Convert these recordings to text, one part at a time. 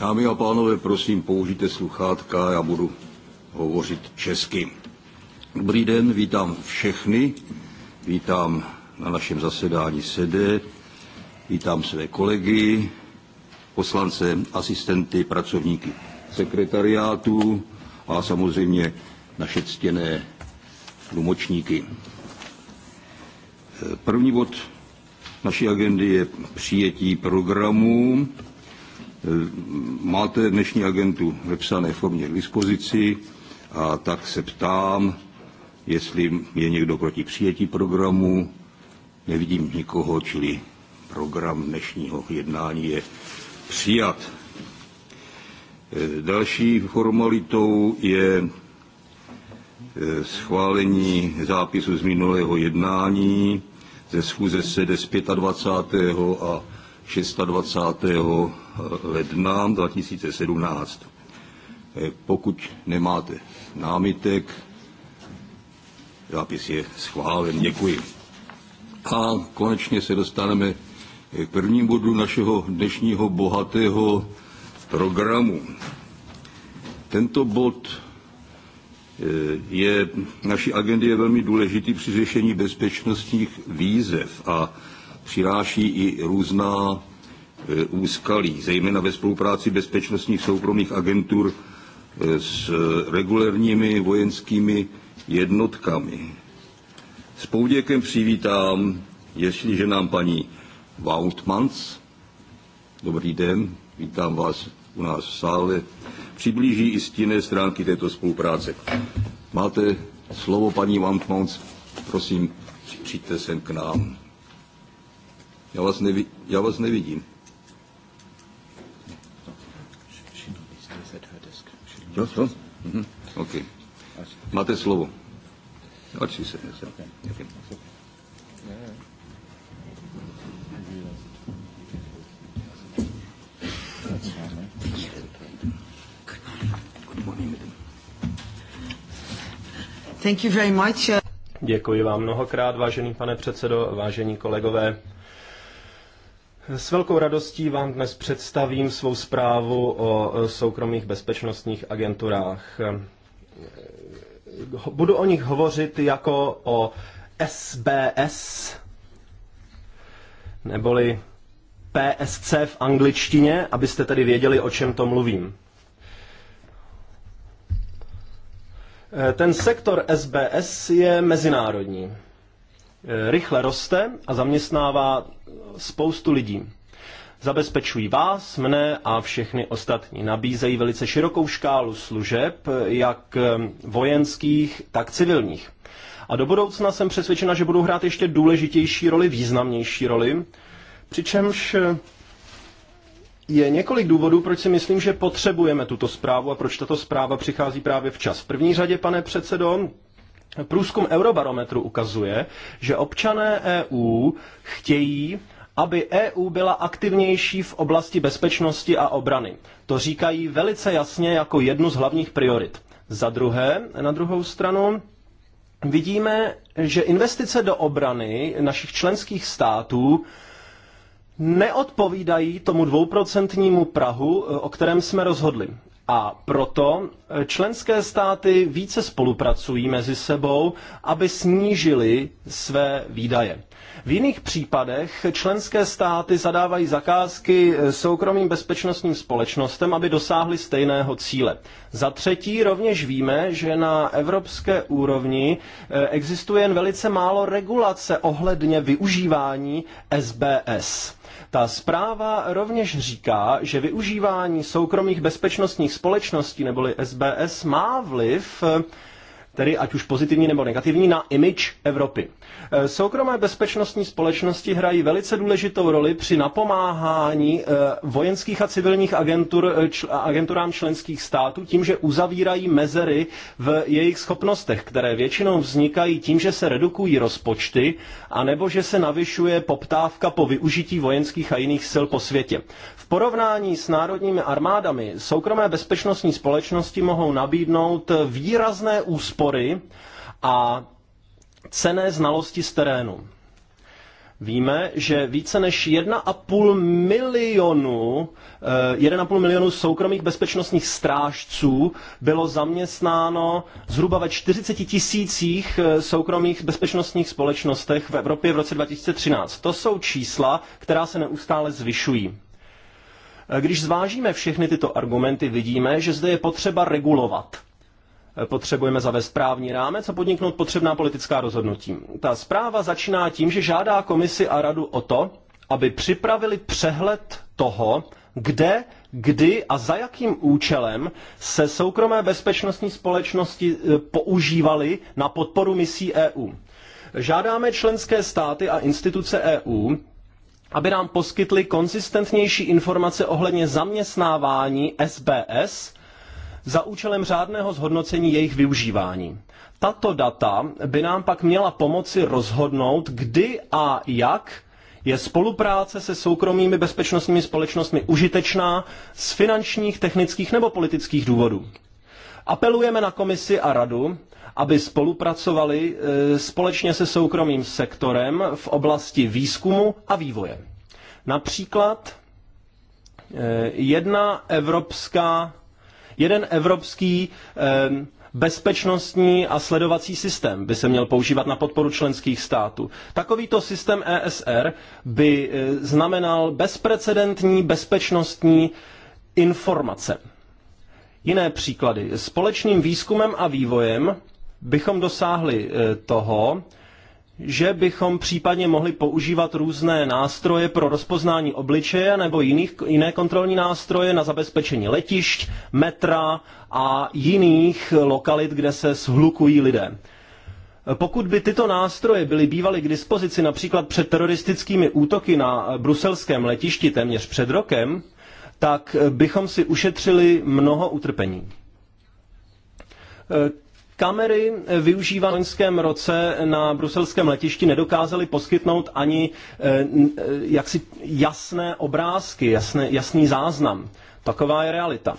Dámy a pánové, prosím, použijte sluchátka, já budu hovořit česky. Dobrý den, vítám všechny, vítám na našem zasedání SEDE, vítám své kolegy, poslance, asistenty, pracovníky sekretariátu a samozřejmě naše ctěné tlumočníky. První bod Naší agendy je přijetí programů. Máte dnešní agentu vepsané formě k dispozici a tak se ptám, jestli je někdo proti přijetí programu. Nevidím nikoho, čili program dnešního jednání je přijat. Další formalitou je eh, schválení zápisu z minulého jednání ze schůze SEDE z 25. a 26. Eh, ledna 2017. Eh, pokud nemáte námitek, zápis je schválen. Děkuji. A konečně se dostaneme k prvnímu bodu našeho dnešního bohatého programu. Tento bod Eh, je, naší agendy je velmi důležitý při řešení bezpečnostních výzev a přiráší i různá eh, úskalí, zejména ve spolupráci bezpečnostních soukromých agentur eh, s regulérními vojenskými jednotkami. S pouděkem přivítám, jestliže nám paní Vautmans, dobrý den, vítám vás u nás v sále, přiblíží i stinné stránky této spolupráce. Máte slovo, paní Wampmans, prosím, přijďte sem k nám. Já vás, nevi, já vás nevidím. Jo, no, jo? Mhm. Okay. Máte slovo. Ať si sedne sem. Okay. Okay. Thank you very much. Děkuji vám mnohokrát, vážený pane předsedo, vážení kolegové. S velkou radostí vám dnes představím svou zprávu o soukromých bezpečnostních agenturách. Budu o nich hovořit jako o SBS, neboli PSC v angličtině, abyste tedy věděli, o čem to mluvím. Eh, ten sektor SBS je mezinárodní. Eh, rychle roste a zaměstnává spoustu lidí. Zabezpečují vás, mne a všechny ostatní. Nabízejí velice širokou škálu služeb, eh, jak vojenských, tak civilních. A do budoucna jsem přesvědčena, že budou hrát ještě důležitější roli, významnější roli, přičemž je několik důvodů, proč si myslím, že potřebujeme tuto zprávu a proč tato zpráva přichází právě včas. V první řadě, pane předsedo, průzkum Eurobarometru ukazuje, že občané EU chtějí, aby EU byla aktivnější v oblasti bezpečnosti a obrany. To říkají velice jasně jako jednu z hlavních priorit. Za druhé, na druhou stranu, vidíme, že investice do obrany našich členských států neodpovídají tomu dvouprocentnímu Prahu, eh, o kterém jsme rozhodli. A proto eh, členské státy více spolupracují mezi sebou, aby snížili své výdaje. V jiných případech členské státy zadávají zakázky eh, soukromým bezpečnostním společnostem, aby dosáhly stejného cíle. Za třetí rovněž víme, že na evropské úrovni eh, existuje jen velice málo regulace ohledně využívání SBS. Ta zpráva rovněž říká, že využívání soukromých bezpečnostních společností neboli SBS má vliv eh, tedy ať už pozitivní nebo negativní, na image Evropy. Eh, soukromé bezpečnostní společnosti hrají velice důležitou roli při napomáhání eh, vojenských a civilních agentur, eh, čl, agenturám členských států tím, že uzavírají mezery v jejich schopnostech, které většinou vznikají tím, že se redukují rozpočty, anebo že se navyšuje poptávka po využití vojenských a jiných sil po světě. V porovnání s národními armádami soukromé bezpečnostní společnosti mohou nabídnout výrazné úspory a cené znalosti z terénu. Víme, že více než 1,5 milionu, 1,5 eh, milionu soukromých bezpečnostních strážců bylo zaměstnáno zhruba ve 40 tisících eh, soukromých bezpečnostních společnostech v Evropě v roce 2013. To jsou čísla, která se neustále zvyšují. Eh, když zvážíme všechny tyto argumenty, vidíme, že zde je potřeba regulovat potřebujeme zavést právní rámec a podniknout potřebná politická rozhodnutí. Ta zpráva začíná tím, že žádá komisi a radu o to, aby připravili přehled toho, kde, kdy a za jakým účelem se soukromé bezpečnostní společnosti e, používaly na podporu misí EU. Žádáme členské státy a instituce EU, aby nám poskytly konzistentnější informace ohledně zaměstnávání SBS za účelem řádného zhodnocení jejich využívání. Tato data by nám pak měla pomoci rozhodnout, kdy a jak je spolupráce se soukromými bezpečnostními společnostmi užitečná z finančních, technických nebo politických důvodů. Apelujeme na komisi a radu, aby spolupracovali e, společně se soukromým sektorem v oblasti výzkumu a vývoje. Například e, jedna evropská Jeden evropský bezpečnostní a sledovací systém by se měl používat na podporu členských států. Takovýto systém ESR by e, znamenal bezprecedentní bezpečnostní informace. Jiné příklady. Společným výzkumem a vývojem bychom dosáhli e, toho, že bychom případně mohli používat různé nástroje pro rozpoznání obličeje nebo jiných, jiné kontrolní nástroje na zabezpečení letišť, metra a jiných lokalit, kde se shlukují lidé. Pokud by tyto nástroje byly bývaly k dispozici například před teroristickými útoky na bruselském letišti téměř před rokem, tak bychom si ušetřili mnoho utrpení. Kamery eh, využívané v loňském roce na bruselském letišti nedokázaly poskytnout ani eh, eh, jaksi jasné obrázky, jasné, jasný záznam. Taková je realita.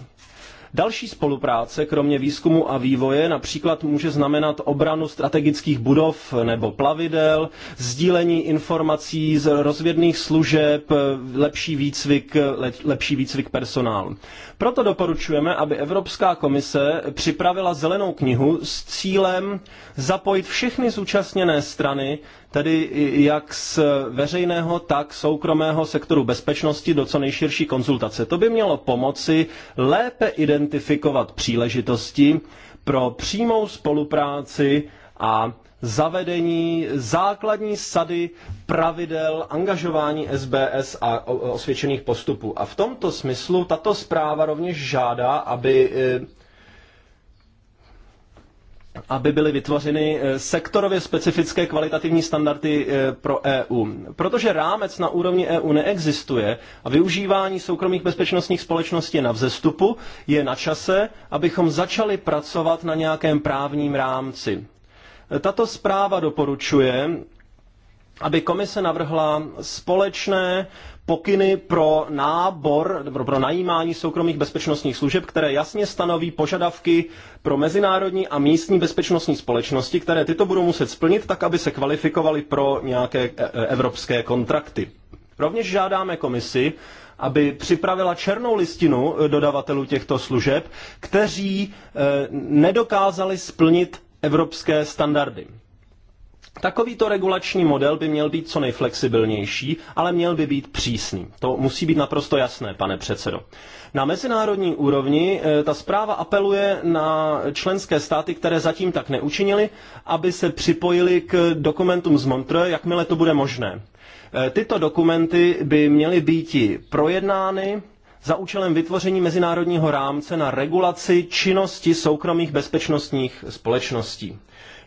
Další spolupráce, kromě výzkumu a vývoje, například může znamenat obranu strategických budov nebo plavidel, sdílení informací z rozvědných služeb, lepší výcvik, lepší výcvik personálu. Proto doporučujeme, aby Evropská komise připravila zelenou knihu s cílem zapojit všechny zúčastněné strany, tedy jak z veřejného, tak soukromého sektoru bezpečnosti do co nejširší konzultace. To by mělo pomoci lépe identifikovat příležitosti pro přímou spolupráci a zavedení základní sady pravidel angažování SBS a osvědčených postupů. A v tomto smyslu tato zpráva rovněž žádá, aby eh, aby byly vytvořeny eh, sektorově specifické kvalitativní standardy eh, pro EU. Protože rámec na úrovni EU neexistuje a využívání soukromých bezpečnostních společností je na vzestupu, je na čase, abychom začali pracovat na nějakém právním rámci. Tato zpráva doporučuje, aby komise navrhla společné pokyny pro nábor, pro najímání soukromých bezpečnostních služeb, které jasně stanoví požadavky pro mezinárodní a místní bezpečnostní společnosti, které tyto budou muset splnit tak, aby se kvalifikovaly pro nějaké e, e, evropské kontrakty. Rovněž žádáme komisi, aby připravila černou listinu e, dodavatelů těchto služeb, kteří nedokázali splnit evropské standardy. Takovýto regulační model by měl být co nejflexibilnější, ale měl by být přísný. To musí být naprosto jasné, pane předsedo. Na mezinárodní úrovni eh, ta zpráva apeluje na členské státy, které zatím tak neučinili, aby se připojili k dokumentům z Montreux, jakmile to bude možné. Eh, tyto dokumenty by měly být projednány za účelem vytvoření mezinárodního rámce na regulaci činnosti soukromých bezpečnostních společností.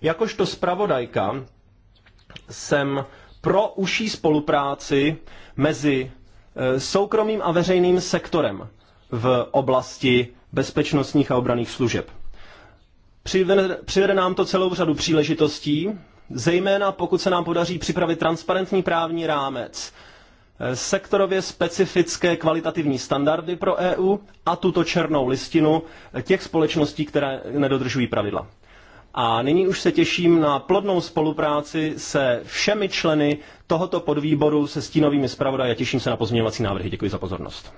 Jakožto zpravodajka jsem pro užší spolupráci mezi eh, soukromým a veřejným sektorem v oblasti bezpečnostních a obraných služeb. Přivede, přivede nám to celou řadu příležitostí, zejména pokud se nám podaří připravit transparentní právní rámec Eh, sektorově specifické kvalitativní standardy pro EU a tuto černou listinu eh, těch společností, které nedodržují pravidla. A nyní už se těším na plodnou spolupráci se všemi členy tohoto podvýboru se stínovými zpravodaji a těším se na pozměňovací návrhy. Děkuji za pozornost.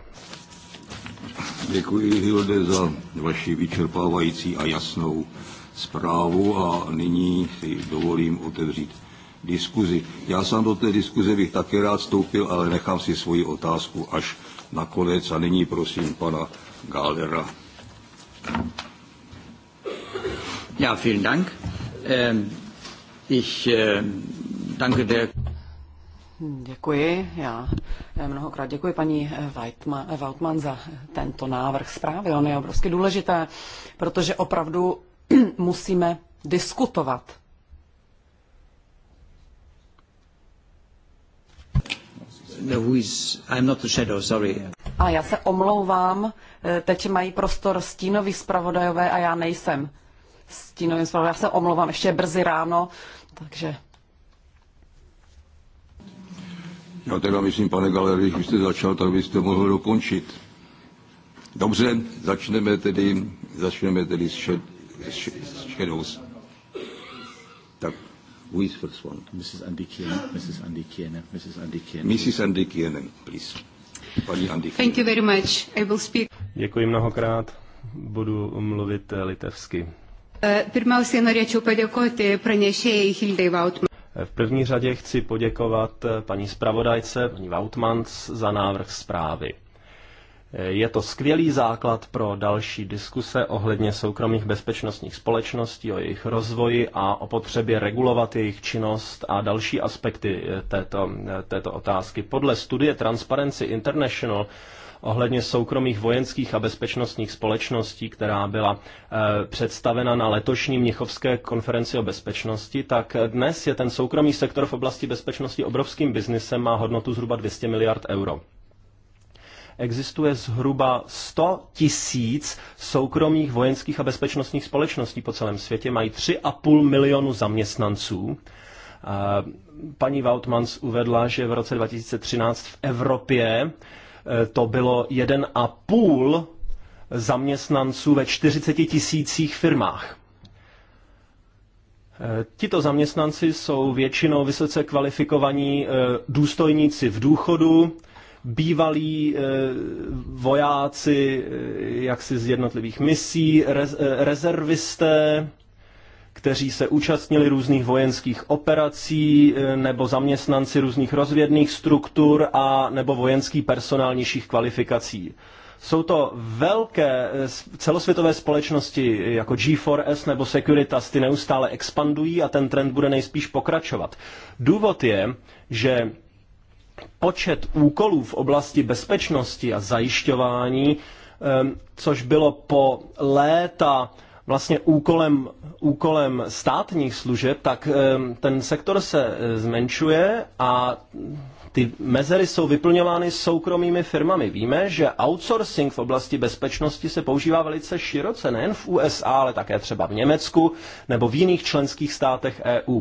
Děkuji, Hilde, za vaši vyčerpávající a jasnou zprávu a nyní si dovolím otevřít diskuzi. Já sám do té diskuze bych také rád vstoupil, ale nechám si svoji otázku až nakonec. A nyní prosím pana Gálera. Ja, vielen Dank. Ähm, ich ähm, danke der Děkuji. Já mnohokrát děkuji paní Vautman eh, eh, za tento návrh zprávy. On je obrovsky důležité, protože opravdu musíme diskutovat no, who is, I'm not the shadow, sorry. A já se omlouvám, eh, teď mají prostor stínový zpravodajové a já nejsem stínovým zpravodajem. Já se omlouvám, ještě je brzy ráno, takže... Já teda myslím, pane Galeri, když jste začal, tak byste mohl dokončit. Dobře, začneme tedy, začneme tedy s, šed, s, šed, s šedou. Tak Who first one? Mrs. Andikien, Mrs. Andikien, Mrs. Andikien. Mrs. Andikien, please. Paní Andikien. Thank you very much. I will speak. Děkuji mnohokrát. Budu mluvit eh, litevsky. Eh, Pirmiausiai norėčiau padėkoti pranešėjai Hildai Vautman. Eh, v první řadě chci poděkovat paní zpravodajce, paní Vautmans, za návrh zprávy. Je to skvělý základ pro další diskuse ohledně soukromých bezpečnostních společností, o jejich rozvoji a o potřebě regulovat jejich činnost a další aspekty eh, této, eh, této otázky. Podle studie Transparency International ohledně soukromých vojenských a bezpečnostních společností, která byla e, představena na letošní Mnichovské konferenci o bezpečnosti, tak dnes je ten soukromý sektor v oblasti bezpečnosti obrovským biznesem, má hodnotu zhruba 200 miliard euro existuje zhruba 100 tisíc soukromých vojenských a bezpečnostních společností po celém světě, mají 3,5 milionu zaměstnanců. Paní Vautmans uvedla, že v roce 2013 v Evropě e, to bylo 1,5 zaměstnanců ve 40 tisících firmách. E, tito zaměstnanci jsou většinou vysoce kvalifikovaní e, důstojníci v důchodu, bývalí eh, vojáci eh, jaksi z jednotlivých misí, rez, eh, rezervisté, kteří se účastnili různých vojenských operací nebo zaměstnanci různých rozvědných struktur a nebo vojenský personál nižších kvalifikací. Jsou to velké celosvětové společnosti jako G4S nebo Securitas, ty neustále expandují a ten trend bude nejspíš pokračovat. Důvod je, že počet úkolů v oblasti bezpečnosti a zajišťování, což bylo po léta vlastně úkolem, úkolem státních služeb, tak ten sektor se eh, zmenšuje a ty mezery jsou vyplňovány soukromými firmami. Víme, že outsourcing v oblasti bezpečnosti se používá velice široce, nejen v USA, ale také třeba v Německu nebo v jiných členských státech EU.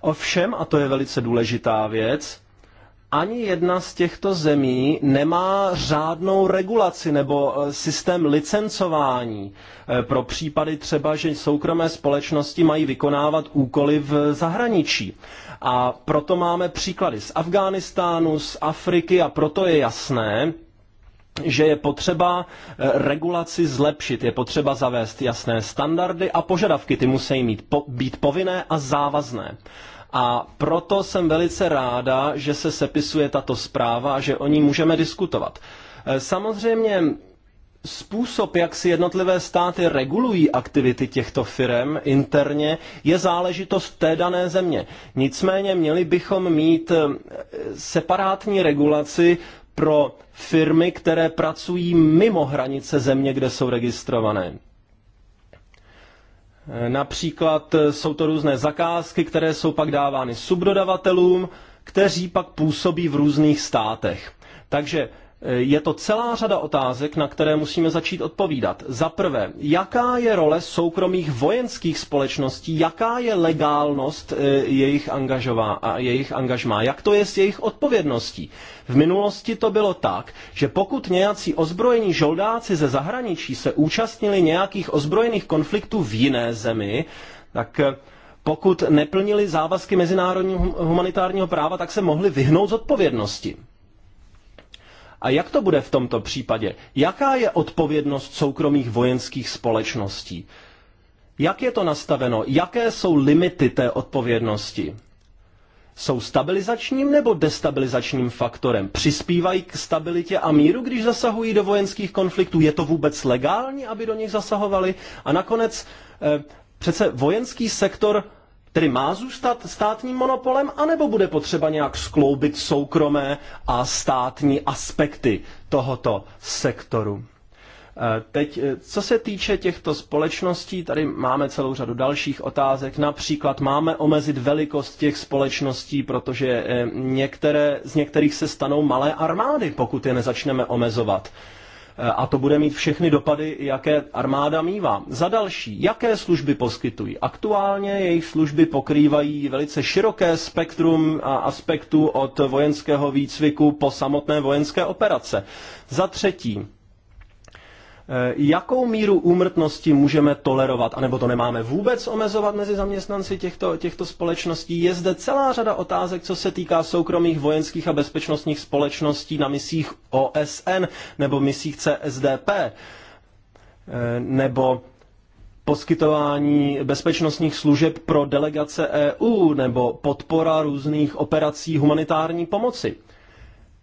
Ovšem, a to je velice důležitá věc, ani jedna z těchto zemí nemá řádnou regulaci nebo eh, systém licencování eh, pro případy třeba, že soukromé společnosti mají vykonávat úkoly v zahraničí. A proto máme příklady z Afghánistánu, z Afriky a proto je jasné, že je potřeba eh, regulaci zlepšit, je potřeba zavést jasné standardy a požadavky, ty musí mít po, být povinné a závazné. A proto jsem velice ráda, že se sepisuje tato zpráva a že o ní můžeme diskutovat. E, samozřejmě způsob, jak si jednotlivé státy regulují aktivity těchto firm interně, je záležitost té dané země. Nicméně měli bychom mít e, separátní regulaci pro firmy, které pracují mimo hranice země, kde jsou registrované. Například eh, jsou to různé zakázky, které jsou pak dávány subdodavatelům, kteří pak působí v různých státech. Takže je to celá řada otázek, na které musíme začít odpovídat. Za prvé, jaká je role soukromých vojenských společností, jaká je legálnost eh, jejich, angažová, a jejich angažmá, jak to je s jejich odpovědností. V minulosti to bylo tak, že pokud nějací ozbrojení žoldáci ze zahraničí se účastnili nějakých ozbrojených konfliktů v jiné zemi, tak eh, pokud neplnili závazky mezinárodního humanitárního práva, tak se mohli vyhnout z odpovědnosti. A jak to bude v tomto případě? Jaká je odpovědnost soukromých vojenských společností? Jak je to nastaveno? Jaké jsou limity té odpovědnosti? Jsou stabilizačním nebo destabilizačním faktorem? Přispívají k stabilitě a míru, když zasahují do vojenských konfliktů? Je to vůbec legální, aby do nich zasahovali? A nakonec eh, přece vojenský sektor Tedy má zůstat státním monopolem, anebo bude potřeba nějak skloubit soukromé a státní aspekty tohoto sektoru? Eh, teď, eh, co se týče těchto společností, tady máme celou řadu dalších otázek. Například máme omezit velikost těch společností, protože eh, některé, z některých se stanou malé armády, pokud je nezačneme omezovat. Eh, a to bude mít všechny dopady, jaké armáda mívá. Za další, jaké služby poskytují? Aktuálně jejich služby pokrývají velice široké spektrum aspektů od vojenského výcviku po samotné vojenské operace. Za třetí, Eh, jakou míru úmrtnosti můžeme tolerovat, anebo to nemáme vůbec omezovat mezi zaměstnanci těchto, těchto společností. Je zde celá řada otázek, co se týká soukromých vojenských a bezpečnostních společností na misích OSN nebo misích CSDP, eh, nebo poskytování bezpečnostních služeb pro delegace EU nebo podpora různých operací humanitární pomoci.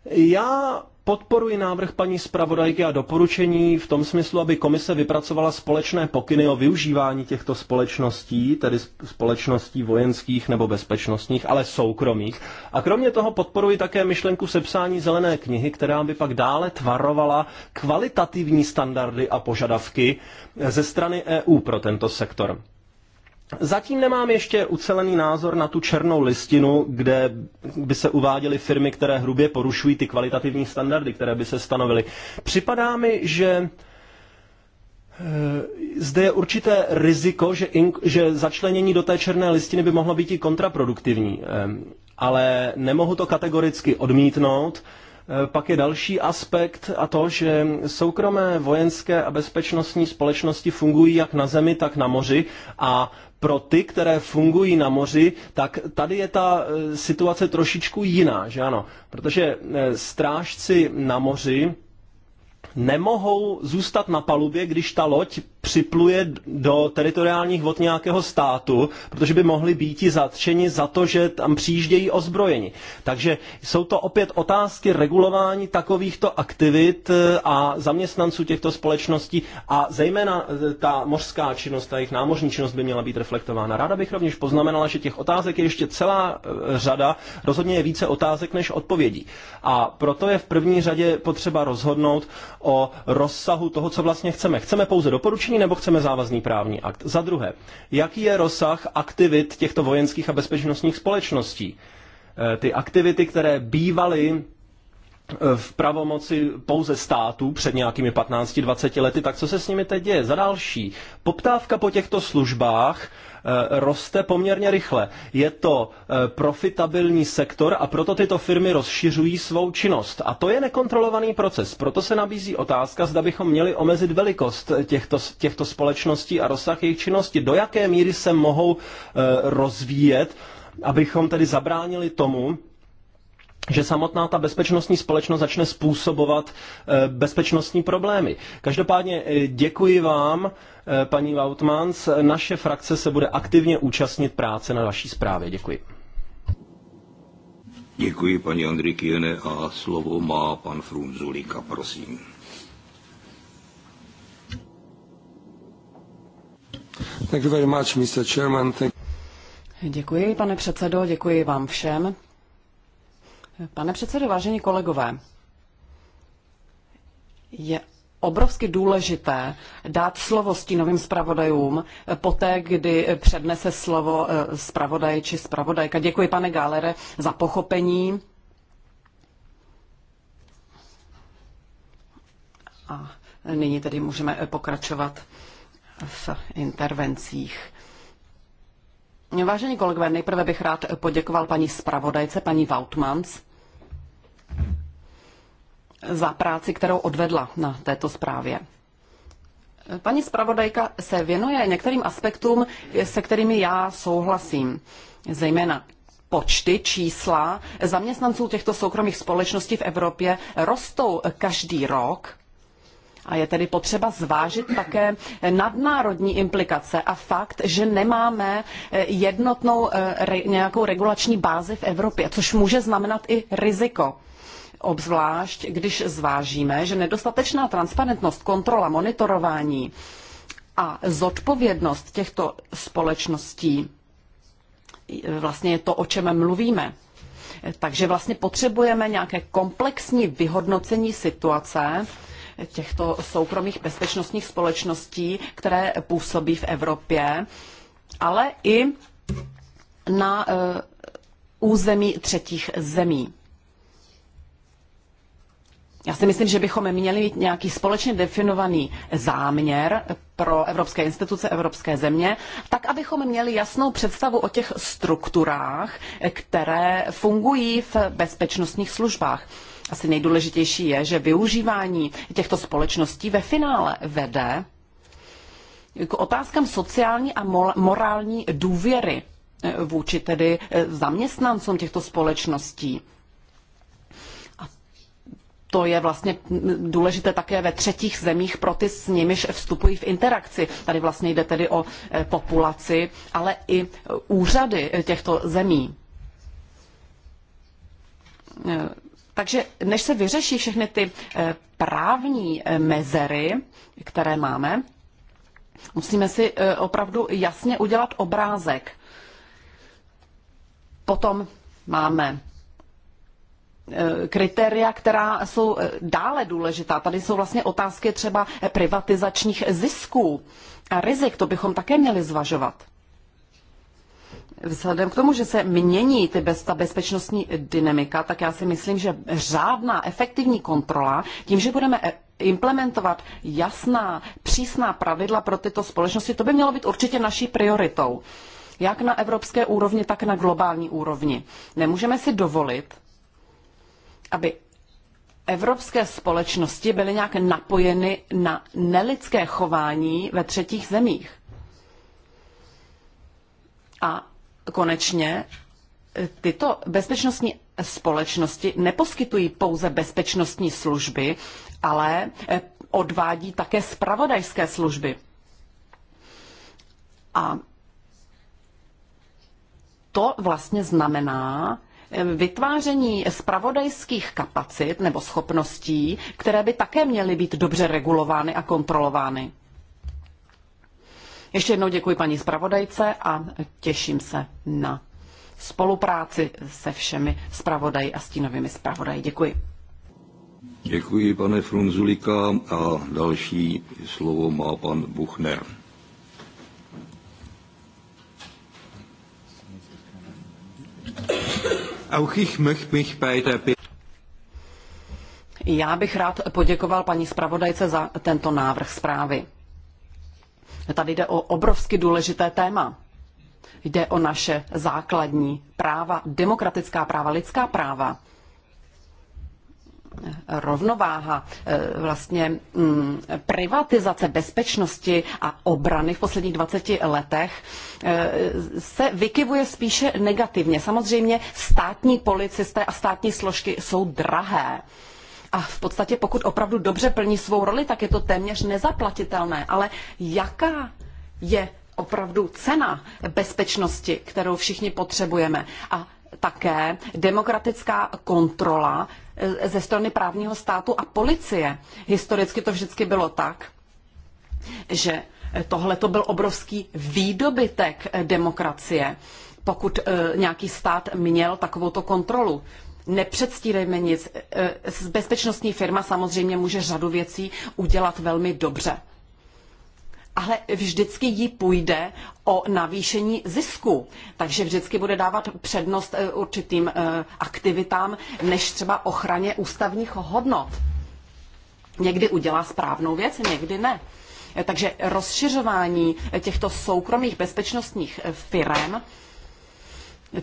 Já Podporuji návrh paní zpravodajky a doporučení v tom smyslu, aby komise vypracovala společné pokyny o využívání těchto společností, tedy společností vojenských nebo bezpečnostních, ale soukromých. A kromě toho podporuji také myšlenku sepsání zelené knihy, která by pak dále tvarovala kvalitativní standardy a požadavky ze strany EU pro tento sektor. Zatím nemám ještě ucelený názor na tu černou listinu, kde by se uváděly firmy, které hrubě porušují ty kvalitativní standardy, které by se stanovily. Připadá mi, že eh, zde je určité riziko, že, in, že začlenění do té černé listiny by mohlo být i kontraproduktivní, eh, ale nemohu to kategoricky odmítnout. Eh, pak je další aspekt a to, že soukromé vojenské a bezpečnostní společnosti fungují jak na zemi, tak na moři a pro ty, které fungují na moři, tak tady je ta eh, situace trošičku jiná, že ano? Protože eh, strážci na moři nemohou zůstat na palubě, když ta loď připluje do teritoriálních vod nějakého státu, protože by mohli být zatčeni za to, že tam přijíždějí ozbrojeni. Takže jsou to opět otázky regulování takovýchto aktivit e, a zaměstnanců těchto společností a zejména e, ta mořská činnost, ta jejich námořní činnost by měla být reflektována. Ráda bych rovněž poznamenala, že těch otázek je ještě celá e, řada, rozhodně je více otázek než odpovědí. A proto je v první řadě potřeba rozhodnout o rozsahu toho, co vlastně chceme. Chceme pouze doporučení proporční nebo chceme závazný právní akt? Za druhé, jaký je rozsah aktivit těchto vojenských a bezpečnostních společností? Eh, ty aktivity, které bývaly v pravomoci pouze států před nějakými 15-20 lety, tak co se s nimi teď děje? Za další, poptávka po těchto službách eh, roste poměrně rychle. Je to eh, profitabilní sektor a proto tyto firmy rozšiřují svou činnost. A to je nekontrolovaný proces. Proto se nabízí otázka, zda bychom měli omezit velikost těchto, těchto společností a rozsah jejich činnosti. Do jaké míry se mohou eh, rozvíjet, abychom tedy zabránili tomu, že samotná ta bezpečnostní společnost začne způsobovat eh, bezpečnostní problémy. Každopádně eh, děkuji vám, eh, paní Vautmans. Naše frakce se bude aktivně účastnit práce na vaší zprávě. Děkuji. Děkuji, paní Andrikiene, a slovo má pan Frunzulika, prosím. Thank you very much, Mr. Chairman. Thank... Děkuji, pane předsedo, děkuji vám všem. Pane předsedo, vážení kolegové, je obrovsky důležité dát slovo stínovým zpravodajům poté, kdy přednese slovo eh, zpravodaj či zpravodajka. Děkuji, pane Gálere, za pochopení. A nyní tedy můžeme pokračovat v intervencích. Vážení kolegové, nejprve bych rád poděkoval paní zpravodajce, paní Vautmans, za práci, kterou odvedla na této zprávě. Paní zpravodajka se věnuje některým aspektům, se kterými já souhlasím, zejména počty, čísla zaměstnanců těchto soukromých společností v Evropě rostou každý rok. A je tedy potřeba zvážit také nadnárodní implikace a fakt, že nemáme jednotnou eh, nějakou regulační bázi v Evropě, což může znamenat i riziko obzvlášť když zvážíme, že nedostatečná transparentnost, kontrola, monitorování a zodpovědnost těchto společností eh, vlastně je to, o čem mluvíme. Takže vlastně potřebujeme nějaké komplexní vyhodnocení situace těchto soukromých bezpečnostních společností, které působí v Evropě, ale i na eh, území třetích zemí já si myslím, že bychom měli mít nějaký společně definovaný záměr pro evropské instituce, evropské země, tak abychom měli jasnou představu o těch strukturách, které fungují v bezpečnostních službách. Asi nejdůležitější je, že využívání těchto společností ve finále vede k otázkám sociální a morální důvěry eh, vůči tedy eh, zaměstnancům těchto společností to je vlastně důležité také ve třetích zemích pro ty, s nimiž vstupují v interakci. Tady vlastně jde tedy o eh, populaci, ale i eh, úřady eh, těchto zemí. Takže než se vyřeší všechny ty právní mezery, které máme, musíme si opravdu jasně udělat obrázek. Potom máme Eh, kritéria, která jsou eh, dále důležitá. Tady jsou vlastně otázky třeba privatizačních zisků a rizik. To bychom také měli zvažovat. Vzhledem k tomu, že se mění ty bez, ta bezpečnostní dynamika, tak já si myslím, že řádná efektivní kontrola, tím, že budeme eh, implementovat jasná, přísná pravidla pro tyto společnosti, to by mělo být určitě naší prioritou. Jak na evropské úrovni, tak na globální úrovni. Nemůžeme si dovolit aby evropské společnosti byly nějak napojeny na nelidské chování ve třetích zemích. A konečně e, tyto bezpečnostní společnosti neposkytují pouze bezpečnostní služby, ale e, odvádí také spravodajské služby. A to vlastně znamená, vytváření spravodajských kapacit nebo schopností, které by také měly být dobře regulovány a kontrolovány. Ještě jednou děkuji paní zpravodajce a těším se na spolupráci se všemi zpravodaji a stínovými zpravodaji. Děkuji. Děkuji, pane Frunzulika. A další slovo má pan Buchner. Auch ich möchte mich bei der Já bych rád poděkoval paní zpravodajce za tento návrh zprávy. Tady jde o obrovsky důležité téma. Jde o naše základní práva, demokratická práva, lidská práva rovnováha eh, vlastně mm, privatizace bezpečnosti a obrany v posledních 20 letech eh, se vykyvuje spíše negativně. Samozřejmě státní policisté a státní složky jsou drahé. A v podstatě pokud opravdu dobře plní svou roli, tak je to téměř nezaplatitelné. Ale jaká je opravdu cena bezpečnosti, kterou všichni potřebujeme? A také demokratická kontrola ze strany právního státu a policie. Historicky to vždycky bylo tak, že tohle to byl obrovský výdobytek demokracie, pokud e, nějaký stát měl takovouto kontrolu. Nepředstírejme nic. E, e, bezpečnostní firma samozřejmě může řadu věcí udělat velmi dobře ale vždycky jí půjde o navýšení zisku. Takže vždycky bude dávat přednost eh, určitým eh, aktivitám, než třeba ochraně ústavních hodnot. Někdy udělá správnou věc, někdy ne. Eh, takže rozšiřování těchto soukromých bezpečnostních firm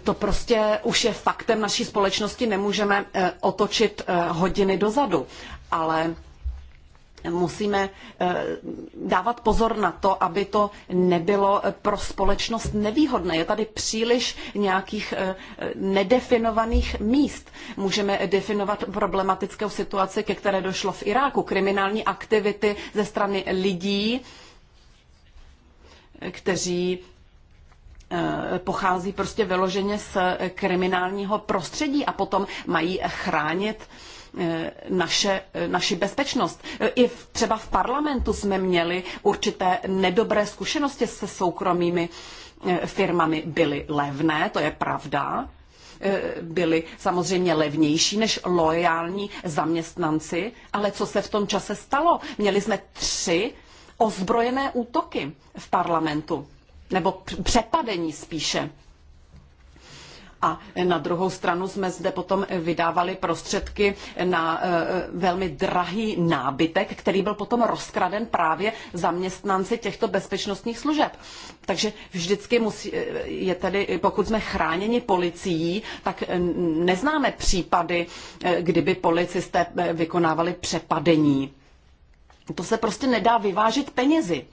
to prostě už je faktem naší společnosti, nemůžeme otočit hodiny dozadu. Ale musíme eh, dávat pozor na to, aby to nebylo eh, pro společnost nevýhodné. Je tady příliš nějakých eh, nedefinovaných míst. Můžeme definovat problematickou situaci, ke které došlo v Iráku. Kriminální aktivity ze strany lidí, kteří pochází prostě vyloženě z eh, kriminálního prostředí a potom mají chránit eh, naše, eh, naši bezpečnost. I v, třeba v parlamentu jsme měli určité nedobré zkušenosti se soukromými firmami. Byly levné, to je pravda, byli samozřejmě levnější než lojální zaměstnanci, ale co se v tom čase stalo? Měli jsme tři ozbrojené útoky v parlamentu nebo přepadení spíše. A na druhou stranu jsme zde potom vydávali prostředky na e, e, velmi drahý nábytek, který byl potom rozkraden právě zaměstnanci těchto bezpečnostních služeb. Takže vždycky musí, e, je tedy, pokud jsme chráněni policií, tak neznáme případy, kdyby policisté vykonávali přepadení. To se prostě nedá vyvážit penězi.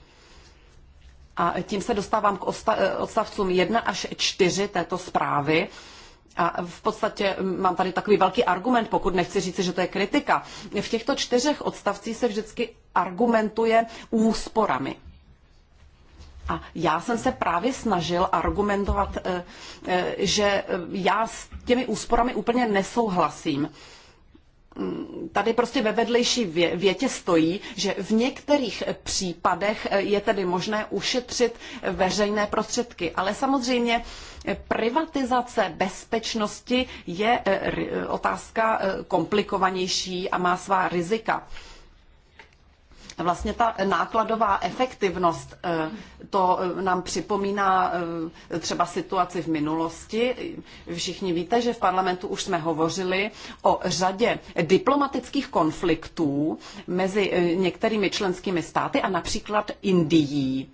A tím se dostávám k eh, odstavcům 1 až 4 této zprávy. A v podstatě mm, mám tady takový velký argument, pokud nechci říct, že to je kritika. V těchto čtyřech odstavcích se vždycky argumentuje úsporami. A já jsem se právě snažil argumentovat, eh, eh, že já s těmi úsporami úplně nesouhlasím. Mm, tady prostě ve vedlejší větě stojí, že v některých případech eh, je tedy možné ušetřit eh, veřejné prostředky. Ale samozřejmě eh, privatizace bezpečnosti je otázka komplikovanější a má svá rizika vlastně ta nákladová efektivnost, eh, to eh, nám připomíná eh, třeba situaci v minulosti. Všichni víte, že v parlamentu už jsme hovořili o řadě diplomatických konfliktů mezi některými členskými státy a například Indií.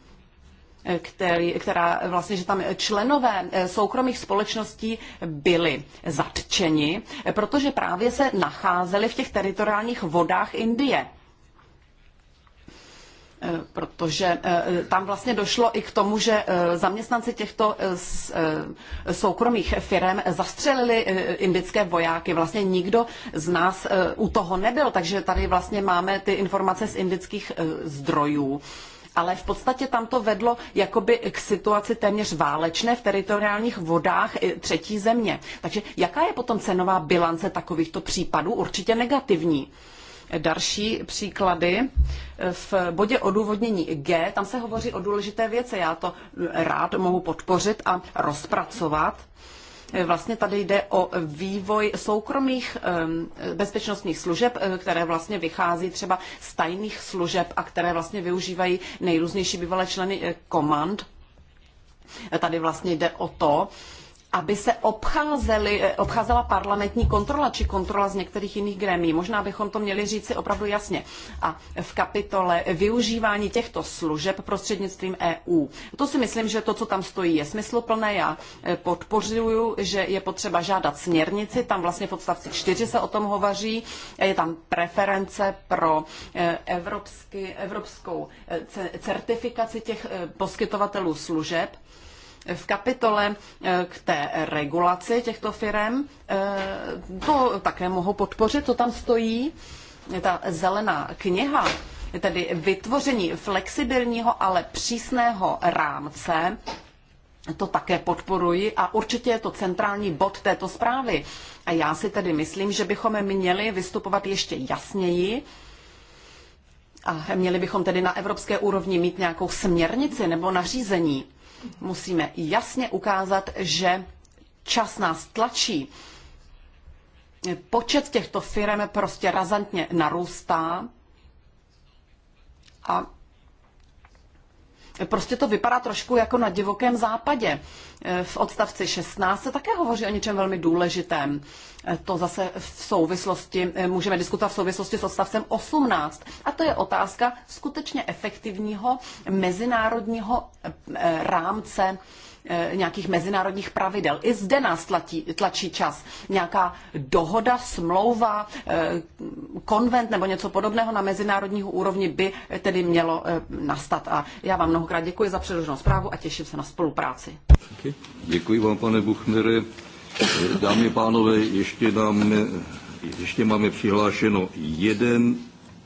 Který, která vlastně, že tam členové soukromých společností byli zatčeni, protože právě se nacházeli v těch teritoriálních vodách Indie. Eh, protože eh, tam vlastně došlo i k tomu, že eh, zaměstnanci těchto soukromých firm zastřelili indické vojáky. Vlastně nikdo z nás u toho nebyl, takže tady vlastně máme ty informace z indických zdrojů ale v podstatě tam to vedlo jakoby k situaci téměř válečné v teritoriálních vodách třetí země. Takže jaká je potom cenová bilance takovýchto případů? Určitě negativní další příklady. V bodě odůvodnění G, tam se hovoří o důležité věci. Já to rád mohu podpořit a rozpracovat. Vlastně tady jde o vývoj soukromých bezpečnostních služeb, eh, které vlastně vychází třeba z tajných služeb a které vlastně využívají nejrůznější bývalé členy komand. Eh, tady vlastně jde o to, aby se obcházeli, eh, obcházela parlamentní kontrola či kontrola z některých jiných gremí. Možná bychom to měli říci opravdu jasně. A v kapitole využívání těchto služeb prostřednictvím EU. To si myslím, že to, co tam stojí, je smysluplné. Já eh, podpořuju, že je potřeba žádat směrnici. Tam vlastně v odstavci 4 se o tom hovaří. Eh, je tam preference pro evropsky, evropskou certifikaci těch poskytovatelů služeb v kapitole eh, k té regulaci těchto firm. Eh, to také mohu podpořit, to tam stojí. Ta zelená kniha, tedy vytvoření flexibilního, ale přísného rámce, to také podporuji a určitě je to centrální bod této zprávy. A já si tedy myslím, že bychom měli vystupovat ještě jasněji, a měli bychom tedy na evropské úrovni mít nějakou směrnici nebo nařízení. Musíme jasně ukázat, že čas nás tlačí. Počet těchto firm prostě razantně narůstá a prostě to vypadá trošku jako na divokém západě. E, v odstavci 16 se také hovoří o něčem velmi důležitém. E, to zase v souvislosti, e, můžeme diskutovat v souvislosti s odstavcem 18. A to je otázka skutečně efektivního mezinárodního rámce Eh, nějakých mezinárodních pravidel. I zde nás tlačí, tlačí čas. Nějaká dohoda, smlouva, eh, konvent nebo něco podobného na mezinárodního úrovni by tedy mělo eh, nastat. A já vám mnohokrát děkuji za předloženou zprávu a těším se na spolupráci. Děkuji vám, pane Buchnere. Dámy a pánové, ještě, nám, ještě máme přihlášeno jeden,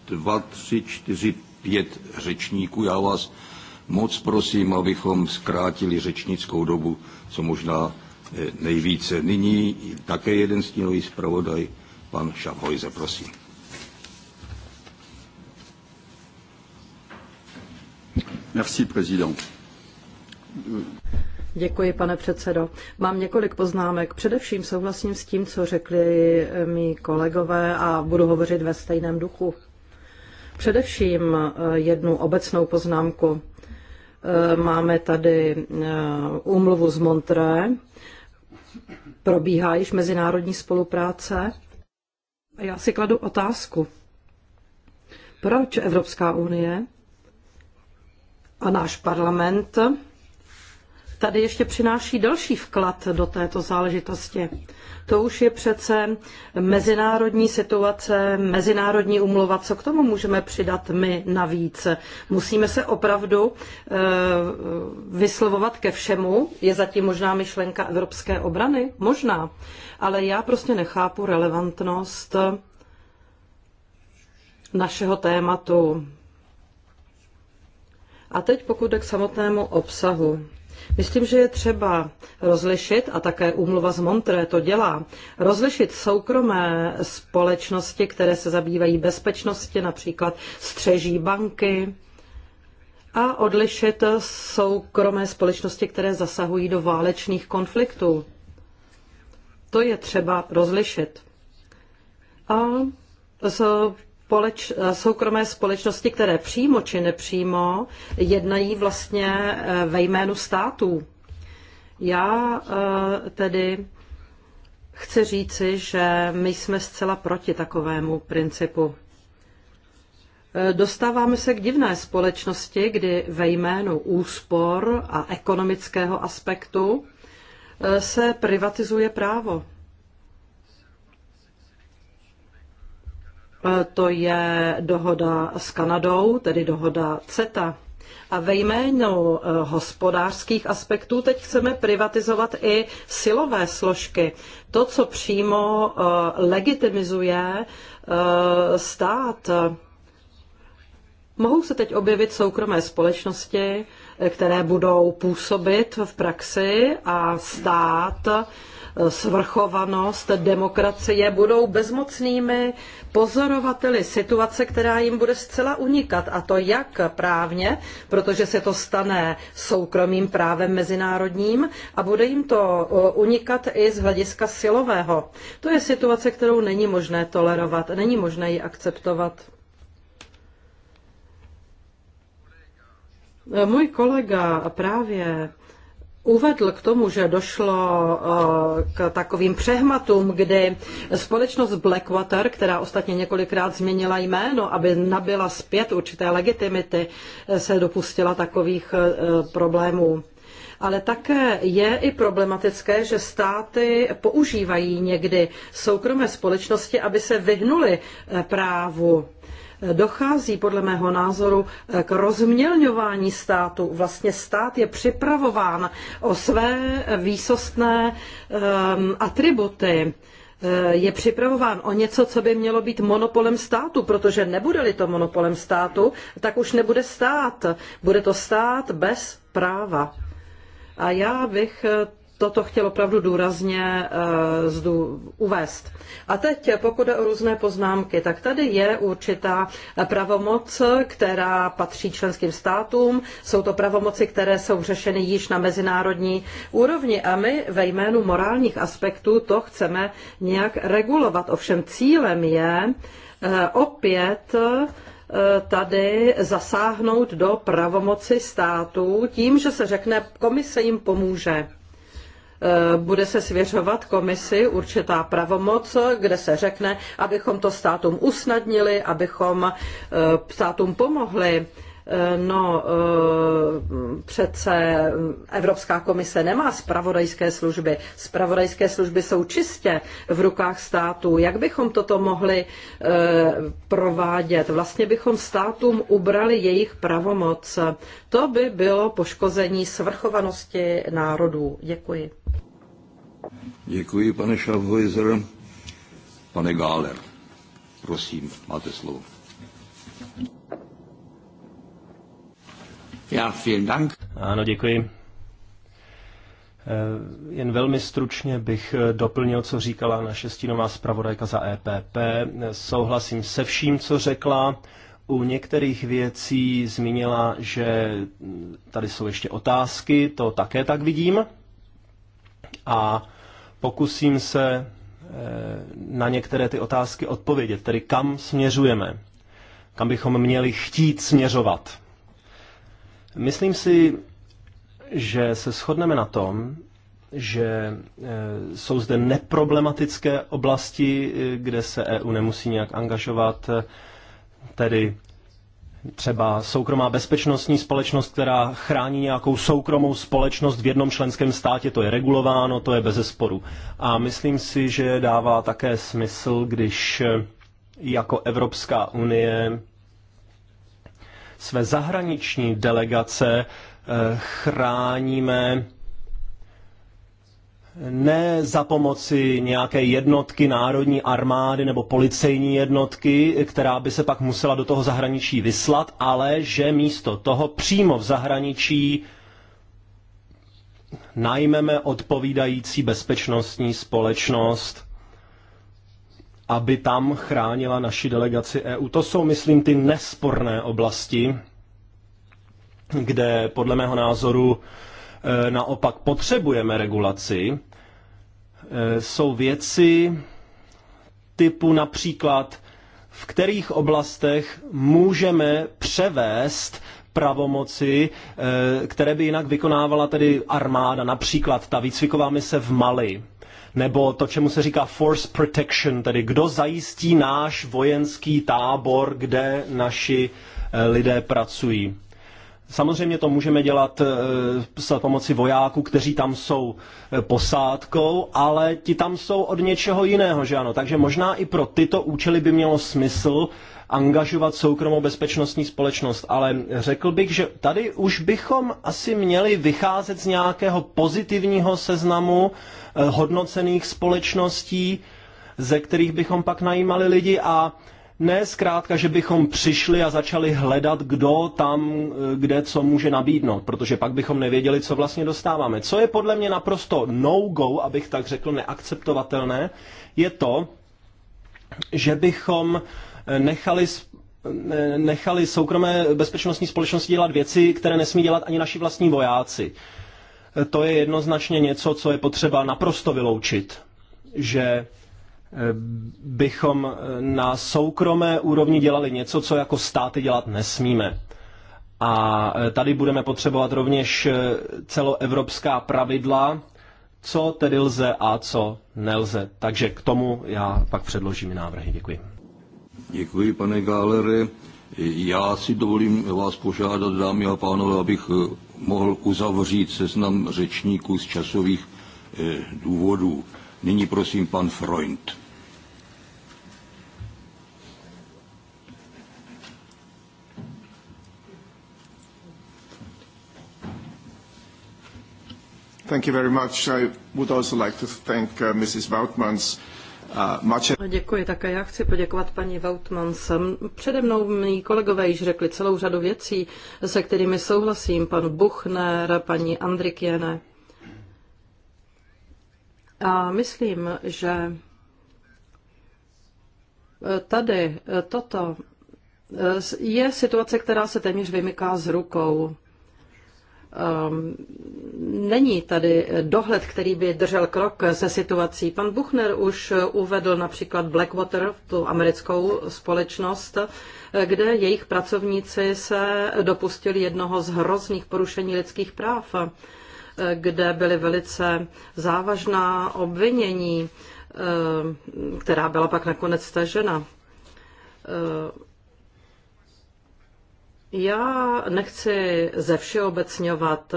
dva, tři, čtyři, pět řečníků. Já vás Moc prosím, abychom zkrátili řečnickou dobu, co možná eh, nejvíce. Nyní také jeden stínový zpravodaj, pan Šabhojze, prosím. Merci, prezident. Děkuji, pane předsedo. Mám několik poznámek. Především souhlasím s tím, co řekli eh, mý kolegové a budu hovořit ve stejném duchu. Především eh, jednu obecnou poznámku. Eh, máme tady eh, úmluvu z Montré, probíhá již mezinárodní spolupráce. já si kladu otázku, proč Evropská unie a náš parlament tady ještě přináší další vklad do této záležitosti. To už je přece mezinárodní situace, mezinárodní umluva. Co k tomu můžeme přidat my navíc? Musíme se opravdu e, vyslovovat ke všemu. Je zatím možná myšlenka evropské obrany? Možná. Ale já prostě nechápu relevantnost našeho tématu. A teď pokud jde k samotnému obsahu. Myslím, že je třeba rozlišit, a také úmluva z Montré to dělá, rozlišit soukromé společnosti, které se zabývají bezpečnosti, například střeží banky, a odlišit soukromé společnosti, které zasahují do válečných konfliktů. To je třeba rozlišit. A z soukromé společnosti, které přímo či nepřímo jednají vlastně eh, ve jménu států. Já eh, tedy chci říci, že my jsme zcela proti takovému principu. Eh, dostáváme se k divné společnosti, kdy ve jménu úspor a ekonomického aspektu se privatizuje právo. E, to je dohoda s Kanadou, tedy dohoda CETA. A ve jménu e, hospodářských aspektů teď chceme privatizovat i silové složky. To, co přímo e, legitimizuje stát. Mohou se teď objevit soukromé společnosti, které budou působit v praxi a stát svrchovanost demokracie budou bezmocnými pozorovateli situace, která jim bude zcela unikat. A to jak právně, protože se to stane soukromým právem mezinárodním a bude jim to unikat i z hlediska silového. To je situace, kterou není možné tolerovat, není možné ji akceptovat. Můj kolega právě uvedl k tomu, že došlo eh, k takovým přehmatům, kdy společnost Blackwater, která ostatně několikrát změnila jméno, aby nabila zpět určité legitimity, eh, se dopustila takových eh, problémů. Ale také je i problematické, že státy používají někdy soukromé společnosti, aby se vyhnuli právu dochází podle mého názoru k rozmělňování státu. Vlastně stát je připravován o své výsostné um, atributy eh, je připravován o něco, co by mělo být monopolem státu, protože nebude-li to monopolem státu, tak už nebude stát. Bude to stát bez práva. A já bych eh, toto chtěl opravdu důrazně eh, uvést. A teď, pokud je o různé poznámky, tak tady je určitá pravomoc, která patří členským státům. Jsou to pravomoci, které jsou řešeny již na mezinárodní úrovni a my ve jménu morálních aspektů to chceme nějak regulovat. Ovšem cílem je eh, opět eh, tady zasáhnout do pravomoci států tím, že se řekne, komise jim pomůže. Eh, bude se svěřovat komisi určitá pravomoc, kde se řekne, abychom to státům usnadnili, abychom eh, státům pomohli. Eh, no, přece Evropská komise nemá spravodajské služby. Spravodajské služby jsou čistě v rukách států. Jak bychom toto mohli provádět? Vlastně bychom státům ubrali jejich pravomoc. To by bylo poškození svrchovanosti národů. Děkuji. Děkuji, pane Schaffhäuser. Pane Gáler, prosím, máte slovo. Já, vielen Dank. Ano, děkuji. Eh, jen velmi stručně bych eh, doplnil, co říkala naše stínová zpravodajka za EPP. Souhlasím se vším, co řekla. U některých věcí zmínila, že hm, tady jsou ještě otázky, to také tak vidím. A pokusím se eh, na některé ty otázky odpovědět, tedy kam směřujeme, kam bychom měli chtít směřovat. Myslím si, že se shodneme na tom, že eh, jsou zde neproblematické oblasti, eh, kde se EU nemusí nějak angažovat, tedy třeba soukromá bezpečnostní společnost, která chrání nějakou soukromou společnost v jednom členském státě, to je regulováno, to je bez zesporu. A myslím si, že dává také smysl, když eh, jako Evropská unie své zahraniční delegace eh, chráníme ne za pomoci nějaké jednotky národní armády nebo policejní jednotky, která by se pak musela do toho zahraničí vyslat, ale že místo toho přímo v zahraničí najmeme odpovídající bezpečnostní společnost, aby tam chránila naši delegaci EU. To jsou, myslím, ty nesporné oblasti, kde podle mého názoru Eh, naopak potřebujeme regulaci, eh, jsou věci typu například, v kterých oblastech můžeme převést pravomoci, eh, které by jinak vykonávala tedy armáda, například ta výcviková mise v Mali, nebo to, čemu se říká force protection, tedy kdo zajistí náš vojenský tábor, kde naši lidé pracují. Samozřejmě to můžeme dělat eh, s pomocí vojáků, kteří tam jsou eh, posádkou, ale ti tam jsou od něčeho jiného, že ano? Takže možná i pro tyto účely by mělo smysl angažovat soukromou bezpečnostní společnost, ale řekl bych, že tady už bychom asi měli vycházet z nějakého pozitivního seznamu eh, hodnocených společností, ze kterých bychom pak najímali lidi a ne zkrátka, že bychom přišli a začali hledat, kdo tam, eh, kde co může nabídnout, protože pak bychom nevěděli, co vlastně dostáváme. Co je podle mě naprosto no-go, abych tak řekl, neakceptovatelné, je to, že bychom eh, nechali eh, nechali soukromé bezpečnostní společnosti dělat věci, které nesmí dělat ani naši vlastní vojáci. To je jednoznačně něco, co je potřeba naprosto vyloučit, že bychom na soukromé úrovni dělali něco, co jako státy dělat nesmíme. A tady budeme potřebovat rovněž eh, celoevropská pravidla, co tedy lze a co nelze. Takže k tomu já pak předložím návrhy. Děkuji. Děkuji, pane Gálere. Já si dovolím vás požádat, dámy a pánové, abych eh, mohl uzavřít seznam řečníků z časových eh, důvodů. Nyní prosím pan Freund. Thank you very much. I would also like to thank uh, Mrs. Wautmans uh, Děkuji také. Já chci poděkovat paní Vautmans. Přede mnou mý kolegové již řekli celou řadu věcí, se kterými souhlasím. Pan Buchner, paní Andrikiene. A myslím, že tady toto je situace, která se téměř vymyká z rukou. Ehm, není tady dohled, který by držel krok se situací. Pan Buchner už uvedl například Blackwater, tu americkou společnost, kde jejich pracovníci se dopustili jednoho z hrozných porušení lidských práv, kde byly velice závažná obvinění, ehm, která byla pak nakonec stažena ehm, já nechci zevšeobecňovat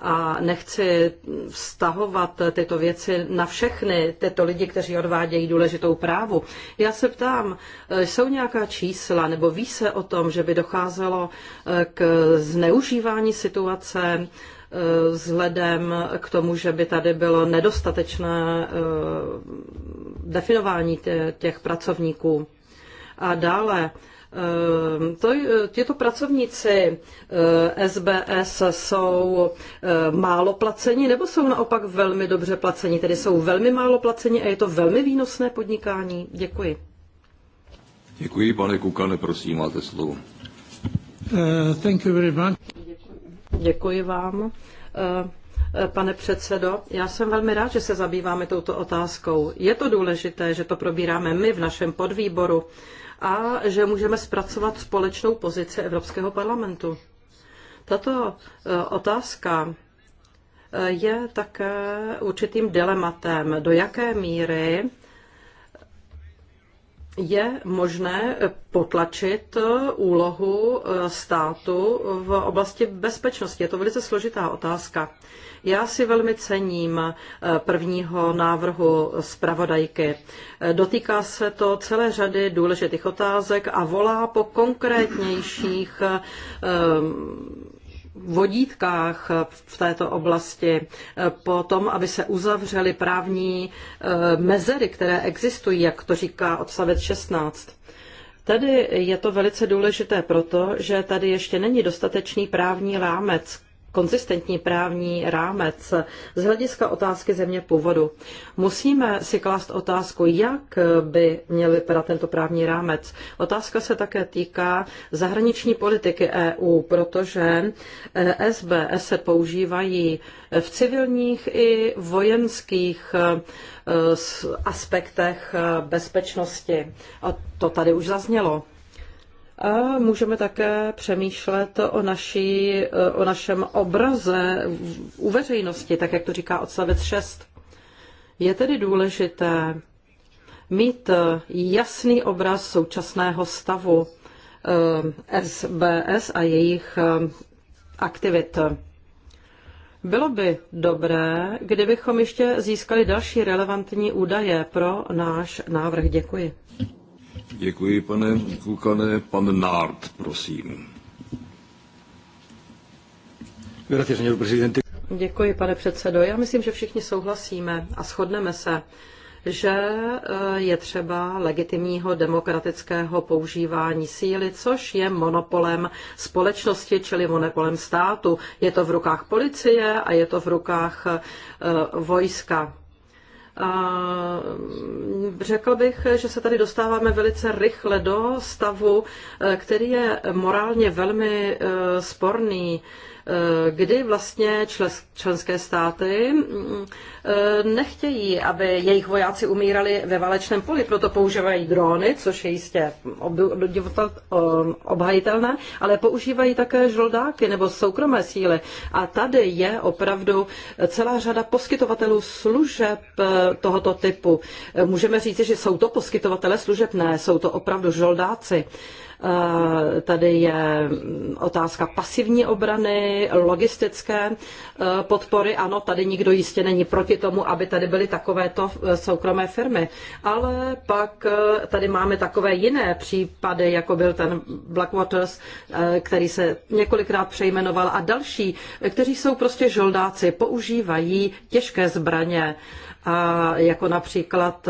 a nechci vztahovat tyto věci na všechny tyto lidi, kteří odvádějí důležitou právu. Já se ptám, jsou nějaká čísla nebo ví se o tom, že by docházelo k zneužívání situace eh, vzhledem k tomu, že by tady bylo nedostatečné eh, definování těch pracovníků? A dále Ehm, to, pracovníci SBS eh, jsou eh, málo placeni nebo jsou naopak velmi dobře placeni, tedy jsou velmi málo placeni a je to velmi výnosné podnikání? Děkuji. Děkuji, pane Kukane, prosím, máte slovo. Uh, thank you very much. Děkuji, Děkuji vám. Uh, Pane předsedo, já jsem velmi rád, že se zabýváme touto otázkou. Je to důležité, že to probíráme my v našem podvýboru a že můžeme zpracovat společnou pozici Evropského parlamentu. Tato e, otázka e, je také určitým dilematem, do jaké míry je možné potlačit úlohu e, státu v oblasti bezpečnosti. Je to velice složitá otázka. Já si velmi cením eh, prvního návrhu zpravodajky. Eh, dotýká se to celé řady důležitých otázek a volá po konkrétnějších eh, vodítkách v této oblasti, po tom, aby se uzavřely právní mezery, které existují, jak to říká odstavec 16. Tady je to velice důležité proto, že tady ještě není dostatečný právní rámec, konzistentní právní rámec z hlediska otázky země původu. Musíme si klást otázku, jak by měl vypadat tento právní rámec. Otázka se také týká zahraniční politiky EU, protože SBS e se používají v civilních i vojenských eh, aspektech eh, bezpečnosti. A to tady už zaznělo. A můžeme také přemýšlet o, naší, o našem obraze u veřejnosti, tak jak to říká odstavec 6. Je tedy důležité mít jasný obraz současného stavu SBS eh, a jejich eh, aktivit. Bylo by dobré, kdybychom ještě získali další relevantní údaje pro náš návrh. Děkuji. Děkuji, pane Kukane. Pan Nárd, prosím. Děkuji, pane předsedo. Já myslím, že všichni souhlasíme a shodneme se, že eh, je třeba legitimního demokratického používání síly, což je monopolem společnosti, čili monopolem státu. Je to v rukách policie a je to v rukách eh, vojska. A mm, řekl bych, že se tady dostáváme velice rychle do stavu, e, který je morálně velmi e, sporný. Eh, kdy vlastně členské státy mm, eh, nechtějí, aby jejich vojáci umírali ve válečném poli, proto používají drony, což je jistě eh, obhajitelné, ale používají také žoldáky nebo soukromé síly. A tady je opravdu celá řada poskytovatelů služeb tohoto typu. Můžeme říci, že jsou to poskytovatele služeb, ne, jsou to opravdu žoldáci. Eh, tady je otázka pasivní obrany, logistické eh, podpory. Ano, tady nikdo jistě není proti tomu, aby tady byly takovéto eh, soukromé firmy. Ale pak tady máme takové jiné případy, jako byl ten Blackwaters, který se několikrát přejmenoval a další, kteří jsou prostě žoldáci, používají těžké zbraně, a jako například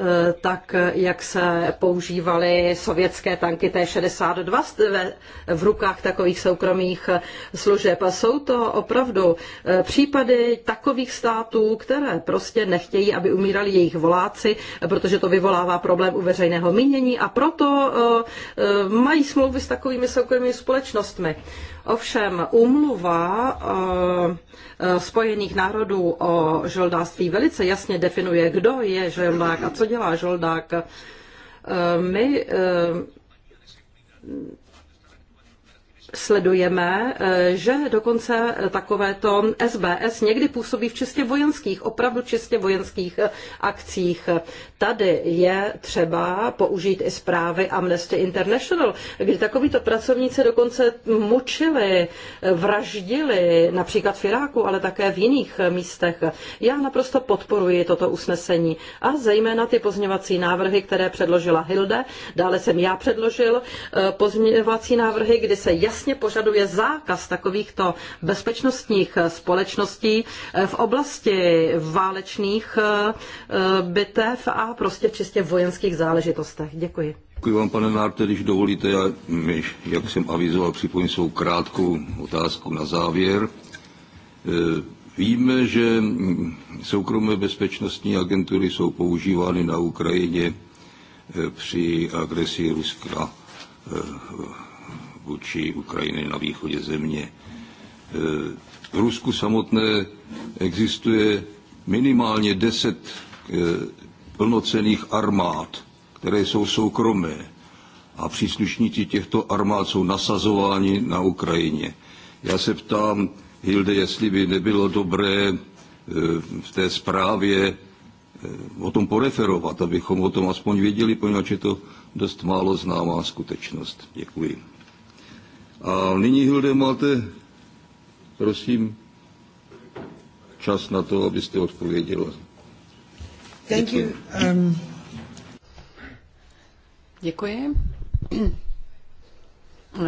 Eh, tak jak se používaly sovětské tanky T-62 v rukách takových soukromých eh, služeb. A jsou to opravdu eh, případy takových států, které prostě nechtějí, aby umírali jejich voláci, protože to vyvolává problém u veřejného mínění a proto mají smlouvy s takovými soukromými společnostmi. Ovšem úmluva eh, eh, Spojených národů o žoldáctví velice jasně definuje, kdo je žoldák a co dělá žoldák. Eh, my sledujeme, eh, že dokonce takovéto SBS někdy působí v čistě vojenských, opravdu čistě vojenských eh, akcích. Tady je třeba použít i zprávy Amnesty International, kdy takovýto pracovníci dokonce mučili, eh, vraždili, například v Iráku, ale také v jiných místech. Já naprosto podporuji toto usnesení a zejména ty pozměvací návrhy, které předložila Hilde, dále jsem já předložil pozměvací návrhy, kdy se jasně jasně požaduje zákaz takovýchto bezpečnostních společností eh, v oblasti válečných eh, eh, bitev a prostě čistě vojenských záležitostech. Děkuji. Děkuji vám, pane Nárte, když dovolíte, já, jak jsem avizoval, připojím svou krátkou otázku na závěr. Víme, že soukromé bezpečnostní agentury jsou používány na Ukrajině při agresi Ruska vůči Ukrajiny na východě země. E, v Rusku samotné existuje minimálně deset e, plnocených armád, které jsou soukromé a příslušníci těchto armád jsou nasazováni na Ukrajině. Já se ptám, Hilde, jestli by nebylo dobré e, v té zprávě o tom poreferovat, abychom o tom aspoň věděli, poněvadž je to dost málo známá skutečnost. Děkuji. A nyní, Hilde, máte, prosím, čas na to, abyste odpověděla. Thank you. Um... Děkuji.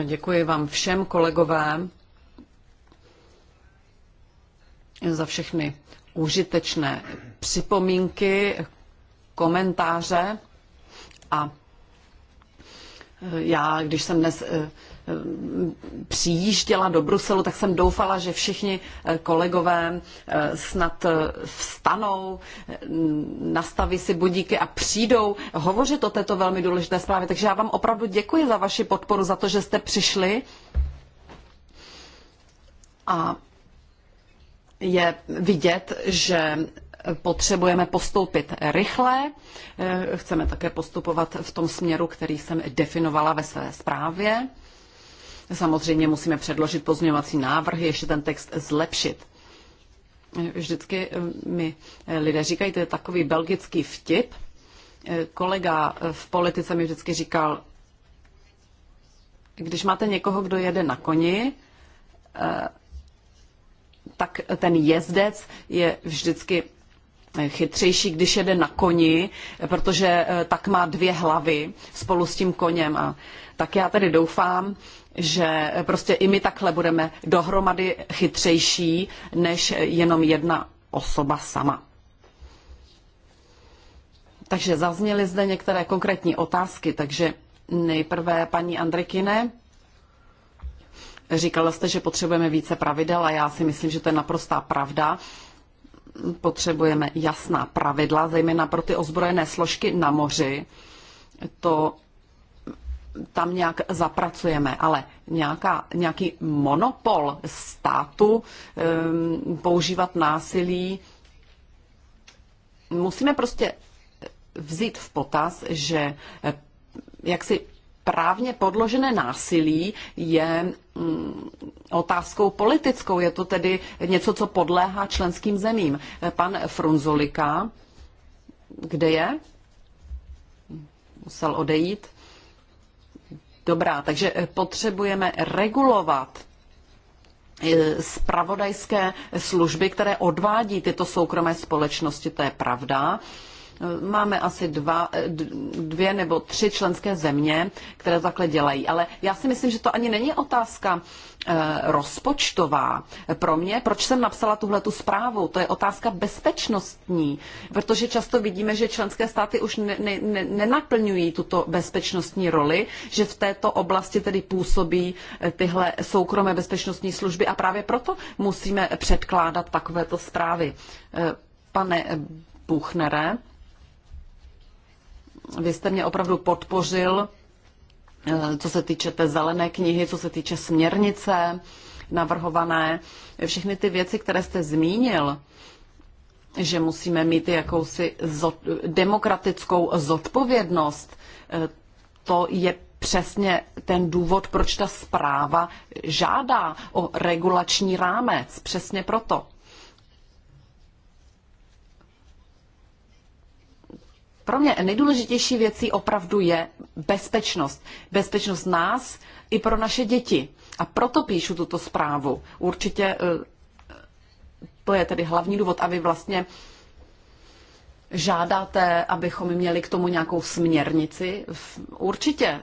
Děkuji vám všem kolegové za všechny užitečné připomínky, komentáře a já, když jsem dnes eh, Eh, přijížděla do Bruselu, tak jsem doufala, že všichni eh, kolegové eh, snad vstanou, nastaví si budíky a přijdou hovořit o této velmi důležité zprávě. Takže já vám opravdu děkuji za vaši podporu, za to, že jste přišli. A je vidět, že potřebujeme postoupit rychle. Chceme také postupovat v tom směru, který jsem definovala ve své zprávě. Samozřejmě musíme předložit pozměňovací návrhy, ještě ten text zlepšit. Vždycky eh, mi eh, lidé říkají, to je takový belgický vtip. Eh, kolega v politice mi vždycky říkal, když máte někoho, kdo jede na koni, tak ten jezdec je vždycky chytřejší, když jede na koni, protože tak má dvě hlavy spolu s tím koněm. A tak já tedy doufám, že prostě i my takhle budeme dohromady chytřejší než jenom jedna osoba sama. Takže zazněly zde některé konkrétní otázky, takže nejprve paní Andrekine. Říkala jste, že potřebujeme více pravidel a já si myslím, že to je naprostá pravda. Potřebujeme jasná pravidla, zejména pro ty ozbrojené složky na moři. To tam nějak zapracujeme, ale nějaká, nějaký monopol státu um, používat násilí musíme prostě vzít v potaz, že eh, jaksi právně podložené násilí je mm, otázkou politickou. Je to tedy něco, co podléhá členským zemím. Eh, pan Frunzolika, kde je? Musel odejít dobrá. Takže eh, potřebujeme regulovat spravodajské eh, služby, které odvádí tyto soukromé společnosti, to je pravda. Máme asi dva, dvě nebo tři členské země, které takhle dělají. Ale já si myslím, že to ani není otázka eh, rozpočtová pro mě. Proč jsem napsala tuhle tu zprávu? To je otázka bezpečnostní, protože často vidíme, že členské státy už ne, ne, ne, nenaplňují tuto bezpečnostní roli, že v této oblasti tedy působí eh, tyhle soukromé bezpečnostní služby a právě proto musíme předkládat takovéto zprávy. Eh, pane Buchnere, vy jste mě opravdu podpořil, eh, co se týče té zelené knihy, co se týče směrnice navrhované. Všechny ty věci, které jste zmínil, že musíme mít jakousi demokratickou zodpovědnost, eh, to je přesně ten důvod, proč ta zpráva žádá o regulační rámec. Přesně proto. Pro mě nejdůležitější věcí opravdu je bezpečnost. Bezpečnost nás i pro naše děti. A proto píšu tuto zprávu. Určitě eh, to je tedy hlavní důvod Aby vlastně žádáte, abychom měli k tomu nějakou směrnici. Určitě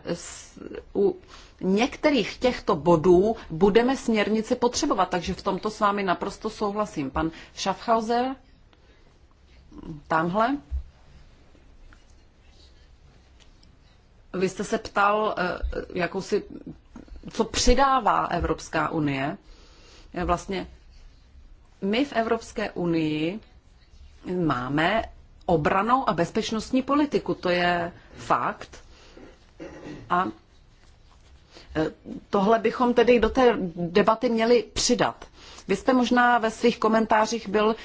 u některých těchto bodů budeme směrnici potřebovat, takže v tomto s vámi naprosto souhlasím. Pan Schaffhauser, tamhle. Vy jste se ptal, eh, jakou si, co přidává Evropská unie. Eh, vlastně my v Evropské unii máme obranou a bezpečnostní politiku, to je fakt. A eh, tohle bychom tedy do té debaty měli přidat. Vy jste možná ve svých komentářích byl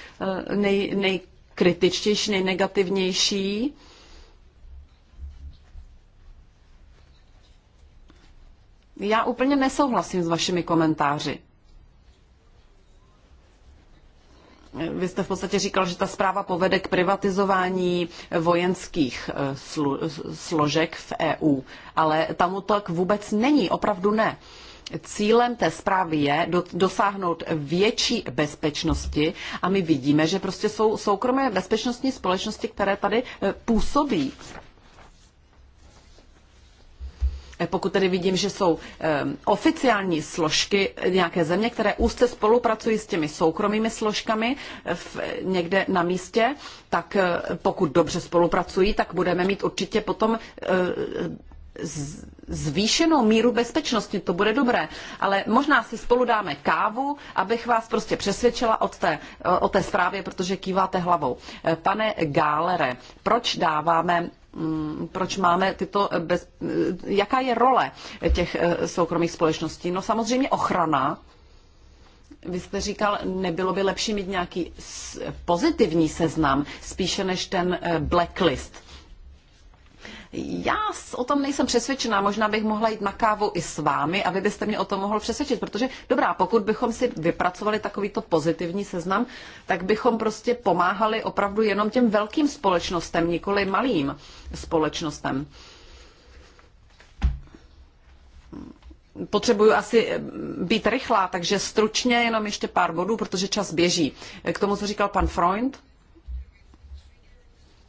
nej, nejkritičtější, nejnegativnější. Já úplně nesouhlasím s vašimi komentáři. Vy jste v podstatě říkal, že ta zpráva povede k privatizování vojenských eh, slu, složek v EU, ale tam tak vůbec není, opravdu ne. Cílem té zprávy je dosáhnout větší bezpečnosti a my vidíme, že prostě jsou soukromé bezpečnostní společnosti, které tady eh, působí. Eh, pokud tedy vidím, že jsou ehm, oficiální složky eh, nějaké země, které úzce spolupracují s těmi soukromými složkami eh, v, někde na místě, tak pokud dobře spolupracují, tak budeme mít určitě potom zvýšenou míru bezpečnosti, to bude dobré. Ale možná si spolu dáme kávu, abych vás prostě přesvědčila od té, o té zprávě, protože kýváte hlavou. Pane Gálere, proč dáváme Mm, proč máme tyto, eh, bez, eh, jaká je role těch eh, soukromých společností? No samozřejmě ochrana. Vy jste říkal, nebylo by lepší mít nějaký pozitivní seznam, spíše než ten blacklist. Já o tom nejsem přesvědčená, možná bych mohla jít na kávu i s vámi a vy byste mě o tom mohl přesvědčit, protože dobrá, pokud bychom si vypracovali takovýto pozitivní seznam, tak bychom prostě pomáhali opravdu jenom těm velkým společnostem, nikoli malým společnostem. potřebuju asi eh, být rychlá, takže stručně jenom ještě pár bodů, protože čas běží. K tomu, co říkal pan Freund.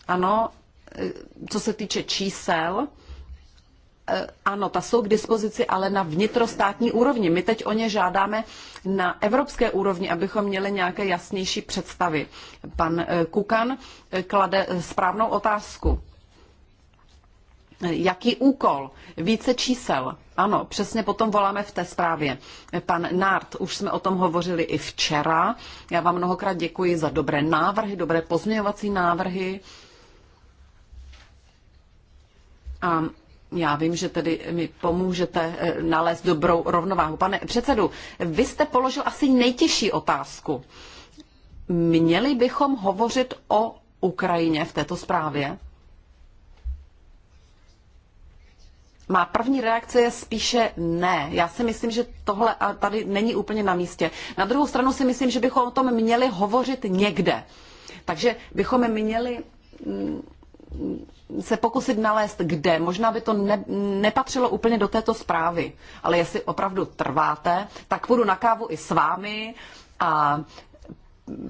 Ano, co se týče čísel, eh, ano, ta jsou k dispozici, ale na vnitrostátní úrovni. My teď o ně žádáme na evropské úrovni, abychom měli nějaké jasnější představy. Pan eh, Kukan eh, klade správnou otázku. Jaký úkol? Více čísel. Ano, přesně potom voláme v té zprávě. Pan Nart, už jsme o tom hovořili i včera. Já vám mnohokrát děkuji za dobré návrhy, dobré pozměňovací návrhy. A já vím, že tedy mi pomůžete eh, nalézt dobrou rovnováhu. Pane předsedu, vy jste položil asi nejtěžší otázku. Měli bychom hovořit o Ukrajině v této zprávě? Má první reakce je spíše ne. Já si myslím, že tohle a tady není úplně na místě. Na druhou stranu si myslím, že bychom o tom měli hovořit někde. Takže bychom měli mm, se pokusit nalézt, kde. Možná by to ne, nepatřilo úplně do této zprávy, ale jestli opravdu trváte, tak půjdu na kávu i s vámi a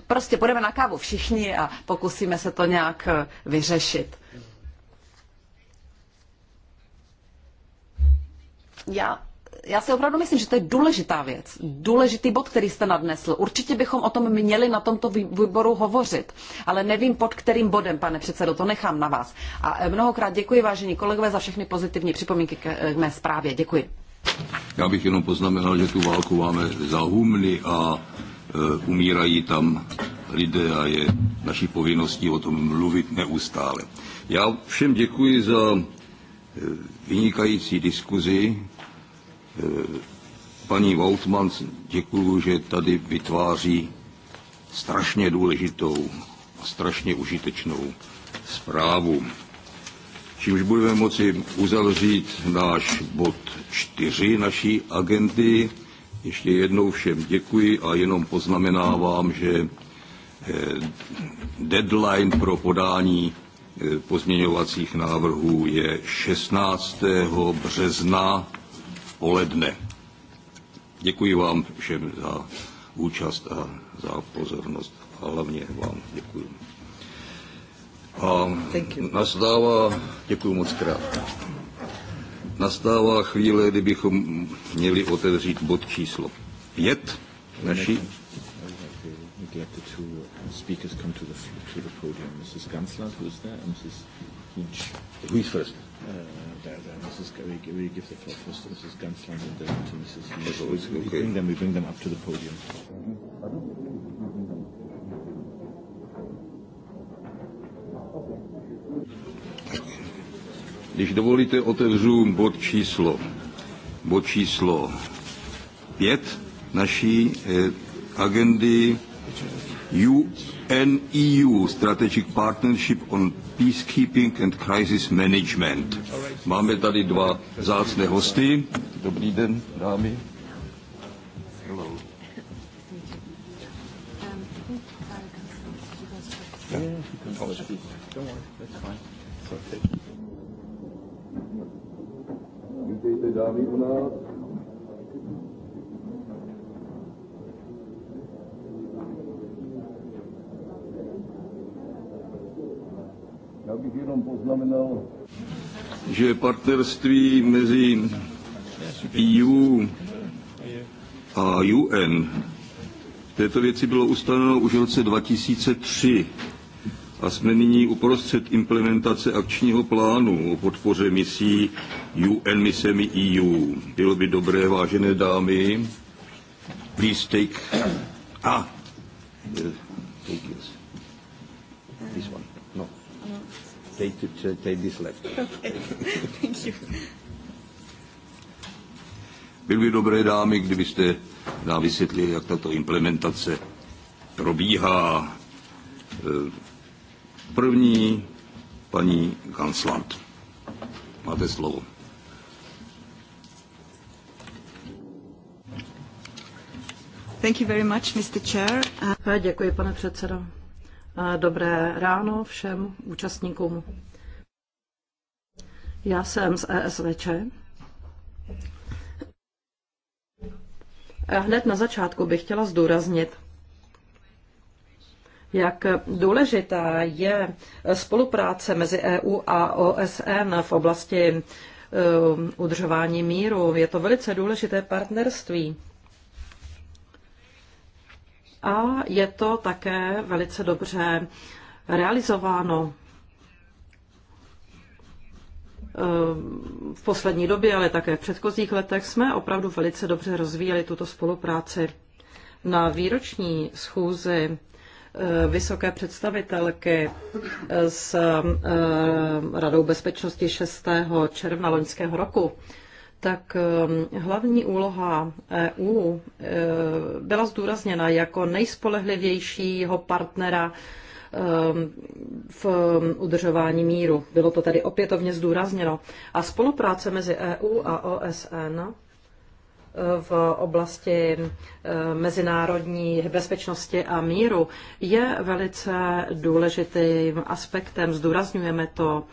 prostě půjdeme na kávu všichni a pokusíme se to nějak eh, vyřešit. Já já si opravdu myslím, že to je důležitá věc, důležitý bod, který jste nadnesl. Určitě bychom o tom měli na tomto výboru hovořit, ale nevím pod kterým bodem, pane předsedo, to nechám na vás. A e, mnohokrát děkuji, vážení kolegové, za všechny pozitivní připomínky k, e, mé zprávě. Děkuji. Já bych jenom poznamenal, že tu válku máme za humny a e, umírají tam lidé a je naší povinností o tom mluvit neustále. Já všem děkuji za e, vynikající diskuzi, Eh, paní Woltmans, děkuju, že tady vytváří strašně důležitou a strašně užitečnou zprávu. Čímž budeme moci uzavřít náš bod 4 naší agendy. Ještě jednou všem děkuji a jenom poznamenávám, že eh, deadline pro podání eh, pozměňovacích návrhů je 16. března poledne. Děkuji vám všem za účast a za pozornost. A hlavně vám děkuji. A nastává, děkuji moc krát. Nastává chvíle, kdybychom měli otevřít bod číslo 5 naší get the two speakers come to the to the podium. Mrs. Gansler, who is there, and Mrs. Hinch. Who is first? Uh, there, there. Mrs. We, we give the floor first to Mrs. Gunsland and then to Mrs. We, we, okay. bring them, we bring them up to the podium. Když dovolíte, otevřu bod číslo, bod číslo pět naší eh, agendy UN-EU e Strategic Partnership on Peacekeeping and Crisis Management. All right. Máme tady dva zácné hosty. Dobrý den, dámy. Hello. Vítejte dámy u nás. Já bych jenom poznamenal, že partnerství mezi EU a UN v této věci bylo ustanoveno už v roce 2003 a jsme nyní uprostřed implementace akčního plánu o podpoře misí UN misemi EU. Bylo by dobré, vážené dámy, please take... Ah, take this. take, to, take this left. Okay. Thank you. Byl by dobré dámy, kdybyste nám vysvětlili, jak tato implementace probíhá. E, první paní Gansland. Máte slovo. Thank you very much, Mr. Chair. Děkuji, pane předsedo. Dobré ráno všem účastníkům. Já jsem z ESVČ. Hned na začátku bych chtěla zdůraznit, jak důležitá je spolupráce mezi EU a OSN v oblasti eh, udržování míru. Je to velice důležité partnerství a je to také velice dobře realizováno ehm, v poslední době, ale také v předchozích letech jsme opravdu velice dobře rozvíjeli tuto spolupráci. Na výroční schůzi ehm, vysoké představitelky ehm, s Radou bezpečnosti 6. června loňského roku tak ehm, hlavní úloha EU eh, byla zdůrazněna jako nejspolehlivějšího partnera ehm, v udržování míru. Bylo to tady opětovně zdůrazněno. A spolupráce mezi EU a OSN eh, v oblasti eh, mezinárodní bezpečnosti a míru je velice důležitým aspektem. Zdůrazňujeme to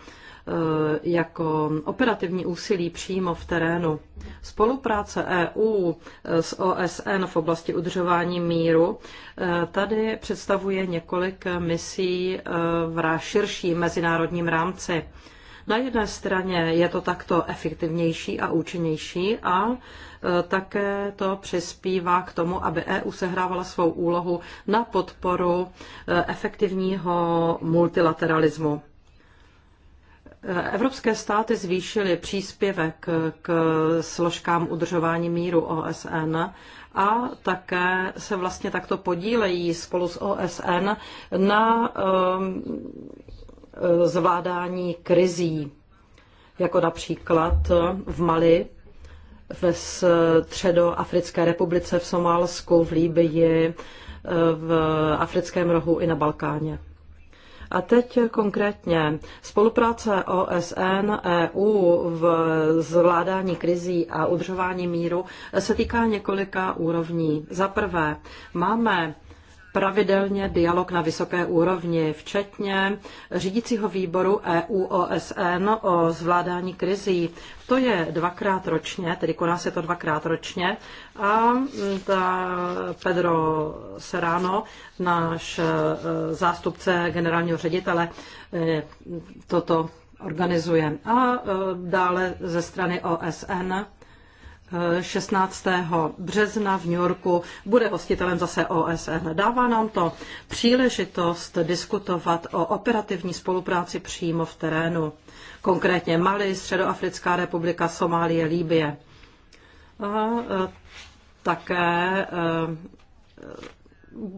Eh, jako operativní úsilí přímo v terénu. Spolupráce EU eh, s OSN v oblasti udržování míru eh, tady představuje několik misí v širším mezinárodním rámci. Na jedné straně je to takto efektivnější a účinnější a také to přispívá k tomu, aby EU sehrávala svou úlohu na podporu efektivního multilateralismu. Evropské státy zvýšily příspěvek k složkám udržování míru OSN a také se vlastně takto podílejí spolu s OSN na eh, zvládání krizí, jako například v Mali, ve Středoafrické republice, v Somálsku, v Líbyi, eh, v Africkém rohu i na Balkáně. A teď konkrétně spolupráce OSN, EU v zvládání krizí a udržování míru se týká několika úrovní. Za prvé, máme pravidelně dialog na vysoké úrovni, včetně řídícího výboru EU OSN o zvládání krizí. To je dvakrát ročně, tedy koná se to dvakrát ročně a mm, ta Pedro Serrano, náš e, zástupce generálního ředitele, e, toto organizuje. A e, dále ze strany OSN 16. března v New Yorku bude hostitelem zase OSN. Dává nám to příležitost diskutovat o operativní spolupráci přímo v terénu, konkrétně Mali, Středoafrická republika, Somálie, Líbie. A e, také e,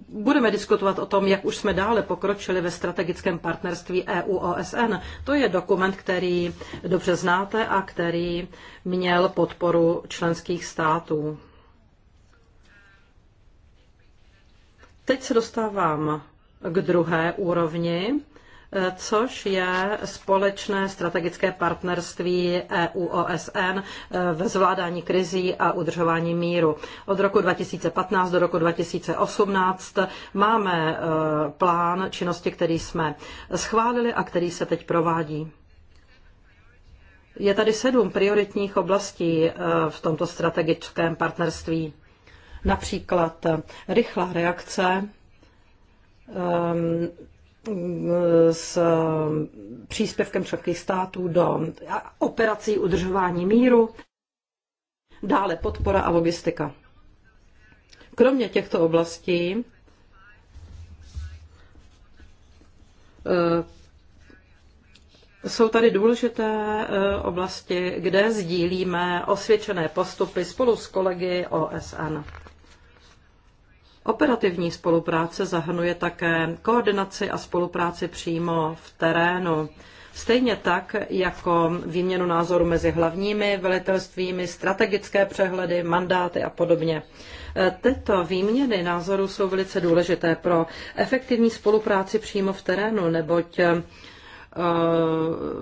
budeme diskutovat o tom, jak už jsme dále pokročili ve strategickém partnerství EU-OSN. To je dokument, který dobře znáte a který měl podporu členských států. Teď se dostávám k druhé úrovni což je společné strategické partnerství EU-OSN eh, ve zvládání krizí a udržování míru. Od roku 2015 do roku 2018 máme eh, plán činnosti, který jsme schválili a který se teď provádí. Je tady sedm prioritních oblastí eh, v tomto strategickém partnerství. Například rychlá reakce ehm, s um, příspěvkem členských států do operací udržování míru, dále podpora a logistika. Kromě těchto oblastí eh, jsou tady důležité eh, oblasti, kde sdílíme osvědčené postupy spolu s kolegy OSN. Operativní spolupráce zahrnuje také koordinaci a spolupráci přímo v terénu. Stejně tak jako výměnu názoru mezi hlavními velitelstvími, strategické přehledy, mandáty a podobně. E, Tyto výměny názorů jsou velice důležité pro efektivní spolupráci přímo v terénu, neboť Eh,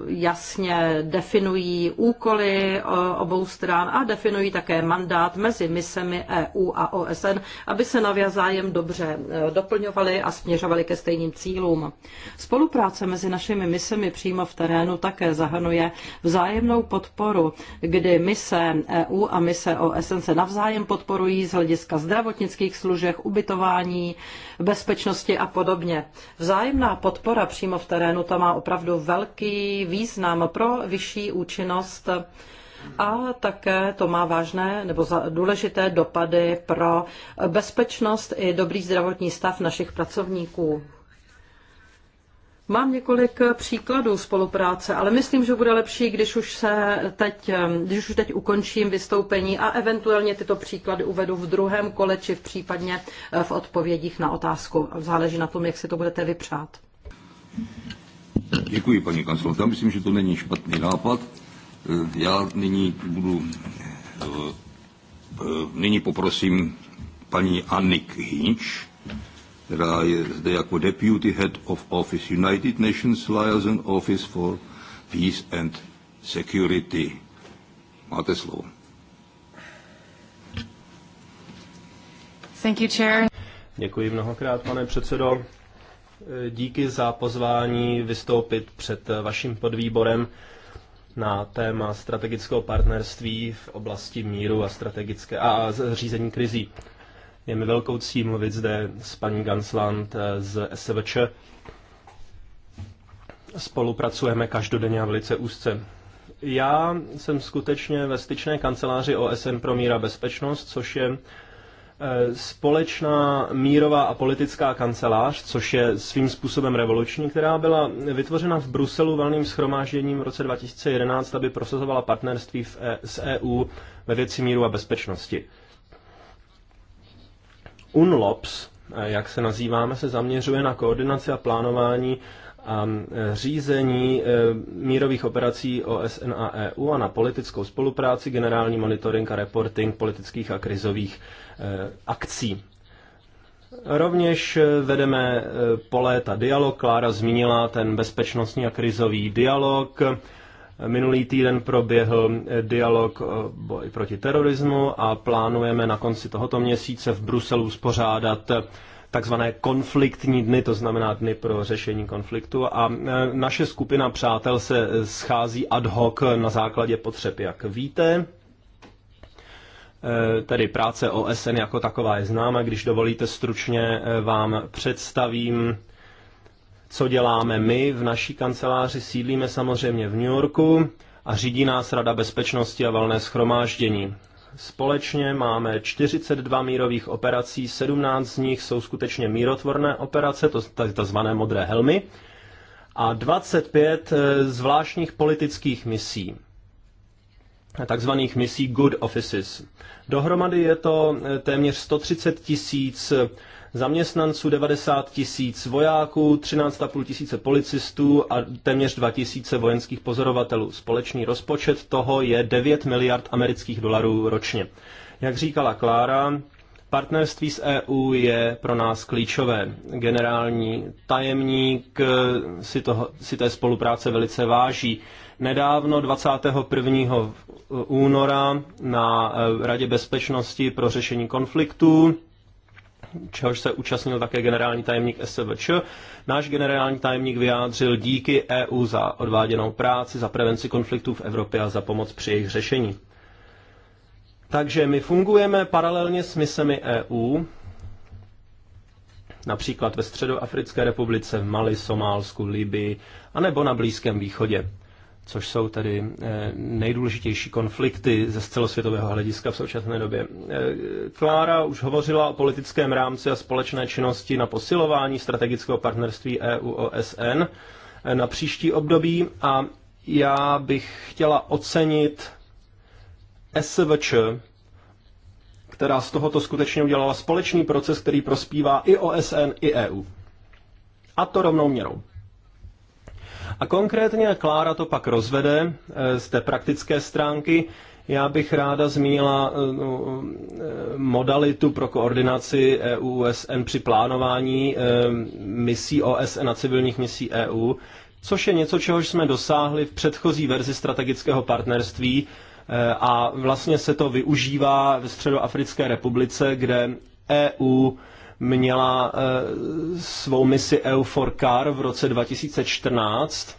jasně definují úkoly eh, obou stran a definují také mandát mezi misemi EU a OSN, aby se navzájem dobře eh, doplňovaly a směřovaly ke stejným cílům. Spolupráce mezi našimi misemi přímo v terénu také zahrnuje vzájemnou podporu, kdy mise EU a mise OSN se navzájem podporují z hlediska zdravotnických služeb, ubytování, bezpečnosti a podobně. Vzájemná podpora přímo v terénu to má opravdu opravdu velký význam pro vyšší účinnost a také to má vážné nebo důležité dopady pro bezpečnost i dobrý zdravotní stav našich pracovníků. Mám několik příkladů spolupráce, ale myslím, že bude lepší, když už, se teď, když už teď ukončím vystoupení a eventuálně tyto příklady uvedu v druhém kole, či v případně v odpovědích na otázku. Záleží na tom, jak si to budete vypřát. Děkuji, paní kancelář. Já myslím, že to není špatný nápad. Eh, já nyní budu, eh, eh, nyní poprosím paní Annik Hinch, která je zde jako Deputy Head of Office United Nations Liaison Office for Peace and Security. Máte slovo. Thank you, Chair. Děkuji mnohokrát, pane předsedo díky za pozvání vystoupit před vaším podvýborem na téma strategického partnerství v oblasti míru a strategické a řízení krizí. Je mi velkou ctí mluvit zde s paní Gansland z SVČ. Spolupracujeme každodenně a velice úzce. Já jsem skutečně ve styčné kanceláři OSN pro míra bezpečnost, což je Eh, společná mírová a politická kancelář, což je svým způsobem revoluční, která byla vytvořena v Bruselu valným schromážděním v roce 2011, aby prosazovala partnerství v, e- s EU ve věci míru a bezpečnosti. UNLOPS, eh, jak se nazýváme, se zaměřuje na koordinaci a plánování a řízení eh, mírových operací OSN a EU a na politickou spolupráci, generální monitoring a reporting politických a krizových Eh, akcí. Rovněž eh, vedeme eh, po léta dialog. Klára zmínila ten bezpečnostní a krizový dialog. Minulý týden proběhl dialog boj proti terorismu a plánujeme na konci tohoto měsíce v Bruselu spořádat takzvané konfliktní dny, to znamená dny pro řešení konfliktu. A naše skupina přátel se schází ad hoc na základě potřeb, jak víte. Eh, tedy práce OSN jako taková je známa. Když dovolíte stručně, eh, vám představím, co děláme my v naší kanceláři. Sídlíme samozřejmě v New Yorku a řídí nás Rada bezpečnosti a valné schromáždění. Společně máme 42 mírových operací, 17 z nich jsou skutečně mírotvorné operace, to tzv. modré helmy, a 25 eh, zvláštních politických misí takzvaných misí good offices. Dohromady je to eh, téměř 130 tisíc eh, zaměstnanců, 90 tisíc vojáků, 13,5 tisíce policistů a téměř 2 tisíce vojenských pozorovatelů. Společný rozpočet toho je 9 miliard amerických dolarů ročně. Jak říkala Klára, Partnerství s EU je pro nás klíčové. Generální tajemník eh, si, toho, si té spolupráce velice váží. Nedávno 21. února na eh, Radě bezpečnosti pro řešení konfliktů čehož se účastnil také generální tajemník SVČ. Náš generální tajemník vyjádřil díky EU za odváděnou práci, za prevenci konfliktů v Evropě a za pomoc při jejich řešení. Takže my fungujeme paralelně s misemi EU, například ve Středoafrické republice, v Mali, Somálsku, Libii, anebo na Blízkém východě, což jsou tedy eh, nejdůležitější konflikty ze celosvětového hlediska v současné době. Eh, Klára už hovořila o politickém rámci a společné činnosti na posilování strategického partnerství EU-OSN eh, na příští období a já bych chtěla ocenit SVČ, která z tohoto skutečně udělala společný proces, který prospívá i OSN, i EU. A to rovnou měrou. A konkrétně Klára to pak rozvede eh, z té praktické stránky. Já bych ráda zmínila eh, no, eh, modalitu pro koordinaci EU-USN při plánování misí OSN a civilních misí EU, což je něco, čehož jsme dosáhli v předchozí verzi strategického partnerství Eh, a vlastně se to využívá ve Středoafrické republice, kde EU měla eh, svou misi EU for Car v roce 2014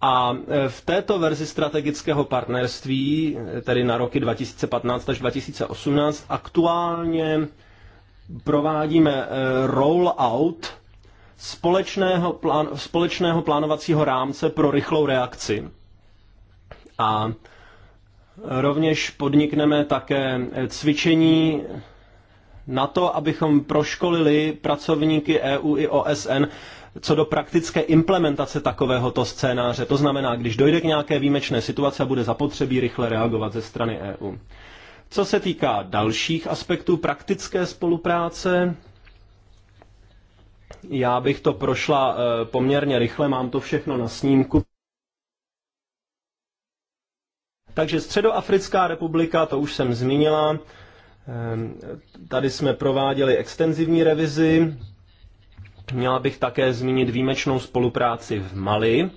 a eh, v této verzi strategického partnerství, tedy na roky 2015 až 2018, aktuálně provádíme rollout společného, plán, společného plánovacího rámce pro rychlou reakci. A Rovněž podnikneme také cvičení na to, abychom proškolili pracovníky EU i OSN co do praktické implementace takovéhoto scénáře. To znamená, když dojde k nějaké výjimečné situaci a bude zapotřebí rychle reagovat ze strany EU. Co se týká dalších aspektů praktické spolupráce, já bych to prošla eh, poměrně rychle, mám to všechno na snímku. Takže Středoafrická republika, to už jsem zmínila, ehm, tady jsme prováděli extenzivní revizi. Měla bych také zmínit výjimečnou spolupráci v Mali,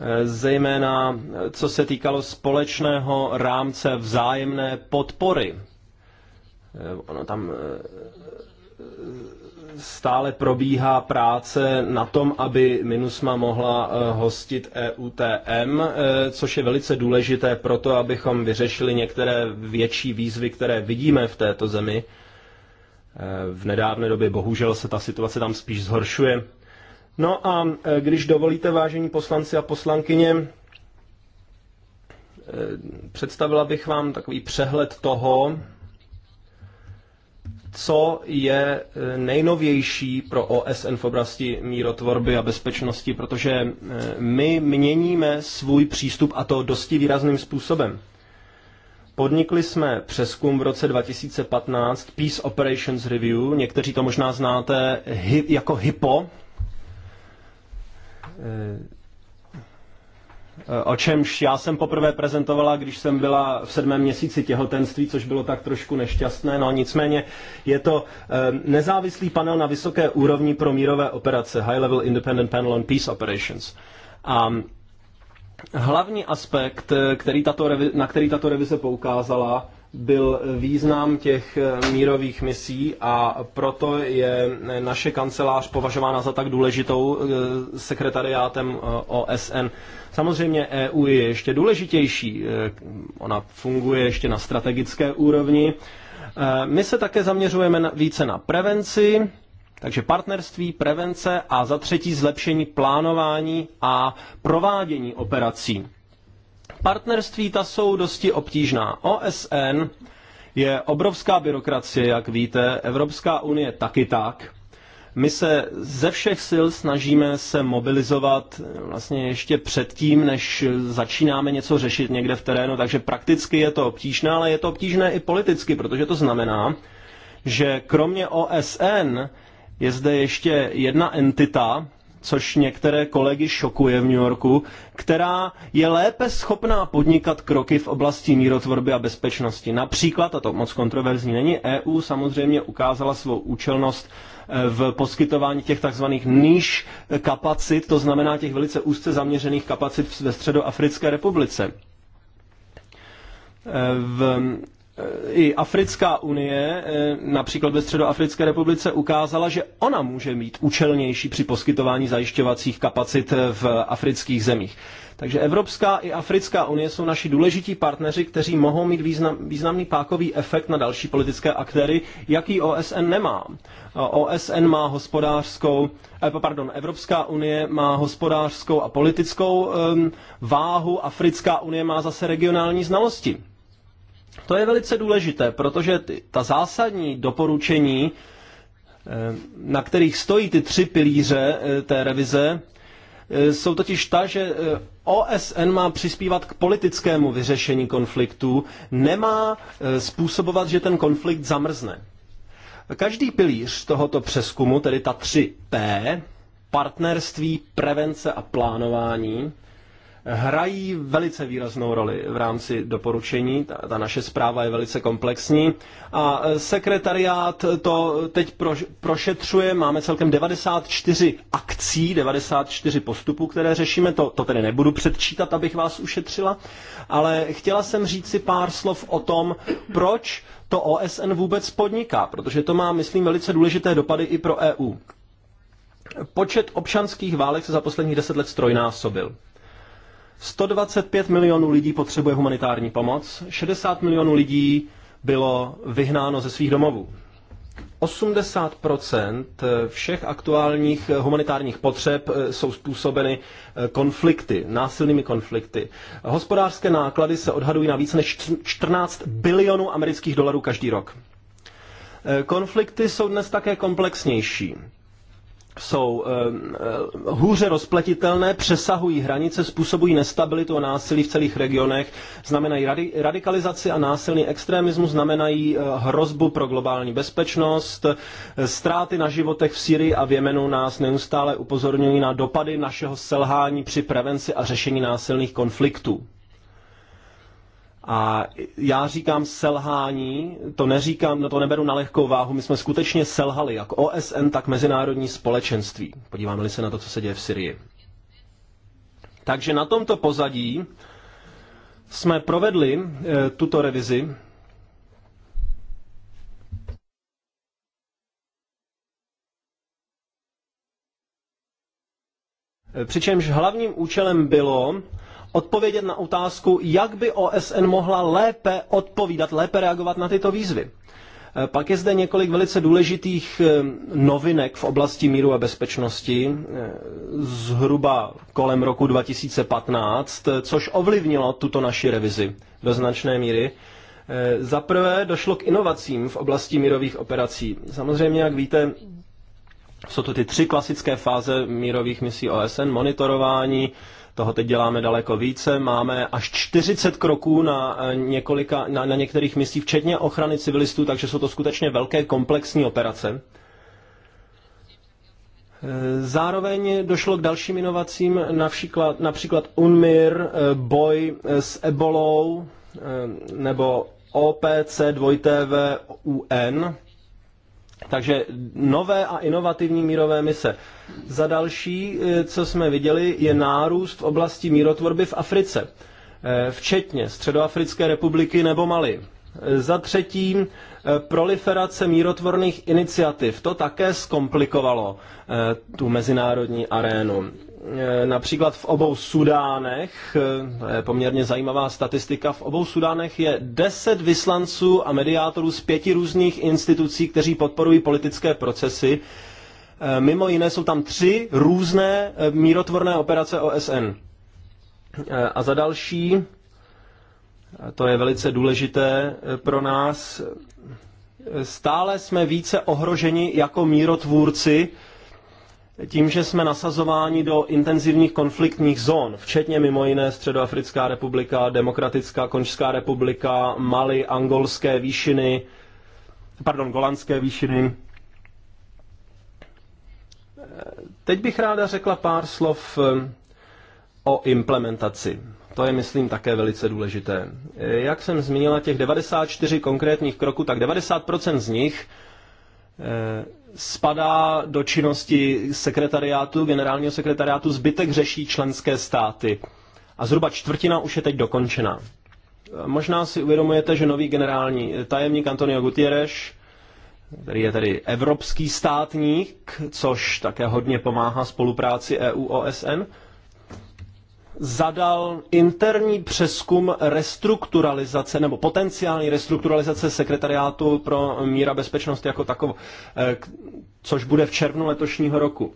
eh, zejména co se týkalo společného rámce vzájemné podpory. Eh, ono tam eh, stále probíhá práce na tom, aby MINUSMA mohla eh, hostit EUTM, eh, což je velice důležité pro to, abychom vyřešili některé větší výzvy, které vidíme v této zemi. Eh, v nedávné době bohužel se ta situace tam spíš zhoršuje. No a když dovolíte, vážení poslanci a poslankyně, představila bych vám takový přehled toho, co je eh, nejnovější pro OSN v oblasti mírotvorby a bezpečnosti, protože eh, my měníme svůj přístup a to dosti výrazným způsobem. Podnikli jsme přeskum v roce 2015 Peace Operations Review, někteří to možná znáte jako HIPO, eh, o čemž já jsem poprvé prezentovala, když jsem byla v sedmém měsíci těhotenství, což bylo tak trošku nešťastné, no nicméně je to eh, nezávislý panel na vysoké úrovni pro mírové operace, High Level Independent Panel on Peace Operations. A hlavní aspekt, eh, který tato revi- na který tato revize poukázala, byl význam těch eh, mírových misí a proto je eh, naše kancelář považována za tak důležitou eh, sekretariátem OSN. Samozřejmě EU je ještě důležitější, ona funguje ještě na strategické úrovni. My se také zaměřujeme více na prevenci, takže partnerství, prevence a za třetí zlepšení plánování a provádění operací. Partnerství ta jsou dosti obtížná. OSN je obrovská byrokracie, jak víte, Evropská unie taky tak. My se ze všech sil snažíme se mobilizovat eh, vlastně ještě předtím, než začínáme něco řešit někde v terénu, takže prakticky je to obtížné, ale je to obtížné i politicky, protože to znamená, že kromě OSN je zde ještě jedna entita, což některé kolegy šokuje v New Yorku, která je lépe schopná podnikat kroky v oblasti mírotvorby a bezpečnosti. Například, a to moc kontroverzní není, EU samozřejmě ukázala svou účelnost e, v poskytování těch takzvaných níž kapacit, to znamená těch velice úzce zaměřených kapacit ve Středoafrické republice. E, v i Africká unie, eh, například ve Středoafrické republice, ukázala, že ona může mít účelnější při poskytování zajišťovacích kapacit eh, v afrických zemích. Takže Evropská i Africká unie jsou naši důležití partneři, kteří mohou mít význam, významný pákový efekt na další politické aktéry, jaký OSN nemá. OSN má hospodářskou, eh, pardon, Evropská unie má hospodářskou a politickou ehm, váhu, Africká unie má zase regionální znalosti. To je velice důležité, protože ty, ta zásadní doporučení, eh, na kterých stojí ty tři pilíře eh, té revize, eh, jsou totiž ta, že OSN má přispívat k politickému vyřešení konfliktu, nemá způsobovat, že ten konflikt zamrzne. Každý pilíř tohoto přeskumu, tedy ta 3P, partnerství, prevence a plánování, hrají velice výraznou roli v rámci doporučení. Ta, ta naše zpráva je velice komplexní a e, sekretariát to teď pro, prošetřuje. Máme celkem 94 akcí, 94 postupů, které řešíme. To, to tedy nebudu předčítat, abych vás ušetřila, ale chtěla jsem říct si pár slov o tom, proč to OSN vůbec podniká, protože to má, myslím, velice důležité dopady i pro EU. Počet občanských válek se za posledních deset let strojnásobil. 125 milionů lidí potřebuje humanitární pomoc, 60 milionů lidí bylo vyhnáno ze svých domovů. 80 všech aktuálních humanitárních potřeb eh, jsou způsobeny eh, konflikty, násilnými konflikty. Hospodářské náklady se odhadují na více než 14 bilionů amerických dolarů každý rok. Eh, konflikty jsou dnes také komplexnější jsou eh, eh, hůře rozpletitelné, přesahují hranice, způsobují nestabilitu a násilí v celých regionech, znamenají radikalizaci a násilný extremismus, znamenají eh, hrozbu pro globální bezpečnost. Ztráty na životech v Sýrii a v Jemenu nás neustále upozorňují na dopady našeho selhání při prevenci a řešení násilných konfliktů. A já říkám selhání, to neříkám, no to neberu na lehkou váhu, my jsme skutečně selhali, jak OSN, tak mezinárodní společenství. Podíváme-li se na to, co se děje v Syrii. Takže na tomto pozadí jsme provedli e, tuto revizi. Eh, přičemž hlavním účelem bylo odpovědět na otázku, jak by OSN mohla lépe odpovídat, lépe reagovat na tyto výzvy. Eh, pak je zde několik velice důležitých eh, novinek v oblasti míru a bezpečnosti eh, zhruba kolem roku 2015, což ovlivnilo tuto naši revizi do značné míry. Za prvé došlo k inovacím v oblasti mírových operací. Samozřejmě, jak víte, jsou to ty tři klasické fáze mírových misí OSN, monitorování, toho teď děláme daleko více. Máme až 40 kroků na, eh, několika, na, na některých misích, včetně ochrany civilistů, takže jsou to skutečně velké komplexní operace. Eh, zároveň došlo k dalším inovacím, například, například UNMIR, eh, boj s ebolou nebo OPC 2 UN, takže nové a inovativní mírové mise. Za další, eh, co jsme viděli, je nárůst v oblasti mírotvorby v Africe, eh, včetně Středoafrické republiky nebo Mali. Eh, za třetí, proliferace mírotvorných iniciativ. To také zkomplikovalo tu mezinárodní arénu. Eh, například v obou Sudánech, eh, to je poměrně zajímavá statistika, v obou Sudánech je deset vyslanců a mediátorů z pěti různých institucí, kteří podporují politické procesy. Eh, mimo jiné jsou tam tři různé mírotvorné operace OSN. A za další, to je velice důležité pro nás, stále jsme více ohroženi jako mírotvůrci, tím, že jsme nasazováni do intenzivních konfliktních zón, včetně mimo jiné Středoafrická republika, Demokratická Konžská republika, Mali, Angolské výšiny, pardon, Golandské výšiny. Teď bych ráda řekla pár slov eh, o implementaci. To je, myslím, také velice důležité. Jak jsem zmínila těch 94 konkrétních kroků, tak 90% z nich eh, spadá do činnosti sekretariátu, generálního sekretariátu, zbytek řeší členské státy. A zhruba čtvrtina už je teď dokončená. Možná si uvědomujete, že nový generální tajemník Antonio Gutierrez, který je tedy evropský státník, což také hodně pomáhá spolupráci EU-OSN, zadal interní přeskum restrukturalizace nebo potenciální restrukturalizace sekretariátu pro míra bezpečnost jako takovou, eh, což bude v červnu letošního roku.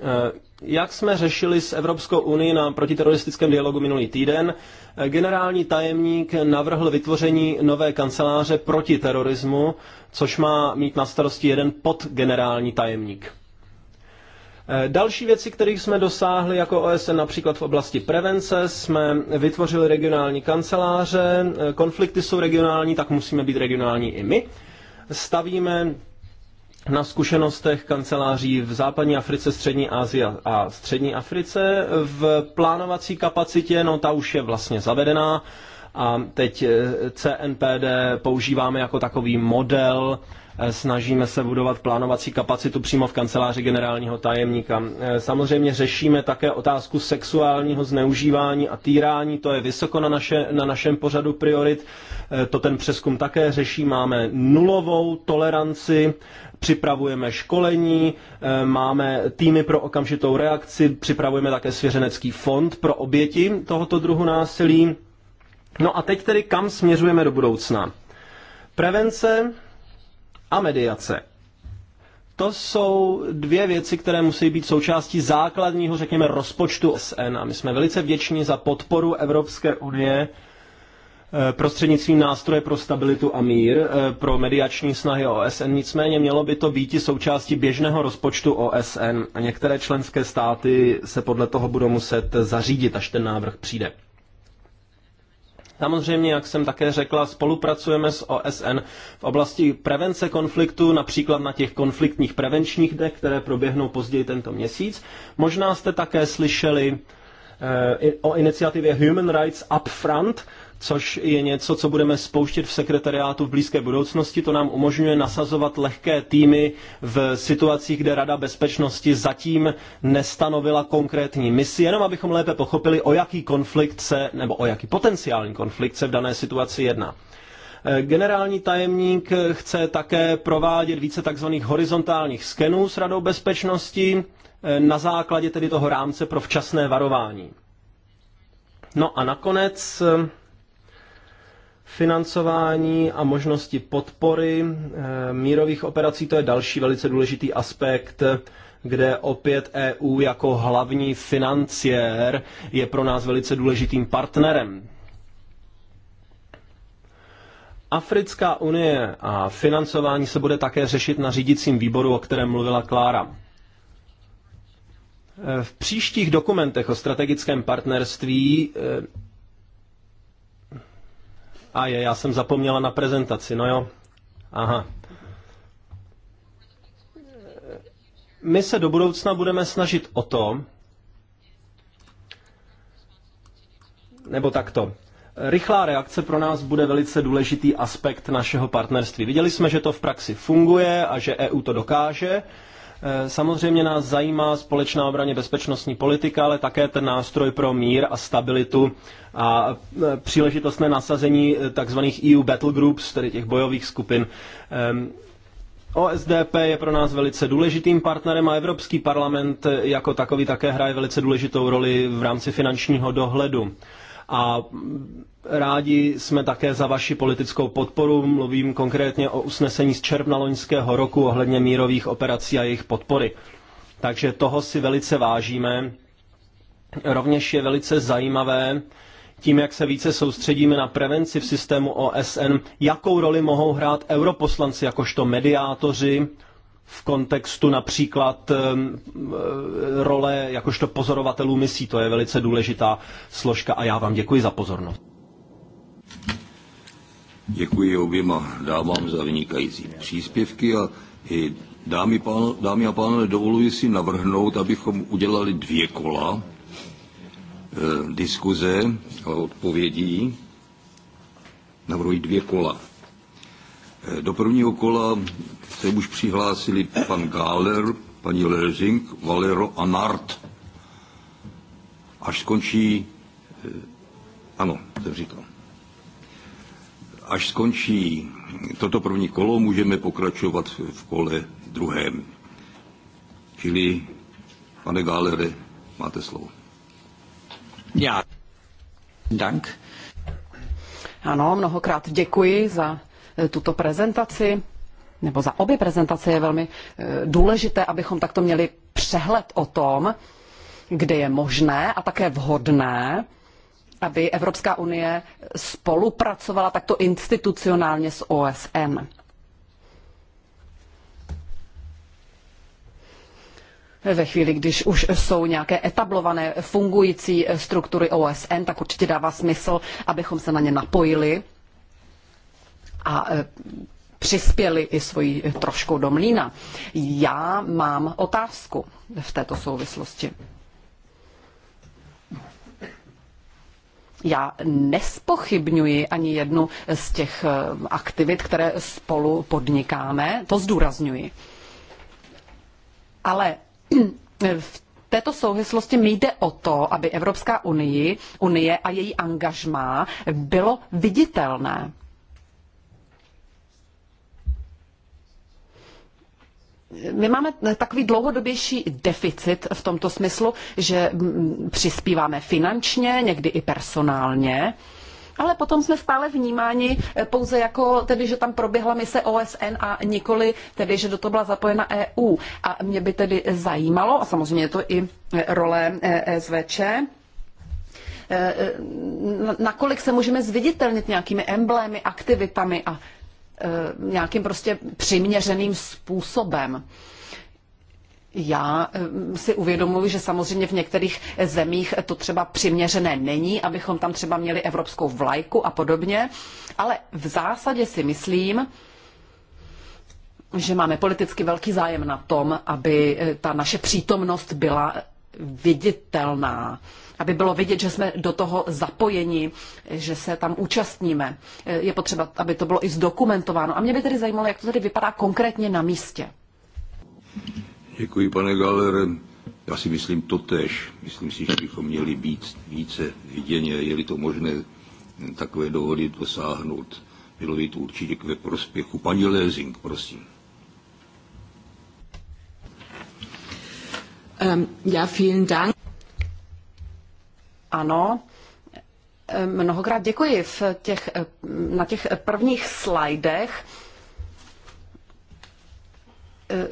Eh, jak jsme řešili s Evropskou unii na protiteroristickém dialogu minulý týden, eh, generální tajemník navrhl vytvoření nové kanceláře proti terorismu, což má mít na starosti jeden podgenerální tajemník. Eh, další věci, kterých jsme dosáhli jako OSN například v oblasti prevence, jsme vytvořili regionální kanceláře, eh, konflikty jsou regionální, tak musíme být regionální i my. Stavíme na zkušenostech kanceláří v západní Africe, střední Asii a střední Africe. V plánovací kapacitě, no ta už je vlastně zavedená a teď eh, CNPD používáme jako takový model, Eh, snažíme se budovat plánovací kapacitu přímo v kanceláři generálního tajemníka. Eh, samozřejmě řešíme také otázku sexuálního zneužívání a týrání. To je vysoko na, naše, na našem pořadu priorit. Eh, to ten přeskum také řeší. Máme nulovou toleranci, připravujeme školení, máme týmy pro okamžitou reakci, připravujeme také svěřenecký fond pro oběti tohoto druhu násilí. No a teď tedy kam směřujeme do budoucna? Prevence a mediace. To jsou dvě věci, které musí být součástí základního, řekněme, rozpočtu SN. A my jsme velice vděční za podporu Evropské unie eh, prostřednictvím nástroje pro stabilitu a mír eh, pro mediační snahy OSN. Nicméně mělo by to být i součástí běžného rozpočtu OSN a některé členské státy se podle toho budou muset zařídit, až ten návrh přijde. Samozřejmě, jak jsem také řekla, spolupracujeme s OSN v oblasti prevence konfliktu, například na těch konfliktních prevenčních dnech, které proběhnou později tento měsíc. Možná jste také slyšeli eh, o iniciativě Human Rights Upfront, což je něco, co budeme spouštět v sekretariátu v blízké budoucnosti. To nám umožňuje nasazovat lehké týmy v situacích, kde Rada bezpečnosti zatím nestanovila konkrétní misi, jenom abychom lépe pochopili, o jaký konflikt se, nebo o jaký potenciální konflikt se v dané situaci jedná. Generální tajemník chce také provádět více tzv. horizontálních skenů s Radou bezpečnosti eh, na základě tedy toho rámce pro včasné varování. No a nakonec eh, Financování a možnosti podpory eh, mírových operací, to je další velice důležitý aspekt, kde opět EU jako hlavní financiér je pro nás velice důležitým partnerem. Africká unie a financování se bude také řešit na řídicím výboru, o kterém mluvila Klára. Eh, v příštích dokumentech o strategickém partnerství eh, a je, já jsem zapomněla na prezentaci, no jo. Aha. My se do budoucna budeme snažit o to, nebo takto. Rychlá reakce pro nás bude velice důležitý aspekt našeho partnerství. Viděli jsme, že to v praxi funguje a že EU to dokáže Eh, samozřejmě nás zajímá společná obraně bezpečnostní politika, ale také ten nástroj pro mír a stabilitu a eh, příležitostné nasazení eh, tzv. EU battle groups, tedy těch bojových skupin. Ehm, OSDP je pro nás velice důležitým partnerem a Evropský parlament jako takový také hraje velice důležitou roli v rámci finančního dohledu a rádi jsme také za vaši politickou podporu. Mluvím konkrétně o usnesení z června loňského roku ohledně mírových operací a jejich podpory. Takže toho si velice vážíme. Rovněž je velice zajímavé, tím, jak se více soustředíme na prevenci v systému OSN, jakou roli mohou hrát europoslanci jakožto mediátoři v kontextu například ehm, e, role jakožto pozorovatelů misí. To je velice důležitá složka a já vám děkuji za pozornost. Děkuji oběma dámám za vynikající příspěvky a i dámy, pán, dámy a pánové, dovoluji si navrhnout, abychom udělali dvě kola e, diskuze a odpovědí. Navrhuji dvě kola. Do prvního kola se už přihlásili pan Gáler, paní Lerzing, Valero a Nart. Až skončí... Eh, ano, jsem říkal. Až skončí toto první kolo, můžeme pokračovat v kole druhém. Čili, pane Gálere, máte slovo. Já. Dank. Ano, mnohokrát děkuji za tuto prezentaci nebo za obě prezentace je velmi eh, důležité, abychom takto měli přehled o tom, kde je možné a také vhodné, aby Evropská unie spolupracovala takto institucionálně s OSN. Ve chvíli, když už jsou nějaké etablované fungující struktury OSN, tak určitě dává smysl, abychom se na ně napojili a e, přispěli i svoji e, trošku do mlína. Já mám otázku v této souvislosti. Já nespochybňuji ani jednu z těch e, aktivit, které spolu podnikáme, to zdůrazňuji. Ale v této souvislosti mi jde o to, aby Evropská unii, unie a její angažmá bylo viditelné. my máme takový dlouhodobější deficit v tomto smyslu, že mm, přispíváme finančně, někdy i personálně, ale potom jsme stále vnímáni eh, pouze jako, tedy, že tam proběhla mise OSN a nikoli, tedy, že do toho byla zapojena EU. A mě by tedy zajímalo, a samozřejmě je to i eh, role eh, e SVČ, nakolik se můžeme zviditelnit nějakými emblémy, aktivitami a Eh, nějakým prostě přiměřeným způsobem. Já eh, si uvědomuji, že samozřejmě v některých zemích to třeba přiměřené není, abychom tam třeba měli evropskou vlajku a podobně, ale v zásadě si myslím, že máme politicky velký zájem na tom, aby eh, ta naše přítomnost byla viditelná aby bylo vidět, že jsme do toho zapojeni, že se tam účastníme. Je potřeba, aby to bylo i zdokumentováno. A mě by tedy zajímalo, jak to tedy vypadá konkrétně na místě. Děkuji, pane Galere. Já si myslím to tež. Myslím si, že bychom měli být více viděně, je-li to možné takové dohody dosáhnout. Bylo by to určitě ve prospěchu. Paní Lézing, prosím. Um, ja, vielen Dank. Ano, mnohokrát děkuji. V těch, na těch prvních slajdech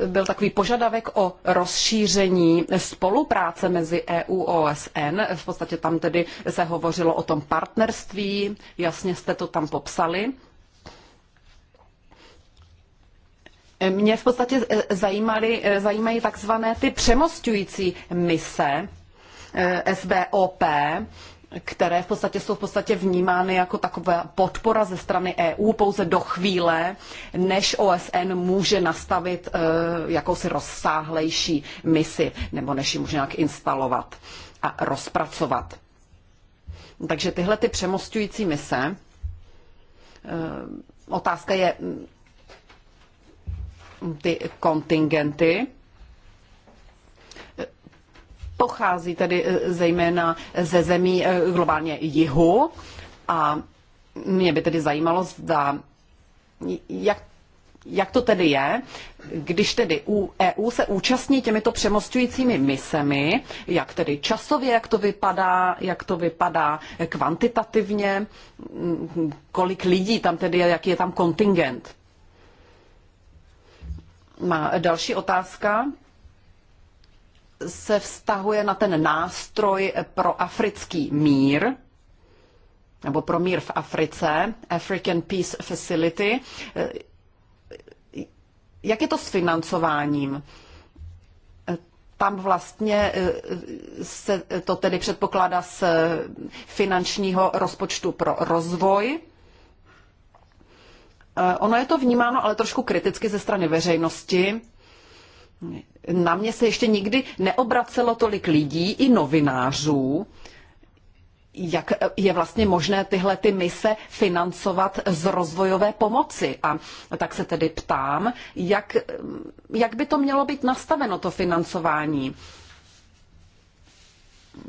byl takový požadavek o rozšíření spolupráce mezi EU a OSN. V podstatě tam tedy se hovořilo o tom partnerství, jasně jste to tam popsali. Mě v podstatě zajímaly, zajímají takzvané ty přemostující mise, Eh, SBOP, které v podstatě jsou v podstatě vnímány jako taková podpora ze strany EU pouze do chvíle, než OSN může nastavit eh, jakousi rozsáhlejší misi, nebo než ji může nějak instalovat a rozpracovat. Takže tyhle ty přemostující mise, eh, otázka je mm, ty kontingenty, pochází tedy eh, zejména eh, ze zemí eh, globálně jihu a mě by tedy zajímalo, zda jak jak to tedy je, když tedy u EU se účastní těmito přemostujícími misemi, jak tedy časově, jak to vypadá, jak to vypadá kvantitativně, mm, kolik lidí tam tedy je, jaký je tam kontingent. Má další otázka se vztahuje na ten nástroj pro africký mír, nebo pro mír v Africe, African Peace Facility. Jak je to s financováním? Tam vlastně e, se to tedy předpokládá z finančního rozpočtu pro rozvoj. E, ono je to vnímáno ale trošku kriticky ze strany veřejnosti, na mě se ještě nikdy neobracelo tolik lidí i novinářů, jak je vlastně možné tyhle ty mise financovat z rozvojové pomoci. A tak se tedy ptám, jak, jak by to mělo být nastaveno, to financování?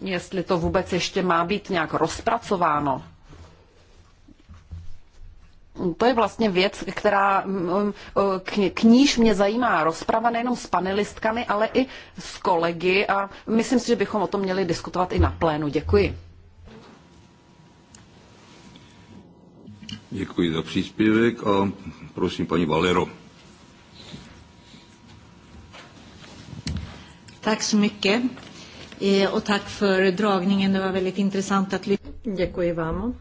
Jestli to vůbec ještě má být nějak rozpracováno. To je vlastně věc, která mm, mm, k níž mě zajímá rozprava nejenom s panelistkami, ale i s kolegy a myslím si, že bychom o tom měli diskutovat i na plénu. Děkuji. Děkuji za příspěvek a prosím paní Valero. Tak så mycket. Eh, och tack för dragningen. Det var väldigt intressant att lyssna. Děkuji vám.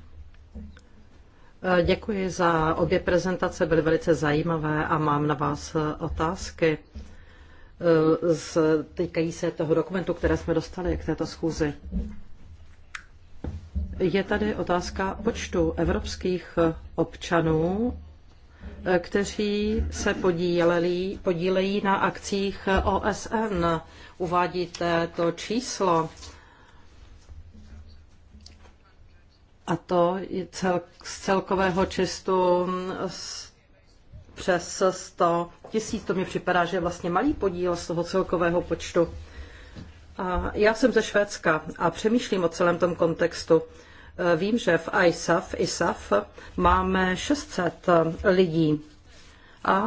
Eh, děkuji za obě prezentace, byly velice zajímavé a mám na vás eh, otázky. Eh, z, týkají se toho dokumentu, které jsme dostali k této schůzi. Je tady otázka počtu evropských občanů, kteří se podíleli, podílejí na akcích OSN. Uvádíte to číslo a to je cel, z celkového čistu mm, přes 100 tisíc. To mi připadá, že je vlastně malý podíl z toho celkového počtu. A já jsem ze Švédska a přemýšlím o celém tom kontextu. E, vím, že v ISAF, ISAF máme 600 e, lidí a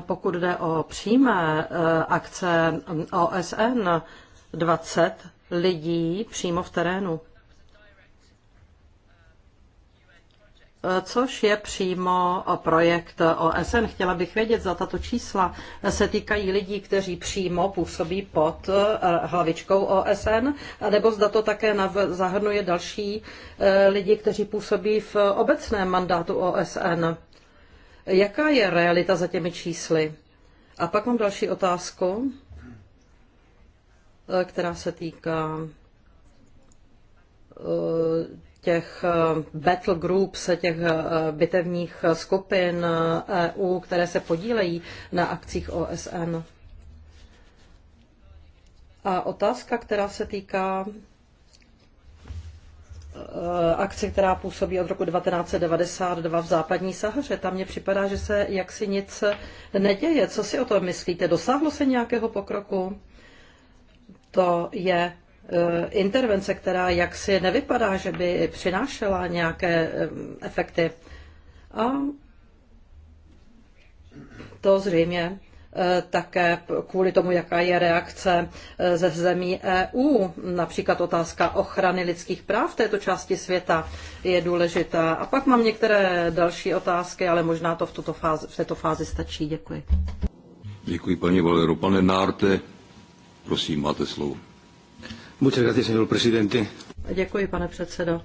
pokud jde o přímé e, akce OSN 20, lidí přímo v terénu. Eh, což je přímo eh, projekt eh, OSN. Chtěla bych vědět, za tato čísla se týkají lidí, kteří přímo působí pod hlavičkou OSN, nebo zda to také zahrnuje další lidi, kteří působí v obecném mandátu OSN. Jaká je realita za těmi čísly? A pak mám další otázku. Eh, která se týká eh, těch eh, battle groups, těch bitevních skupin EU, e které se podílejí na akcích OSN. A otázka, která se týká akce, která působí od roku 1992 v západní Sahaře. Tam mně připadá, že se jaksi nic neděje. Co si o tom myslíte? Dosáhlo se nějakého pokroku? to je eh, intervence, která jaksi nevypadá, že by přinášela nějaké eh, efekty. A to zřejmě eh, také kvůli tomu, jaká je reakce ze zemí EU. Například otázka ochrany lidských práv v této části světa je důležitá. A pak mám některé další otázky, ale možná to v, tuto fázi, v této fázi stačí. Děkuji. Děkuji, paní Valero. Pane Nárte, Prosím, máte slovo. Děkuji, pane předsedo.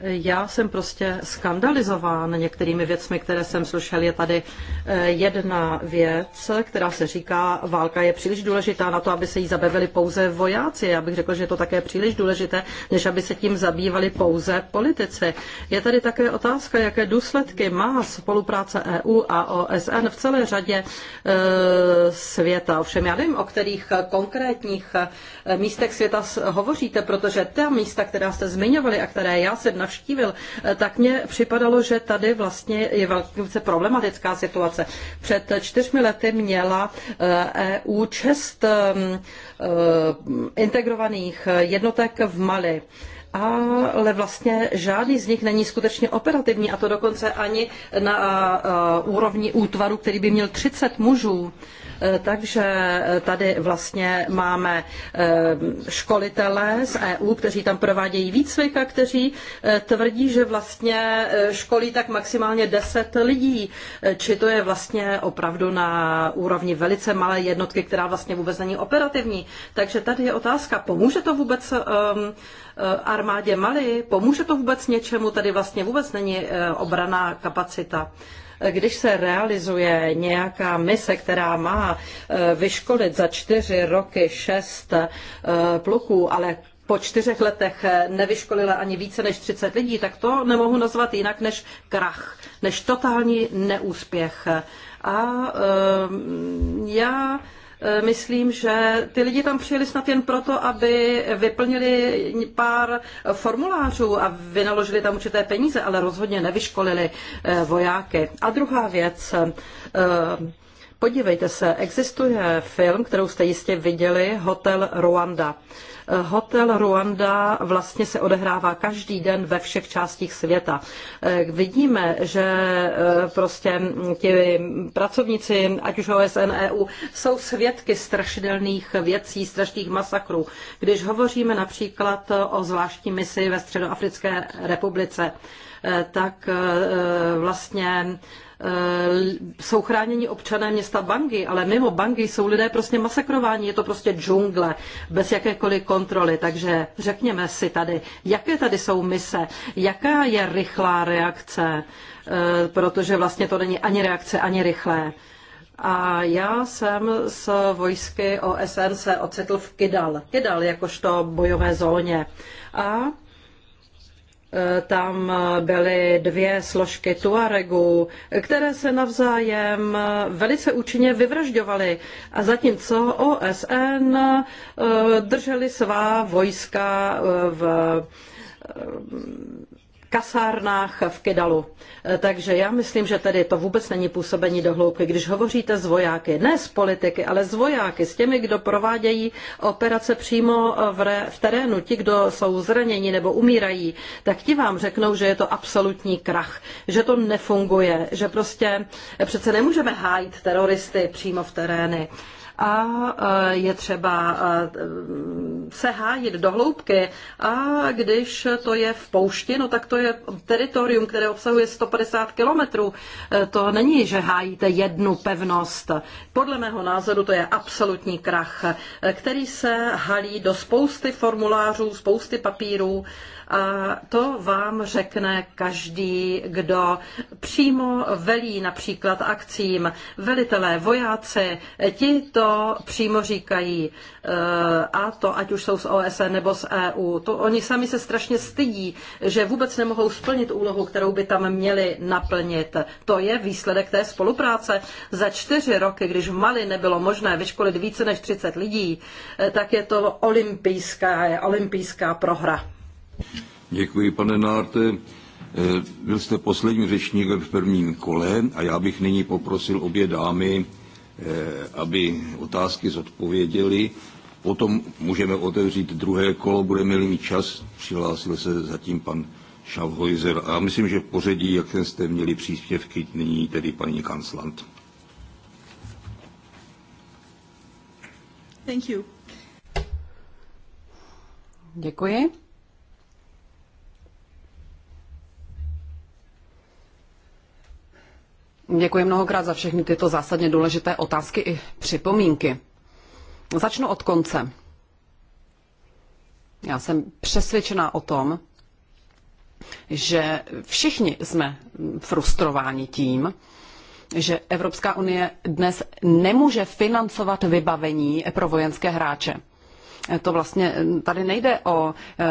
Já jsem prostě skandalizován některými věcmi, které jsem slyšel. Je tady eh, jedna věc, která se říká, válka je příliš důležitá na to, aby se jí zabavili pouze vojáci. Já bych řekl, že je to také příliš důležité, než aby se tím zabývali pouze politici. Je tady také otázka, jaké důsledky má spolupráce EU a OSN v celé řadě eh, světa. Ovšem já nevím, o kterých konkrétních eh, místech světa hovoříte, protože ta místa, která jste zmiňovali a které já se dnes navštívil, eh, tak mi připadalo, že tady vlastně je velice problematická situace. Před čtyřmi lety měla EU eh, e čest ehm, eh, integrovaných jednotek v Mali ale vlastně žádný z nich není skutečně operativní a to dokonce ani na úrovni útvaru, který by měl 30 mužů. E, takže tady vlastně máme e, školitele z EU, kteří tam provádějí výcvik a kteří e, tvrdí, že vlastně školí tak maximálně 10 lidí. Či to je vlastně opravdu na úrovni velice malé jednotky, která vlastně vůbec není operativní. Takže tady je otázka, pomůže to vůbec um, Eh, armádě Mali? Pomůže to vůbec něčemu? Tady vlastně vůbec není eh, obraná kapacita eh, když se realizuje nějaká mise, která má vyškolit za čtyři roky šest pluků, ale po čtyřech letech nevyškolila ani více než 30 lidí, tak to nemohu nazvat jinak než krach, než totální neúspěch. A já Eh, myslím, že ty lidi tam přijeli snad jen proto, aby vyplnili pár formulářů a vynaložili tam určité peníze, ale rozhodně nevyškolili eh, vojáky. A druhá věc, eh, Podívejte se, existuje film, kterou jste jistě viděli, Hotel Rwanda. Hotel Ruanda vlastně se odehrává každý den ve všech částích světa. Eh, vidíme, že eh, prostě ti pracovníci, ať už OSN, EU, jsou svědky strašidelných věcí, strašných masakrů. Když hovoříme například o zvláštní misi ve Středoafrické republice, eh, tak vlastně Eh, jsou chráněni občané města Bangi, ale mimo Bangi jsou lidé prostě masakrováni, je to prostě džungle, bez jakékoliv kontroly. Takže řekněme si tady, jaké tady jsou mise, jaká je rychlá reakce, eh, protože vlastně to není ani reakce, ani rychlé. A já jsem s vojsky OSN se ocitl v Kidal. Kidal jakožto bojové zóně. A Eh, tam eh, byly dvě složky Tuaregu, které se navzájem eh, velice účinně vyvražďovaly. A zatímco OSN drželi svá vojska v kasárnách v Kidalu. E, takže já myslím, že tedy to vůbec není působení do hloubky. Když hovoříte s vojáky, ne s politiky, ale s vojáky, s těmi, kdo provádějí operace přímo v, re, v terénu, ti, kdo jsou zraněni nebo umírají, tak ti vám řeknou, že je to absolutní krach, že to nefunguje, že prostě e, přece nemůžeme hájit teroristy přímo v terénu a e, je třeba e, se hájit do hloubky a když to je v poušti, no tak to je teritorium, které obsahuje 150 kilometrů. E, to není, že hájíte jednu pevnost. Podle mého názoru to je absolutní krach, který se halí do spousty formulářů, spousty papírů, a to vám řekne každý, kdo přímo velí například akcím. Velitelé, vojáci, ti to přímo říkají. E, a to ať už jsou z OSN nebo z EU. To oni sami se strašně stydí, že vůbec nemohou splnit úlohu, kterou by tam měli naplnit. To je výsledek té spolupráce. Za čtyři roky, když v Mali nebylo možné vyškolit více než 30 lidí, e, tak je to olympijská, olympijská prohra. Děkuji, pane Nárte. Eh, byl jste poslední řečník v prvním kole a já bych nyní poprosil obě dámy, eh, aby otázky zodpověděli. Potom můžeme otevřít druhé kolo, budeme-li mít čas. Přihlásil se zatím pan Schaffhäuser. A já myslím, že v pořadí, jak jste měli příspěvky, nyní tedy paní kanclant. Thank you. Děkuji. Děkuji mnohokrát za všechny tyto zásadně důležité otázky i připomínky. Začnu od konce. Já jsem přesvědčená o tom, že všichni jsme frustrováni tím, že Evropská unie dnes nemůže financovat vybavení pro vojenské hráče to vlastně tady nejde o eh,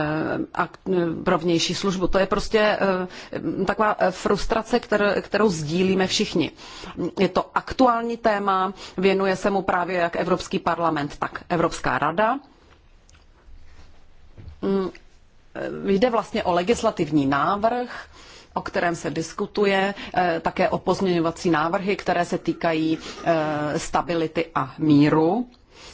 eh, rovnější službu. To je prostě eh, taková frustrace, kterou sdílíme všichni. Je to aktuální téma, věnuje se mu právě jak Evropský parlament, tak Evropská rada. Mm, jde vlastně o legislativní návrh, o kterém se diskutuje, také o pozměňovací návrhy, které se týkají stability a míru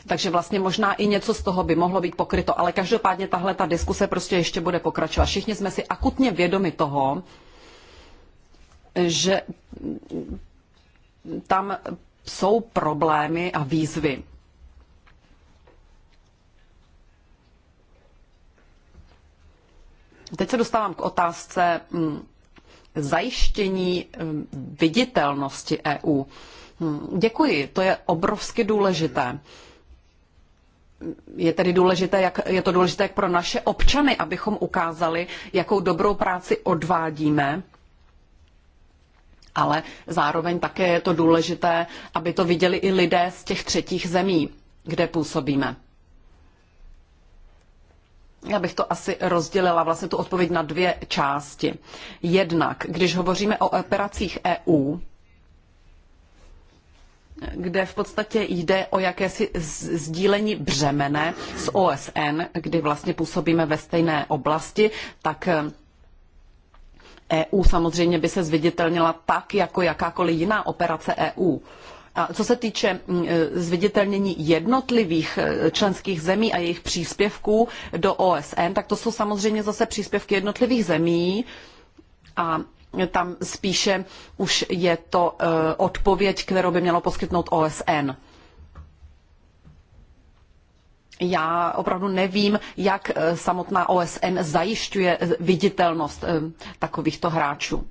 takže vlastně možná i něco z toho by mohlo být pokryto. Ale každopádně tahle ta diskuse prostě ještě bude pokračovat. Všichni jsme si akutně vědomi toho, že tam jsou problémy a výzvy. Teď se dostávám k otázce hm, zajištění hm, viditelnosti EU. Hm, děkuji, to je obrovsky důležité je tedy důležité, jak, je to důležité jak pro naše občany, abychom ukázali, jakou dobrou práci odvádíme, ale zároveň také je to důležité, aby to viděli i lidé z těch třetích zemí, kde působíme. Já bych to asi rozdělila vlastně tu odpověď na dvě části. Jednak, když hovoříme o operacích EU, kde v podstatě jde o jakési sdílení břemene s OSN, kdy vlastně působíme ve stejné oblasti, tak EU eh, e samozřejmě by se zviditelnila tak, jako jakákoliv jiná operace EU. A co se týče mm, eh, zviditelnění jednotlivých eh, členských zemí a jejich příspěvků do OSN, tak to jsou samozřejmě zase příspěvky jednotlivých zemí a tam spíše už je to eh, odpověď, kterou by mělo poskytnout OSN. Já opravdu nevím, jak eh, samotná OSN zajišťuje eh, viditelnost takovýchto hráčů.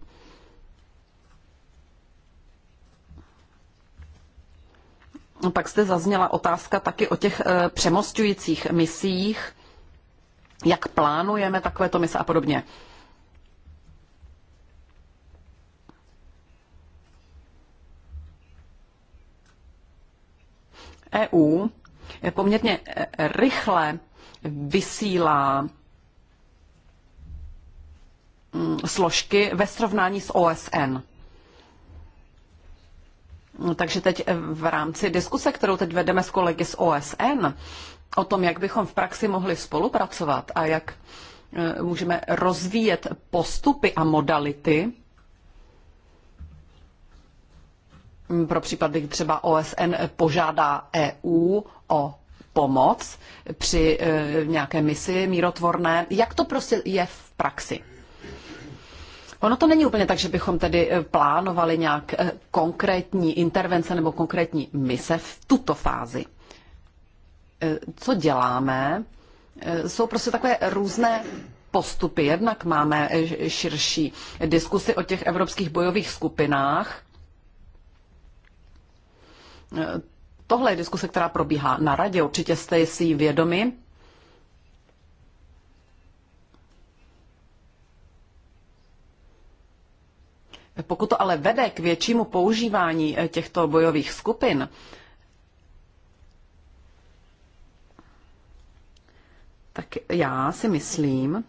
Pak zde zazněla otázka taky o těch přemostujících misích, jak plánujeme takovéto mise a podobně. EU poměrně rychle vysílá mm, složky ve srovnání s OSN. Takže teď v rámci diskuse, kterou teď vedeme s kolegy z OSN, o tom, jak bychom v praxi mohli spolupracovat a jak e, můžeme rozvíjet postupy a modality, pro případ, kdy třeba OSN požádá EU o pomoc při e, nějaké misi mírotvorné. Jak to prostě je v praxi? Ono to není úplně tak, že bychom tedy e, plánovali nějak e, konkrétní intervence nebo konkrétní mise v tuto fázi. Co děláme? Jsou prostě takové různé postupy. Jednak máme širší diskusy o těch evropských bojových skupinách, Tohle je diskuse, která probíhá na radě, určitě jste si ji vědomi. Pokud to ale vede k většímu používání eh, těchto bojových skupin, tak já si myslím,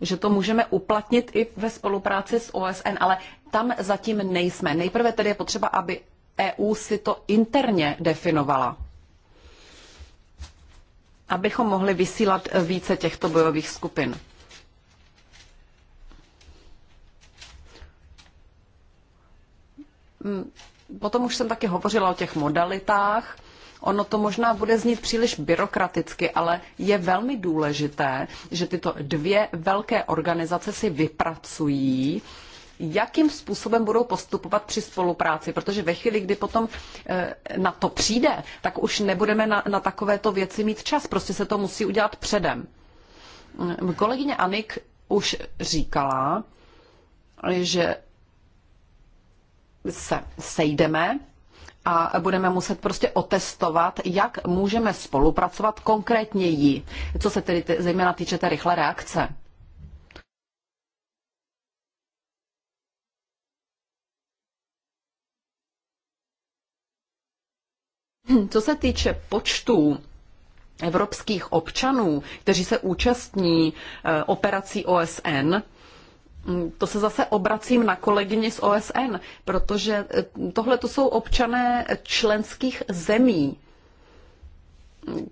že to můžeme uplatnit i ve spolupráci s OSN, ale tam zatím nejsme. Nejprve tedy je potřeba, aby EU si to interně definovala, abychom mohli vysílat více těchto bojových skupin. Hmm, potom už jsem taky hovořila o těch modalitách. Ono to možná bude znít příliš byrokraticky, ale je velmi důležité, že tyto dvě velké organizace si vypracují jakým způsobem budou postupovat při spolupráci, protože ve chvíli, kdy potom eh, na to přijde, tak už nebudeme na, na takovéto věci mít čas, prostě se to musí udělat předem. Mm, kolegyně Anik už říkala, že se sejdeme a budeme muset prostě otestovat, jak můžeme spolupracovat konkrétně jí, co se tedy zejména týče té rychlé reakce. Co se týče počtu evropských občanů, kteří se účastní eh, operací OSN, mm, to se zase obracím na kolegyni z OSN, protože eh, tohle to jsou občané členských zemí,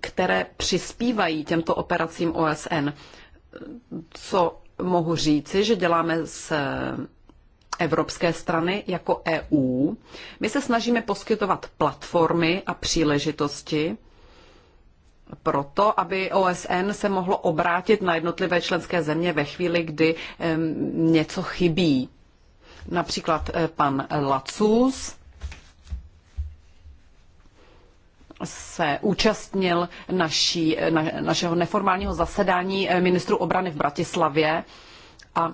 které přispívají těmto operacím OSN. Co mohu říci, že děláme s evropské strany jako EU. My se snažíme poskytovat platformy a příležitosti proto, aby OSN se mohlo obrátit na jednotlivé členské země ve chvíli, kdy něco chybí. Například eh, pan Lacus se účastnil naší, eh, na, našeho neformálního zasedání eh, ministru obrany v Bratislavě a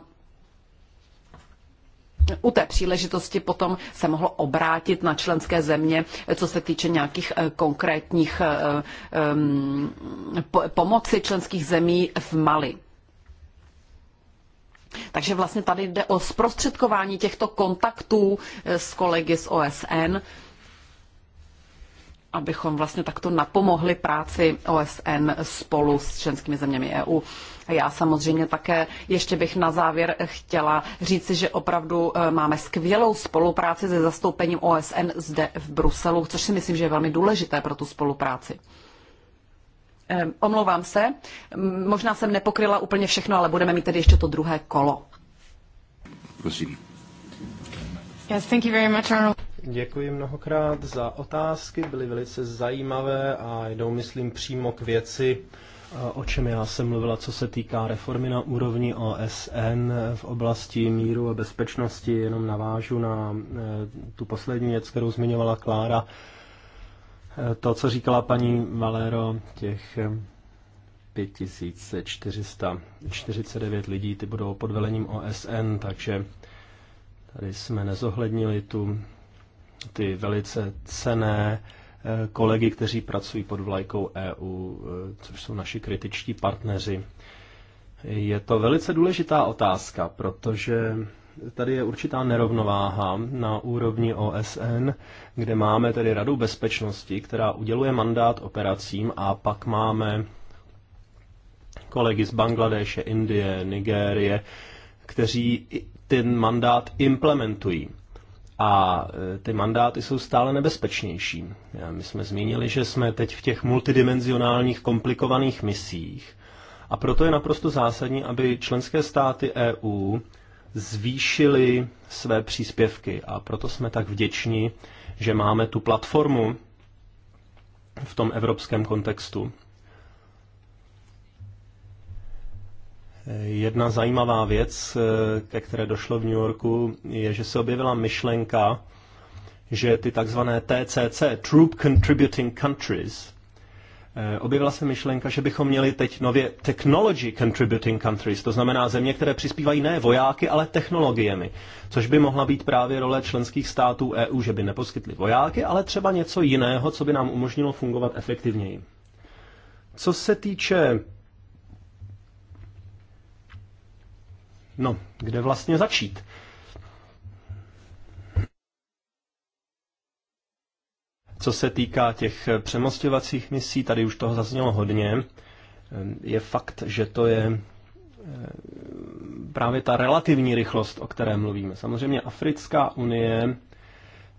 u té příležitosti potom se mohlo obrátit na členské země, co se týče nějakých eh, konkrétních eh, eh, pomoci členských zemí v Mali. Takže vlastně tady jde o zprostředkování těchto kontaktů s kolegy z OSN, abychom vlastně takto napomohli práci OSN spolu s členskými zeměmi EU. Já samozřejmě také ještě bych na závěr chtěla říci, že opravdu eh, máme skvělou spolupráci se zastoupením OSN zde v Bruselu, což si myslím, že je velmi důležité pro tu spolupráci. Ehm, omlouvám se, možná jsem nepokryla úplně všechno, ale budeme mít tedy ještě to druhé kolo. Prosím. Yes, thank you very much, Arnold. Děkuji mnohokrát za otázky, byly velice zajímavé a jdou, myslím, přímo k věci o čem já jsem mluvila, co se týká reformy na úrovni OSN v oblasti míru a bezpečnosti. Jenom navážu na eh, tu poslední věc, kterou zmiňovala Klára. Eh, to, co říkala paní Valero, těch 5449 eh, lidí, ty budou pod velením OSN, takže tady jsme nezohlednili tu, ty velice cené kolegy, kteří pracují pod vlajkou EU, což jsou naši kritičtí partneři. Je to velice důležitá otázka, protože tady je určitá nerovnováha na úrovni OSN, kde máme tedy Radu bezpečnosti, která uděluje mandát operacím a pak máme kolegy z Bangladeše, Indie, Nigérie, kteří ten mandát implementují a e, ty mandáty jsou stále nebezpečnější. My jsme zmínili, že jsme teď v těch multidimenzionálních komplikovaných misích a proto je naprosto zásadní, aby členské státy EU zvýšily své příspěvky a proto jsme tak vděční, že máme tu platformu v tom evropském kontextu, Jedna zajímavá věc, eh, ke které došlo v New Yorku, je, že se objevila myšlenka, že ty takzvané TCC, Troop Contributing Countries, eh, objevila se myšlenka, že bychom měli teď nově Technology Contributing Countries, to znamená země, které přispívají ne vojáky, ale technologiemi, což by mohla být právě role členských států EU, že by neposkytli vojáky, ale třeba něco jiného, co by nám umožnilo fungovat efektivněji. Co se týče No, kde vlastně začít? Co se týká těch přemostěvacích misí, tady už toho zaznělo hodně. Je fakt, že to je eh, právě ta relativní rychlost, o které mluvíme. Samozřejmě Africká unie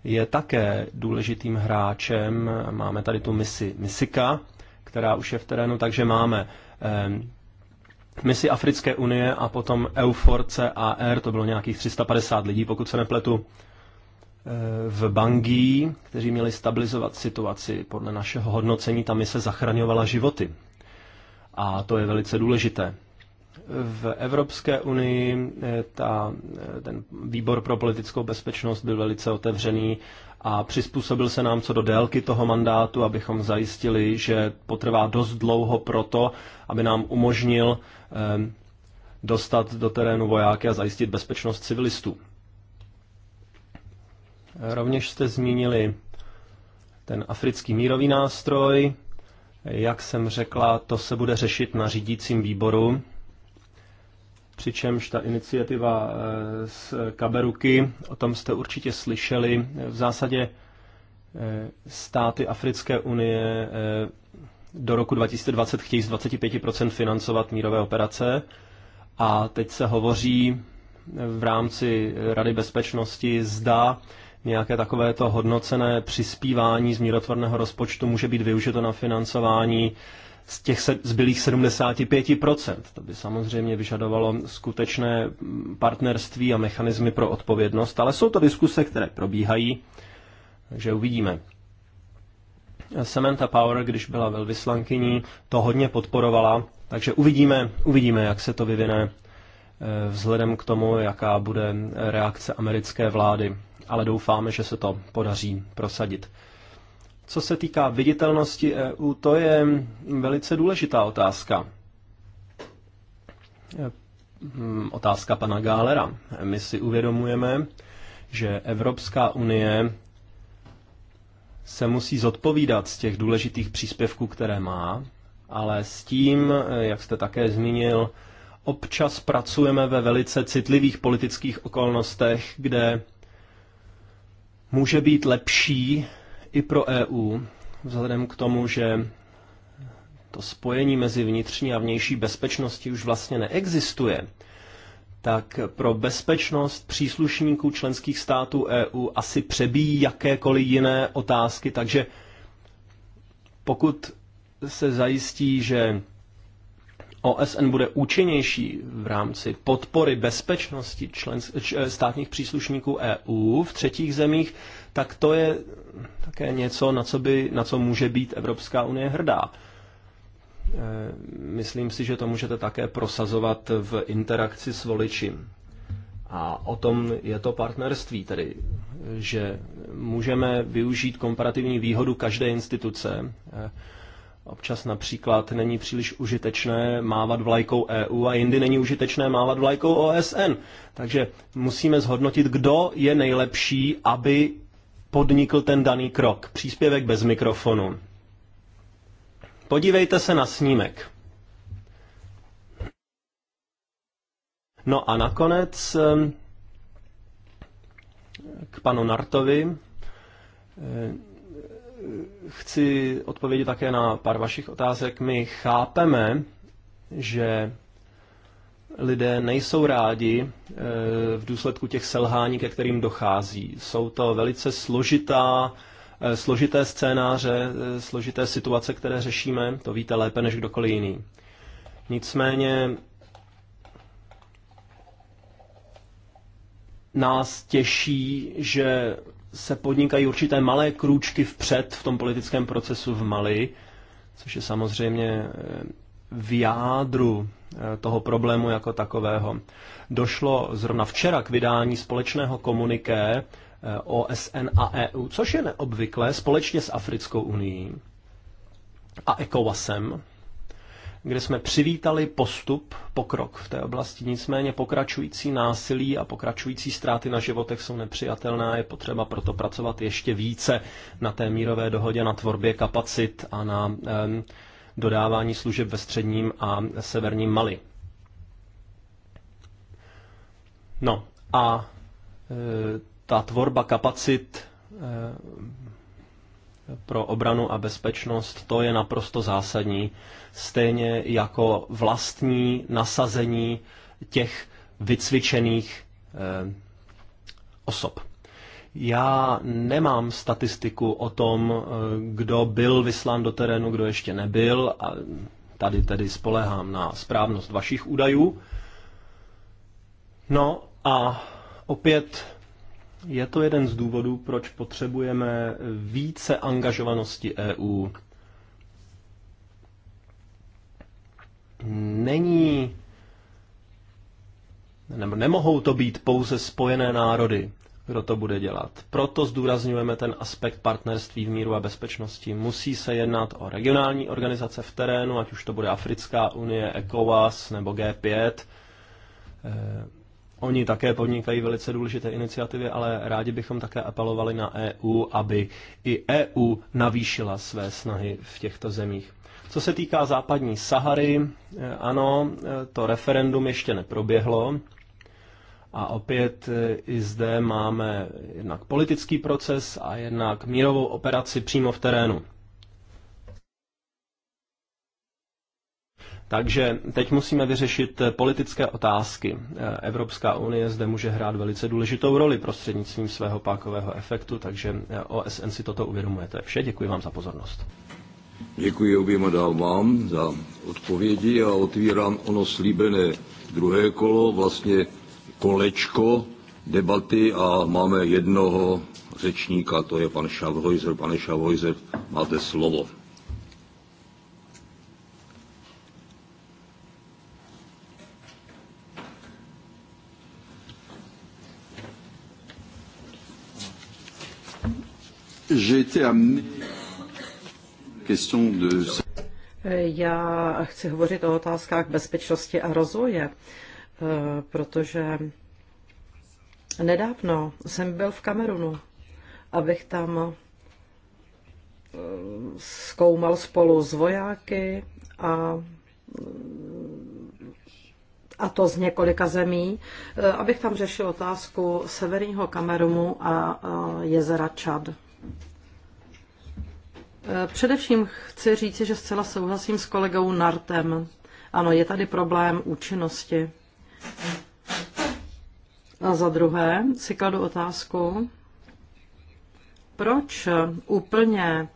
je také důležitým hráčem. Máme tady tu misi Misika, která už je v terénu, takže máme eh, misi Africké unie a potom EUFOR CAR, to bylo nějakých 350 lidí, pokud se nepletu, eh, v Bangí, kteří měli stabilizovat situaci. Podle našeho hodnocení ta mise zachraňovala životy. A to je velice důležité. V Evropské unii eh, ta, eh, ten výbor pro politickou bezpečnost byl velice otevřený a přizpůsobil se nám co do délky toho mandátu, abychom zajistili, že potrvá dost dlouho proto, aby nám umožnil Ehm, dostat do terénu vojáky a zajistit bezpečnost civilistů. Rovněž jste zmínili ten africký mírový nástroj. Jak jsem řekla, to se bude řešit na řídícím výboru, přičemž ta iniciativa eh, z Kaberuky, o tom jste určitě slyšeli, v zásadě eh, státy Africké unie eh, do roku 2020 chtějí z 25% financovat mírové operace a teď se hovoří v rámci Rady bezpečnosti, zda nějaké takovéto hodnocené přispívání z mírotvorného rozpočtu může být využito na financování z těch zbylých 75%. To by samozřejmě vyžadovalo skutečné partnerství a mechanismy pro odpovědnost, ale jsou to diskuse, které probíhají, takže uvidíme. Samantha Power, když byla velvyslankyní, to hodně podporovala, takže uvidíme, uvidíme, jak se to vyvine eh, vzhledem k tomu, jaká bude reakce americké vlády, ale doufáme, že se to podaří prosadit. Co se týká viditelnosti EU, to je velice důležitá otázka. Eh, otázka pana Gálera. My si uvědomujeme, že Evropská unie se musí zodpovídat z těch důležitých příspěvků, které má, ale s tím, eh, jak jste také zmínil, občas pracujeme ve velice citlivých politických okolnostech, kde může být lepší i pro EU, vzhledem k tomu, že to spojení mezi vnitřní a vnější bezpečností už vlastně neexistuje tak pro bezpečnost příslušníků členských států EU asi přebíjí jakékoliv jiné otázky, takže pokud se zajistí, že OSN bude účinnější v rámci podpory bezpečnosti člen, č, e, státních příslušníků EU v třetích zemích, tak to je také něco, na co, by, na co může být Evropská unie hrdá. Eh, myslím si, že to můžete také prosazovat v interakci s voliči. A o tom je to partnerství, tedy, že můžeme využít komparativní výhodu každé instituce. Eh, občas například není příliš užitečné mávat vlajkou EU a jindy není užitečné mávat vlajkou OSN. Takže musíme zhodnotit, kdo je nejlepší, aby podnikl ten daný krok. Příspěvek bez mikrofonu. Podívejte se na snímek. No a nakonec k panu Nartovi. Chci odpovědět také na pár vašich otázek. My chápeme, že lidé nejsou rádi v důsledku těch selhání, ke kterým dochází. Jsou to velice složitá Eh, složité scénáře, eh, složité situace, které řešíme, to víte lépe než kdokoliv jiný. Nicméně nás těší, že se podnikají určité malé krůčky vpřed v tom politickém procesu v Mali, což je samozřejmě eh, v jádru toho problému jako takového. Došlo zrovna včera k vydání společného komuniké Eh, OSN a EU, což je neobvyklé, společně s Africkou unii a ECOWASem, kde jsme přivítali postup, pokrok v té oblasti. Nicméně pokračující násilí a pokračující ztráty na životech jsou nepřijatelná. Je potřeba proto pracovat ještě více na té mírové dohodě, na tvorbě kapacit a na eh, dodávání služeb ve středním a severním Mali. No a eh, ta tvorba kapacit eh, pro obranu a bezpečnost, to je naprosto zásadní. Stejně jako vlastní nasazení těch vycvičených eh, osob. Já nemám statistiku o tom, eh, kdo byl vyslán do terénu, kdo ještě nebyl. A tady tedy spolehám na správnost vašich údajů. No a opět je to jeden z důvodů, proč potřebujeme více angažovanosti EU. Není nebo nemohou to být pouze spojené národy, kdo to bude dělat. Proto zdůrazňujeme ten aspekt partnerství v míru a bezpečnosti. Musí se jednat o regionální organizace v terénu, ať už to bude Africká unie, ECOWAS nebo G5. Oni také podnikají velice důležité iniciativy, ale rádi bychom také apelovali na EU, aby i EU navýšila své snahy v těchto zemích. Co se týká západní Sahary, eh, ano, eh, to referendum ještě neproběhlo. A opět eh, i zde máme jednak politický proces a jednak mírovou operaci přímo v terénu. Takže teď musíme vyřešit politické otázky. Evropská unie zde může hrát velice důležitou roli prostřednictvím svého pákového efektu, takže OSN si toto uvědomuje. To je vše, děkuji vám za pozornost. Děkuji oběma dámám za odpovědi a otvírám ono slíbené druhé kolo, vlastně kolečko debaty a máme jednoho řečníka, to je pan Šavhojzer. Pane Šavhojzer, máte slovo. J'ai été amené question de... Já chci hovořit o otázkách bezpečnosti a rozvoje, eh, protože nedávno jsem byl v Kamerunu, abych tam eh, zkoumal spolu s vojáky a a to z několika zemí, eh, abych tam řešil otázku severního Kamerunu a jezera Čad. Eh, především chci říci, že zcela souhlasím s kolegou Nartem. Ano, je tady problém účinnosti. A za druhé si kladu otázku, proč úplně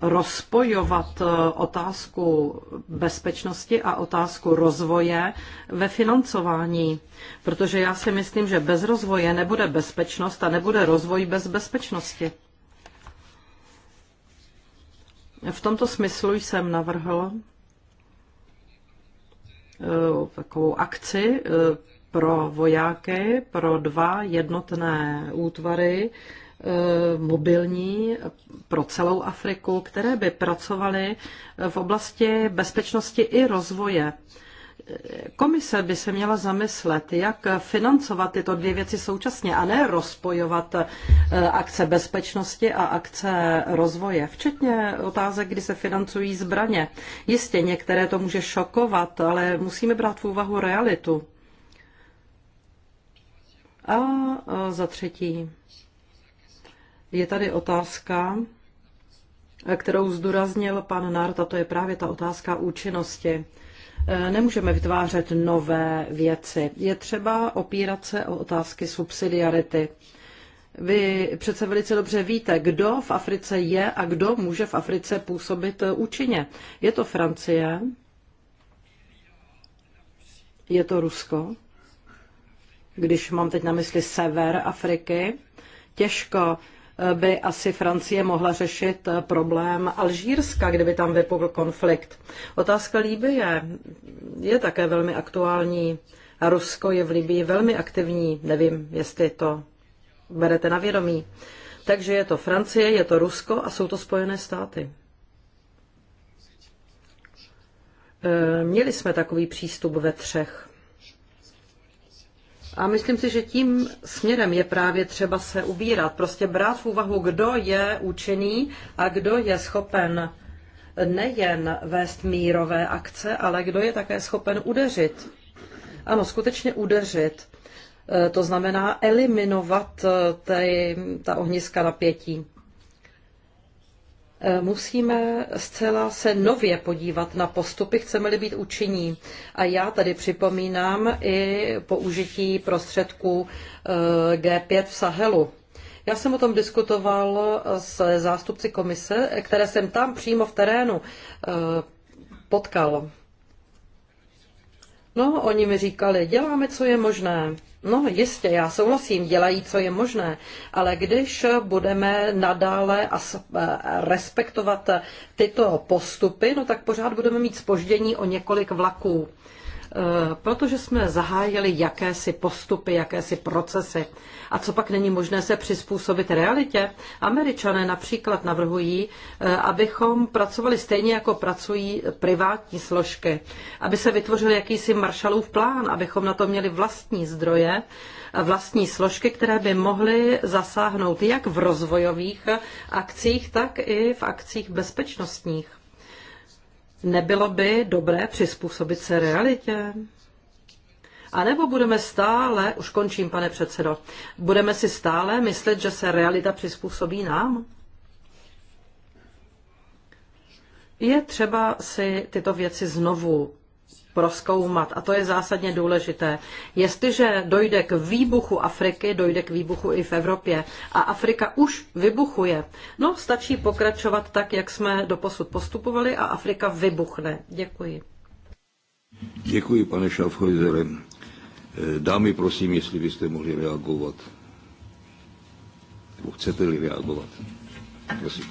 rozpojovat eh, otázku bezpečnosti a otázku rozvoje ve financování. Protože já si myslím, že bez rozvoje nebude bezpečnost a nebude rozvoj bez bezpečnosti. V tomto smyslu jsem navrhl eh, takovou akci eh, pro vojáky, pro dva jednotné útvary, eh, mobilní pro celou Afriku, které by pracovaly v oblasti bezpečnosti i rozvoje komise by se měla zamyslet, jak financovat tyto dvě věci současně a ne rozpojovat eh, akce bezpečnosti a akce rozvoje, včetně otázek, kdy se financují zbraně. Jistě některé to může šokovat, ale musíme brát v úvahu realitu. A za třetí, je tady otázka, kterou zdůraznil pan Nart, a to je právě ta otázka účinnosti. Eh, nemůžeme vytvářet nové věci. Je třeba opírat se o otázky subsidiarity. Vy přece velice dobře víte, kdo v Africe je a kdo může v Africe působit eh, účinně. Je to Francie, je to Rusko, když mám teď na mysli sever Afriky. Těžko by asi Francie mohla řešit eh, problém Alžírska, kdyby tam vypukl konflikt. Otázka Líbie je také velmi aktuální. Rusko je v Libii velmi aktivní. Nevím, jestli to berete na vědomí. Takže je to Francie, je to Rusko a jsou to Spojené státy. Eh, měli jsme takový přístup ve třech. A myslím si, že tím směrem je právě třeba se ubírat, prostě brát v úvahu, kdo je účinný a kdo je schopen nejen vést mírové akce, ale kdo je také schopen udeřit. Ano, skutečně udeřit. E, to znamená eliminovat e, ty, ta ohniska napětí. Eh, musíme zcela se nově podívat na postupy, chceme-li být účinní. A já tady připomínám i použití prostředků eh, G5 v Sahelu. Já jsem o tom diskutoval eh, s zástupci komise, které jsem tam přímo v terénu potkal. No, oni mi říkali, děláme, co je možné. No jistě, já souhlasím, dělají, co je možné, ale když budeme nadále eh, respektovat tyto postupy, no tak pořád budeme mít spoždění o několik vlaků eh, protože jsme zahájili jakési postupy, jakési procesy. A co pak není možné se přizpůsobit realitě? Američané například navrhují, eh, abychom pracovali stejně, jako pracují privátní složky, aby se vytvořil jakýsi maršalův plán, abychom na to měli vlastní zdroje, eh, vlastní složky, které by mohly zasáhnout jak v rozvojových eh, akcích, tak i v akcích bezpečnostních. Nebylo by dobré přizpůsobit se realitě? A nebo budeme stále, už končím, pane předsedo, budeme si stále myslet, že se realita přizpůsobí nám? Je třeba si tyto věci znovu proskoumat. A to je zásadně důležité. Jestliže dojde k výbuchu Afriky, dojde k výbuchu i v Evropě. A Afrika už vybuchuje. No, stačí pokračovat tak, jak jsme doposud postupovali a Afrika vybuchne. Děkuji. Děkuji, pane Schaffhäusere. Eh, dámy, prosím, jestli byste mohli reagovat, nebo chcete-li reagovat. Prosím.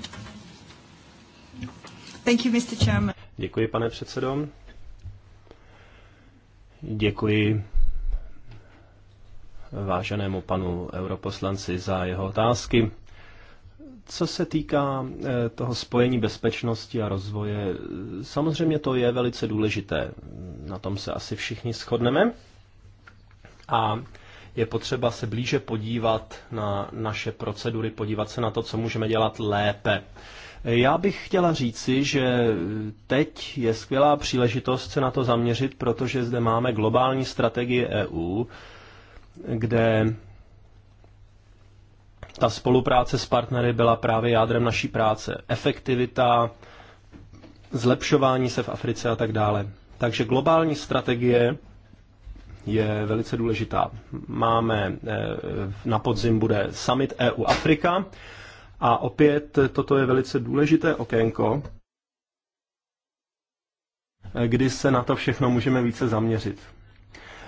Thank you, Mr. Chairman. Děkuji, pane předsedo. Děkuji váženému panu europoslanci za jeho otázky. Co se týká eh, toho spojení bezpečnosti a rozvoje, samozřejmě to je velice důležité. Na tom se asi všichni shodneme a je potřeba se blíže podívat na naše procedury, podívat se na to, co můžeme dělat lépe. Já bych chtěla říci, že teď je skvělá příležitost se na to zaměřit, protože zde máme globální strategii EU, kde ta spolupráce s partnery byla právě jádrem naší práce. Efektivita, zlepšování se v Africe a tak dále. Takže globální strategie je velice důležitá. Máme, eh, na podzim bude summit EU Afrika a opět toto je velice důležité okénko, eh, kdy se na to všechno můžeme více zaměřit.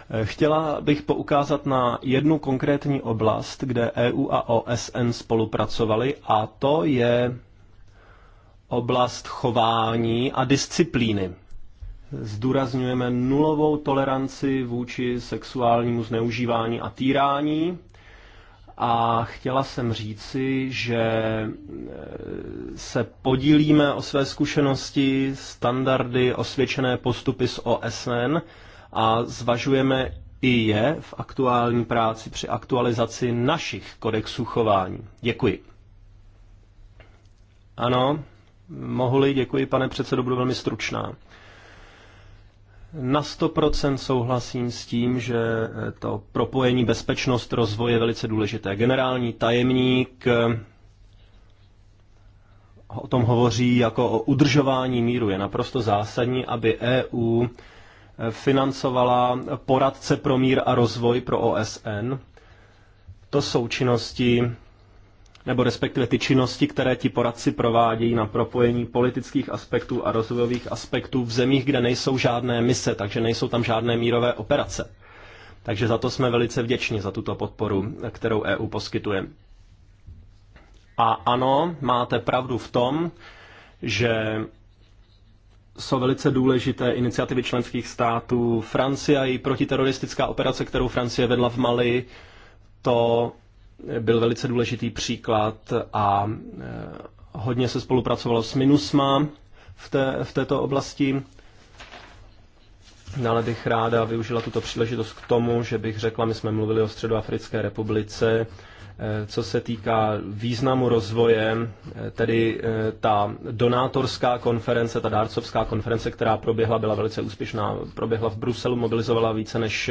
Eh, chtěla bych poukázat na jednu konkrétní oblast, kde EU a OSN spolupracovali, a to je oblast chování a disciplíny zdůrazňujeme nulovou toleranci vůči sexuálnímu zneužívání a týrání. A chtěla jsem říci, že e, se podílíme o své zkušenosti, standardy, osvědčené postupy z OSN a zvažujeme i je v aktuální práci při aktualizaci našich kodexů chování. Děkuji. Ano, mohli, děkuji pane předsedo, budu velmi stručná. Na 100% souhlasím s tím, že to propojení bezpečnost rozvoje je velice důležité. Generální tajemník eh, o tom hovoří jako o udržování míru. Je naprosto zásadní, aby EU eh, financovala poradce pro mír a rozvoj pro OSN. To jsou činnosti, nebo respektive ty činnosti, které ti poradci provádějí na propojení politických aspektů a rozvojových aspektů v zemích, kde nejsou žádné mise, takže nejsou tam žádné mírové operace. Takže za to jsme velice vděční, za tuto podporu, kterou EU poskytuje. A ano, máte pravdu v tom, že jsou velice důležité iniciativy členských států. Francie a protiteroristická operace, kterou Francie vedla v Mali, to byl velice důležitý příklad a eh, hodně se spolupracovalo s MINUSMA v, té, v této oblasti. Dále bych ráda využila tuto příležitost k tomu, že bych řekla, my jsme mluvili o Středoafrické republice, eh, co se týká významu rozvoje, eh, tedy ta donátorská konference, ta dárcovská konference, která proběhla, byla velice úspěšná, proběhla v Bruselu, mobilizovala více než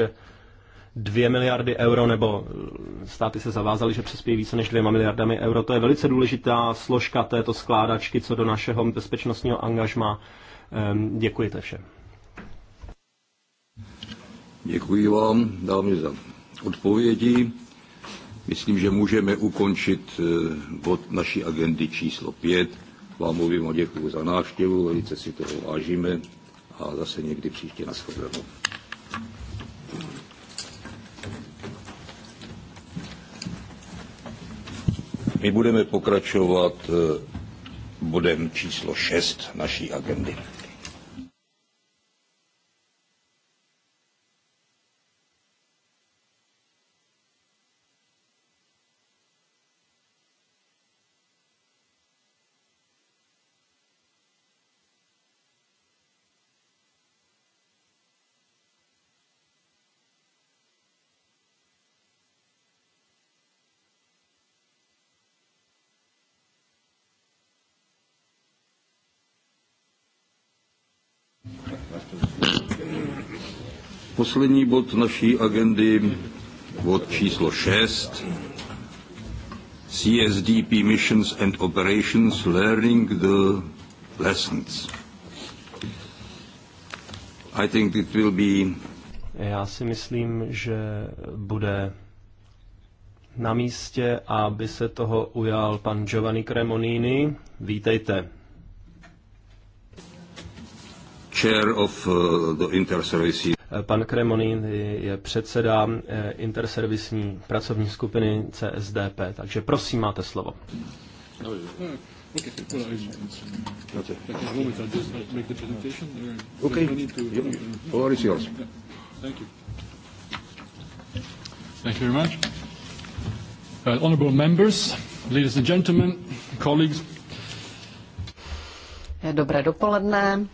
2 miliardy euro, nebo eh, státy se zavázaly, že přispějí více než 2 miliardami euro. To je velice důležitá složka této skládačky, co do našeho bezpečnostního angažma. Ehm, děkuji, to vše. Děkuji vám, dámy, za odpovědi. Myslím, že můžeme ukončit eh, bod naší agendy číslo 5. Vám mluvím o děkuji za návštěvu, velice si toho vážíme a zase někdy příště nashledanou. My budeme pokračovat eh, bodem číslo 6 naší agendy. Poslední bod naší agendy, bod číslo 6, CSDP Missions and Operations Learning the Lessons. I think it will be... Já si myslím, že bude na místě, aby se toho ujal pan Giovanni Cremonini. Vítejte. Chair of uh, the Interservices Pan Kremonin je předseda eh, interservisní pracovní skupiny CSDP, takže prosím, máte slovo. Okay. Floor Thank you. Thank you very much. Uh, honorable members, ladies and gentlemen, colleagues. Dobré dopoledne,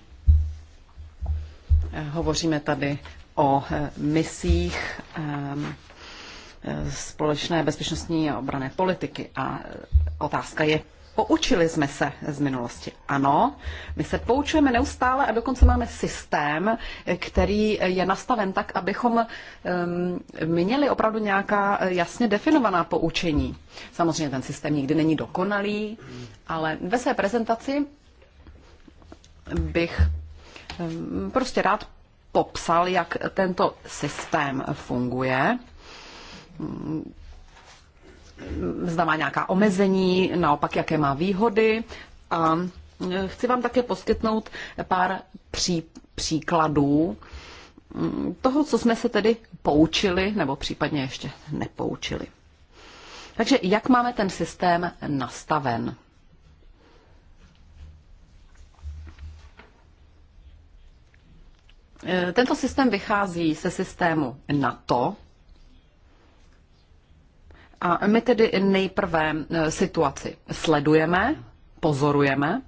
Hovoříme tady o eh, misích ehm, eh, společné bezpečnostní a obrané politiky a eh, otázka je, poučili jsme se z minulosti. Ano, my se poučujeme neustále a dokonce máme systém, který je nastaven tak, abychom ehm, měli opravdu nějaká jasně definovaná poučení. Samozřejmě ten systém nikdy není dokonalý, ale ve své prezentaci bych Ehm, prostě rád popsal, jak tento systém funguje. Ehm, zda má nějaká omezení, naopak jaké má výhody. A ehm, chci vám také poskytnout pár pří, příkladů toho, co jsme se tedy poučili, nebo případně ještě nepoučili. Takže jak máme ten systém nastaven? Eh, tento systém vychází se systému NATO. A my tedy nejprve eh, situaci sledujeme, pozorujeme,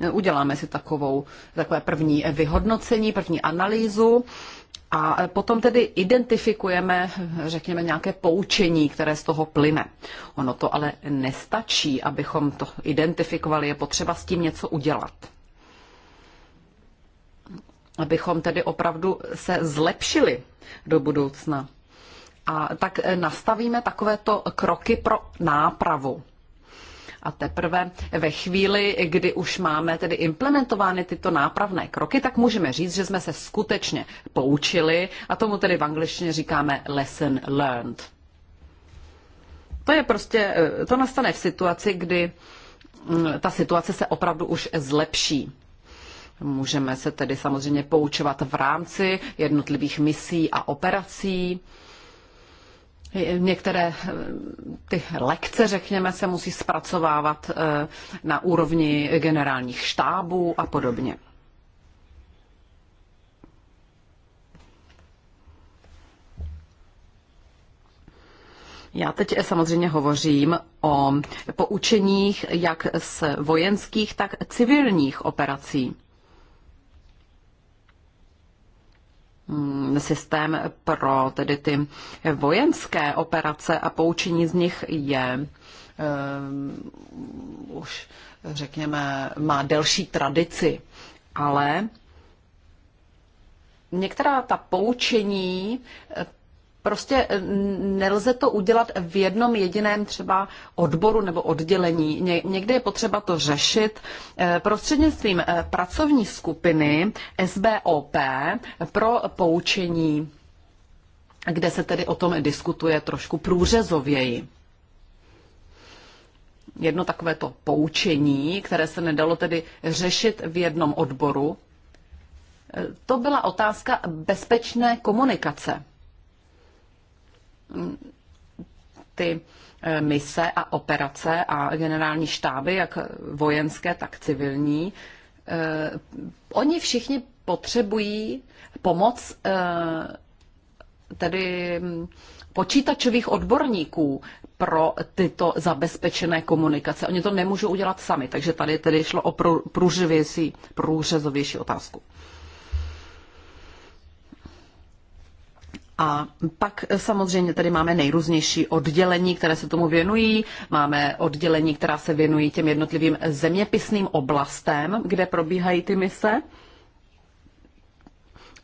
eh, uděláme si takovou, takové první vyhodnocení, první analýzu a potom tedy identifikujeme, řekněme, nějaké poučení, které z toho plyne. Ono to ale nestačí, abychom to identifikovali, je potřeba s tím něco udělat abychom tedy opravdu se zlepšili do budoucna. A tak eh, nastavíme takovéto kroky pro nápravu. A teprve ve chvíli, kdy už máme tedy implementovány tyto nápravné kroky, tak můžeme říct, že jsme se skutečně poučili a tomu tedy v angličtině říkáme lesson learned. To je prostě, eh, to nastane v situaci, kdy mm, ta situace se opravdu už zlepší. Můžeme se tedy samozřejmě poučovat v rámci jednotlivých misí a operací. Některé eh, ty lekce, řekněme, se musí zpracovávat eh, na úrovni generálních štábů a podobně. Já teď eh, samozřejmě hovořím o poučeních jak z vojenských, tak civilních operací. Mm, systém pro tedy ty vojenské operace a poučení z nich je um, už řekněme, má delší tradici, ale některá ta poučení Prostě eh, nelze to udělat v jednom jediném třeba odboru nebo oddělení. Někde je potřeba to řešit eh, prostřednictvím eh, pracovní skupiny SBOP pro poučení, kde se tedy o tom diskutuje trošku průřezověji jedno takové to poučení, které se nedalo tedy řešit v jednom odboru, to byla otázka bezpečné komunikace ty eh, mise a operace a generální štáby, jak vojenské, tak civilní, eh, oni všichni potřebují pomoc eh, tedy hm, počítačových odborníků pro tyto zabezpečené komunikace. Oni to nemůžou udělat sami, takže tady tedy šlo o průřezovější, průřezovější otázku. A pak eh, samozřejmě tady máme nejrůznější oddělení, které se tomu věnují. Máme oddělení, která se věnují těm jednotlivým zeměpisným oblastem, kde probíhají ty mise.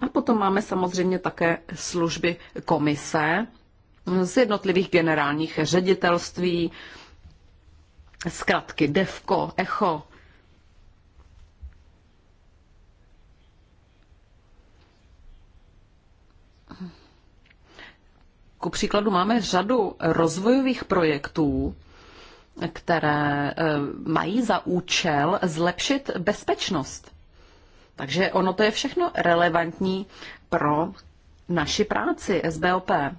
A potom máme samozřejmě také služby komise z jednotlivých generálních ředitelství, zkratky DEFCO, ECHO, Ku příkladu máme řadu rozvojových projektů, které eh, mají za účel zlepšit bezpečnost. Takže ono to je všechno relevantní pro naši práci SBOP. Eh,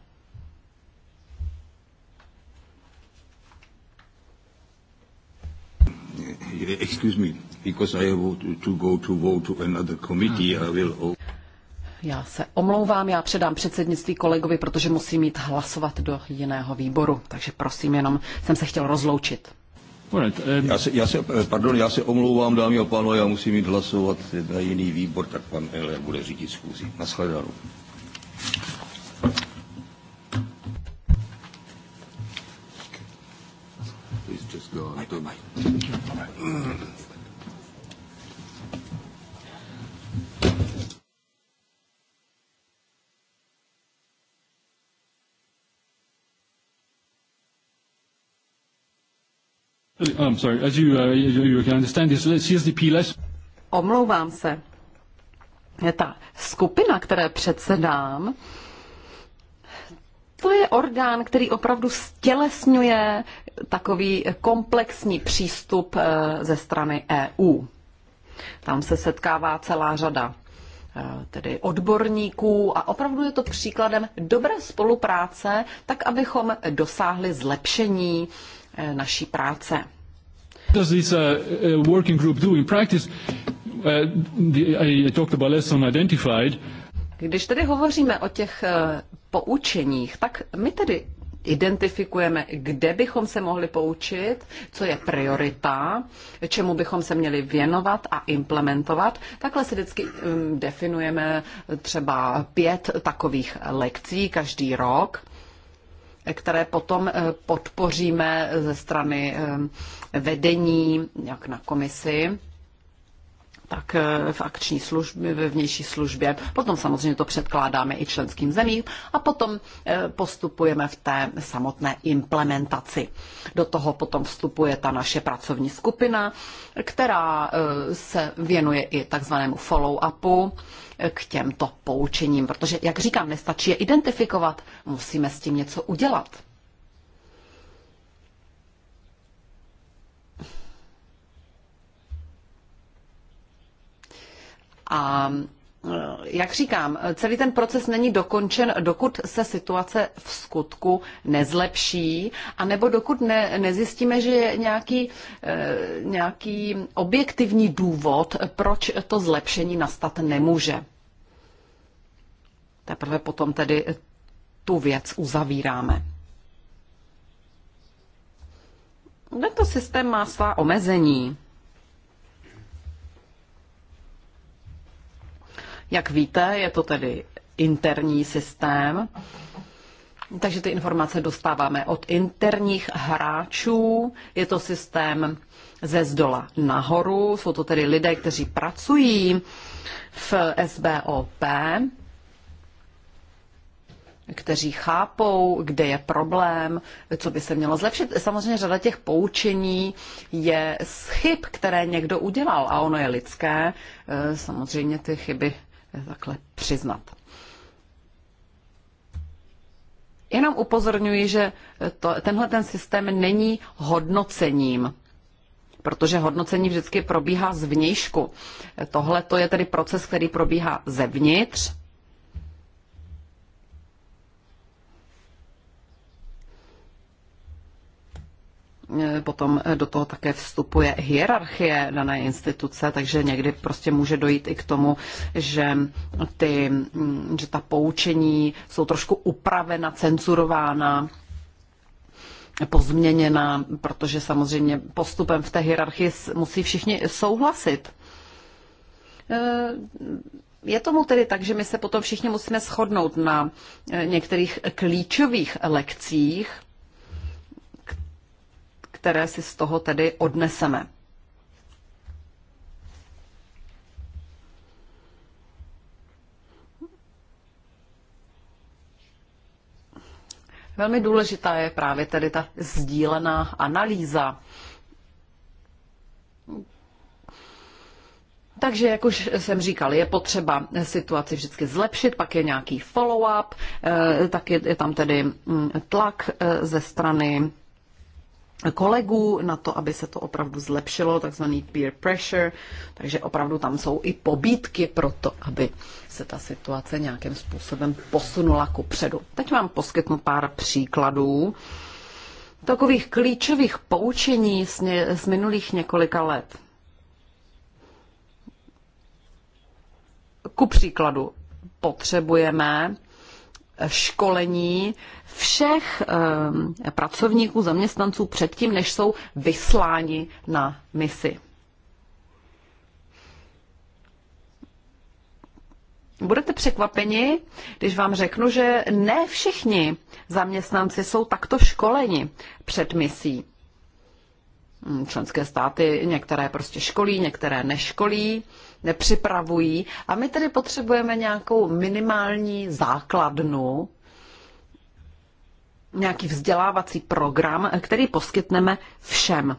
excuse me, because I have to go to vote to another committee, I will... Já se omlouvám, já předám předsednictví kolegovi, protože musím jít hlasovat do jiného výboru. Takže prosím, jenom jsem se chtěl rozloučit. Um, já se, já se, pardon, já se omlouvám, dámy a pánové, já musím jít hlasovat na jiný výbor, tak pan Eller bude řídit schůzi. Nashledanou. He's just gone. Bye, bye, bye. Uh, I'm sorry. As you, uh, you can understand this, CSDP less... Omlouvám se. ta skupina, které předsedám, to je orgán, který opravdu stělesňuje takový komplexní přístup eh, ze strany EU. Tam se setkává celá řada eh, tedy odborníků a opravdu je to příkladem dobré spolupráce, tak abychom dosáhli zlepšení Eh, naší práce. Does this uh, uh, working group do in practice? Uh, the, I talked about lesson identified. Když tedy hovoříme o těch eh, poučeních, tak my tedy identifikujeme, kde bychom se mohli poučit, co je priorita, čemu bychom se měli věnovat a implementovat. Takhle si vždycky mm, definujeme třeba pět takových lekcí každý rok které potom eh, podpoříme ze strany eh, vedení, jak na komisi, tak eh, v akční službě, ve vnější službě. Potom samozřejmě to předkládáme i členským zemím a potom eh, postupujeme v té samotné implementaci. Do toho potom vstupuje ta naše pracovní skupina, která eh, se věnuje i takzvanému follow-upu k těmto poučením, protože, jak říkám, nestačí je identifikovat, musíme s tím něco udělat. A eh, jak říkám, celý ten proces není dokončen, dokud se situace v skutku nezlepší, anebo dokud ne, nezjistíme, že je nějaký, eh, nějaký objektivní důvod, proč to zlepšení nastat nemůže. Teprve potom tedy tu věc uzavíráme. Tento systém má svá omezení. Jak víte, je to tedy interní systém, takže ty informace dostáváme od interních hráčů. Je to systém ze zdola nahoru. Jsou to tedy lidé, kteří pracují v SBOP, kteří chápou, kde je problém, co by se mělo zlepšit. Samozřejmě řada těch poučení je z chyb, které někdo udělal a ono je lidské. Eh, samozřejmě ty chyby takhle přiznat. Jenom upozorňuji, že to, tenhle ten systém není hodnocením, protože hodnocení vždycky probíhá zvnějšku. Tohle to je tedy proces, který probíhá zevnitř Eh, potom eh, do toho také vstupuje hierarchie dané instituce, takže někdy prostě může dojít i k tomu, že, ty, mm, že ta poučení jsou trošku upravena, cenzurována pozměněna, protože samozřejmě postupem v té hierarchii musí všichni souhlasit. Eh, je tomu tedy tak, že my se potom všichni musíme shodnout na některých klíčových lekcích, které si z toho tedy odneseme. Velmi důležitá je právě tedy ta sdílená analýza. Takže, jak už jsem říkal, je potřeba situaci vždycky zlepšit, pak je nějaký follow-up, eh, tak je, je tam tedy mm, tlak eh, ze strany kolegů na to, aby se to opravdu zlepšilo, takzvaný peer pressure, takže opravdu tam jsou i pobídky pro to, aby se ta situace nějakým způsobem posunula ku předu. Teď vám poskytnu pár příkladů takových klíčových poučení z, ně, z minulých několika let. Ku příkladu, potřebujeme školení všech ehm, pracovníků, zaměstnanců předtím, než jsou vysláni na misi. Budete překvapeni, když vám řeknu, že ne všichni zaměstnanci jsou takto školeni před misí. Hm, členské státy některé prostě školí, některé neškolí nepřipravují. A my tedy potřebujeme nějakou minimální základnu, nějaký vzdělávací program, který poskytneme všem.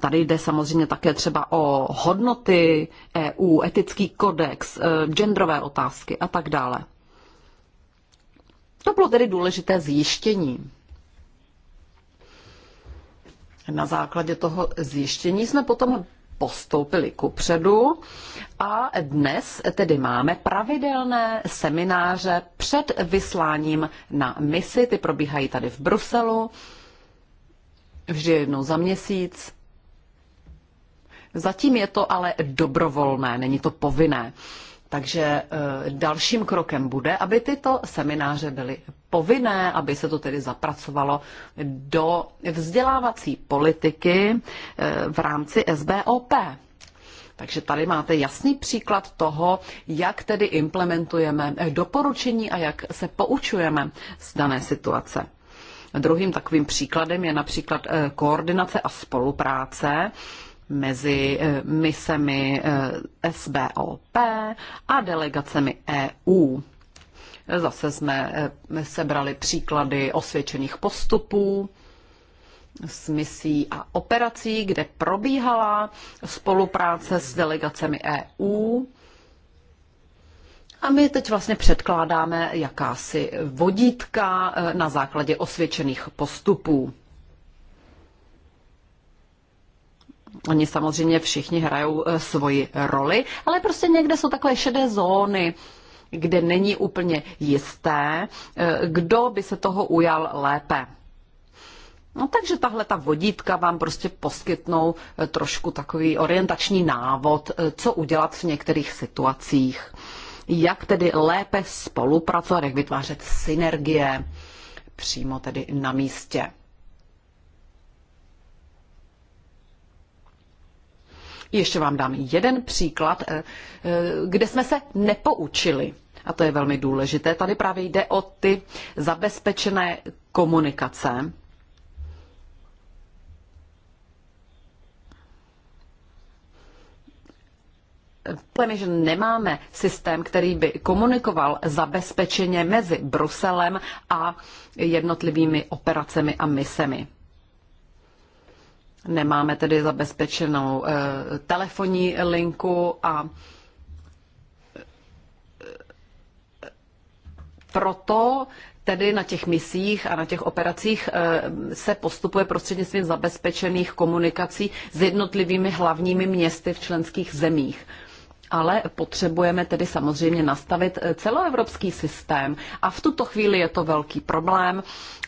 Tady jde samozřejmě také třeba o hodnoty EU, etický kodex, eh, genderové otázky a tak dále. To bylo tedy důležité zjištění. Na základě toho zjištění jsme potom postoupili kupředu a dnes tedy máme pravidelné semináře před vysláním na misi. Ty probíhají tady v Bruselu vždy jednou za měsíc. Zatím je to ale dobrovolné, není to povinné. Takže e, dalším krokem bude, aby tyto semináře byly povinné, aby se to tedy zapracovalo do vzdělávací politiky e, v rámci SBOP. Takže tady máte jasný příklad toho, jak tedy implementujeme e, doporučení a jak se poučujeme z dané situace. Druhým takovým příkladem je například koordinace a spolupráce mezi eh, misemi eh, SBOP a delegacemi EU. Zase jsme eh, sebrali příklady osvědčených postupů s misí a operací, kde probíhala spolupráce s delegacemi EU. A my teď vlastně předkládáme jakási vodítka na základě osvědčených postupů. Oni samozřejmě všichni hrajou e, svoji roli, ale prostě někde jsou takové šedé zóny, kde není úplně jisté, e, kdo by se toho ujal lépe. No takže tahle ta vodítka vám prostě poskytnou e, trošku takový orientační návod, co udělat v některých situacích, jak tedy lépe spolupracovat, jak vytvářet synergie přímo tedy na místě. Ještě vám dám jeden příklad, eh, eh, kde jsme se nepoučili. A to je velmi důležité. Tady právě jde o ty zabezpečené komunikace. Problém je, že nemáme systém, který by komunikoval zabezpečeně mezi Bruselem a jednotlivými operacemi a misemi. Nemáme tedy zabezpečenou eh, telefonní linku a eh, proto tedy na těch misích a na těch operacích eh, se postupuje prostřednictvím zabezpečených komunikací s jednotlivými hlavními městy v členských zemích ale potřebujeme tedy samozřejmě nastavit eh, celoevropský systém a v tuto chvíli je to velký problém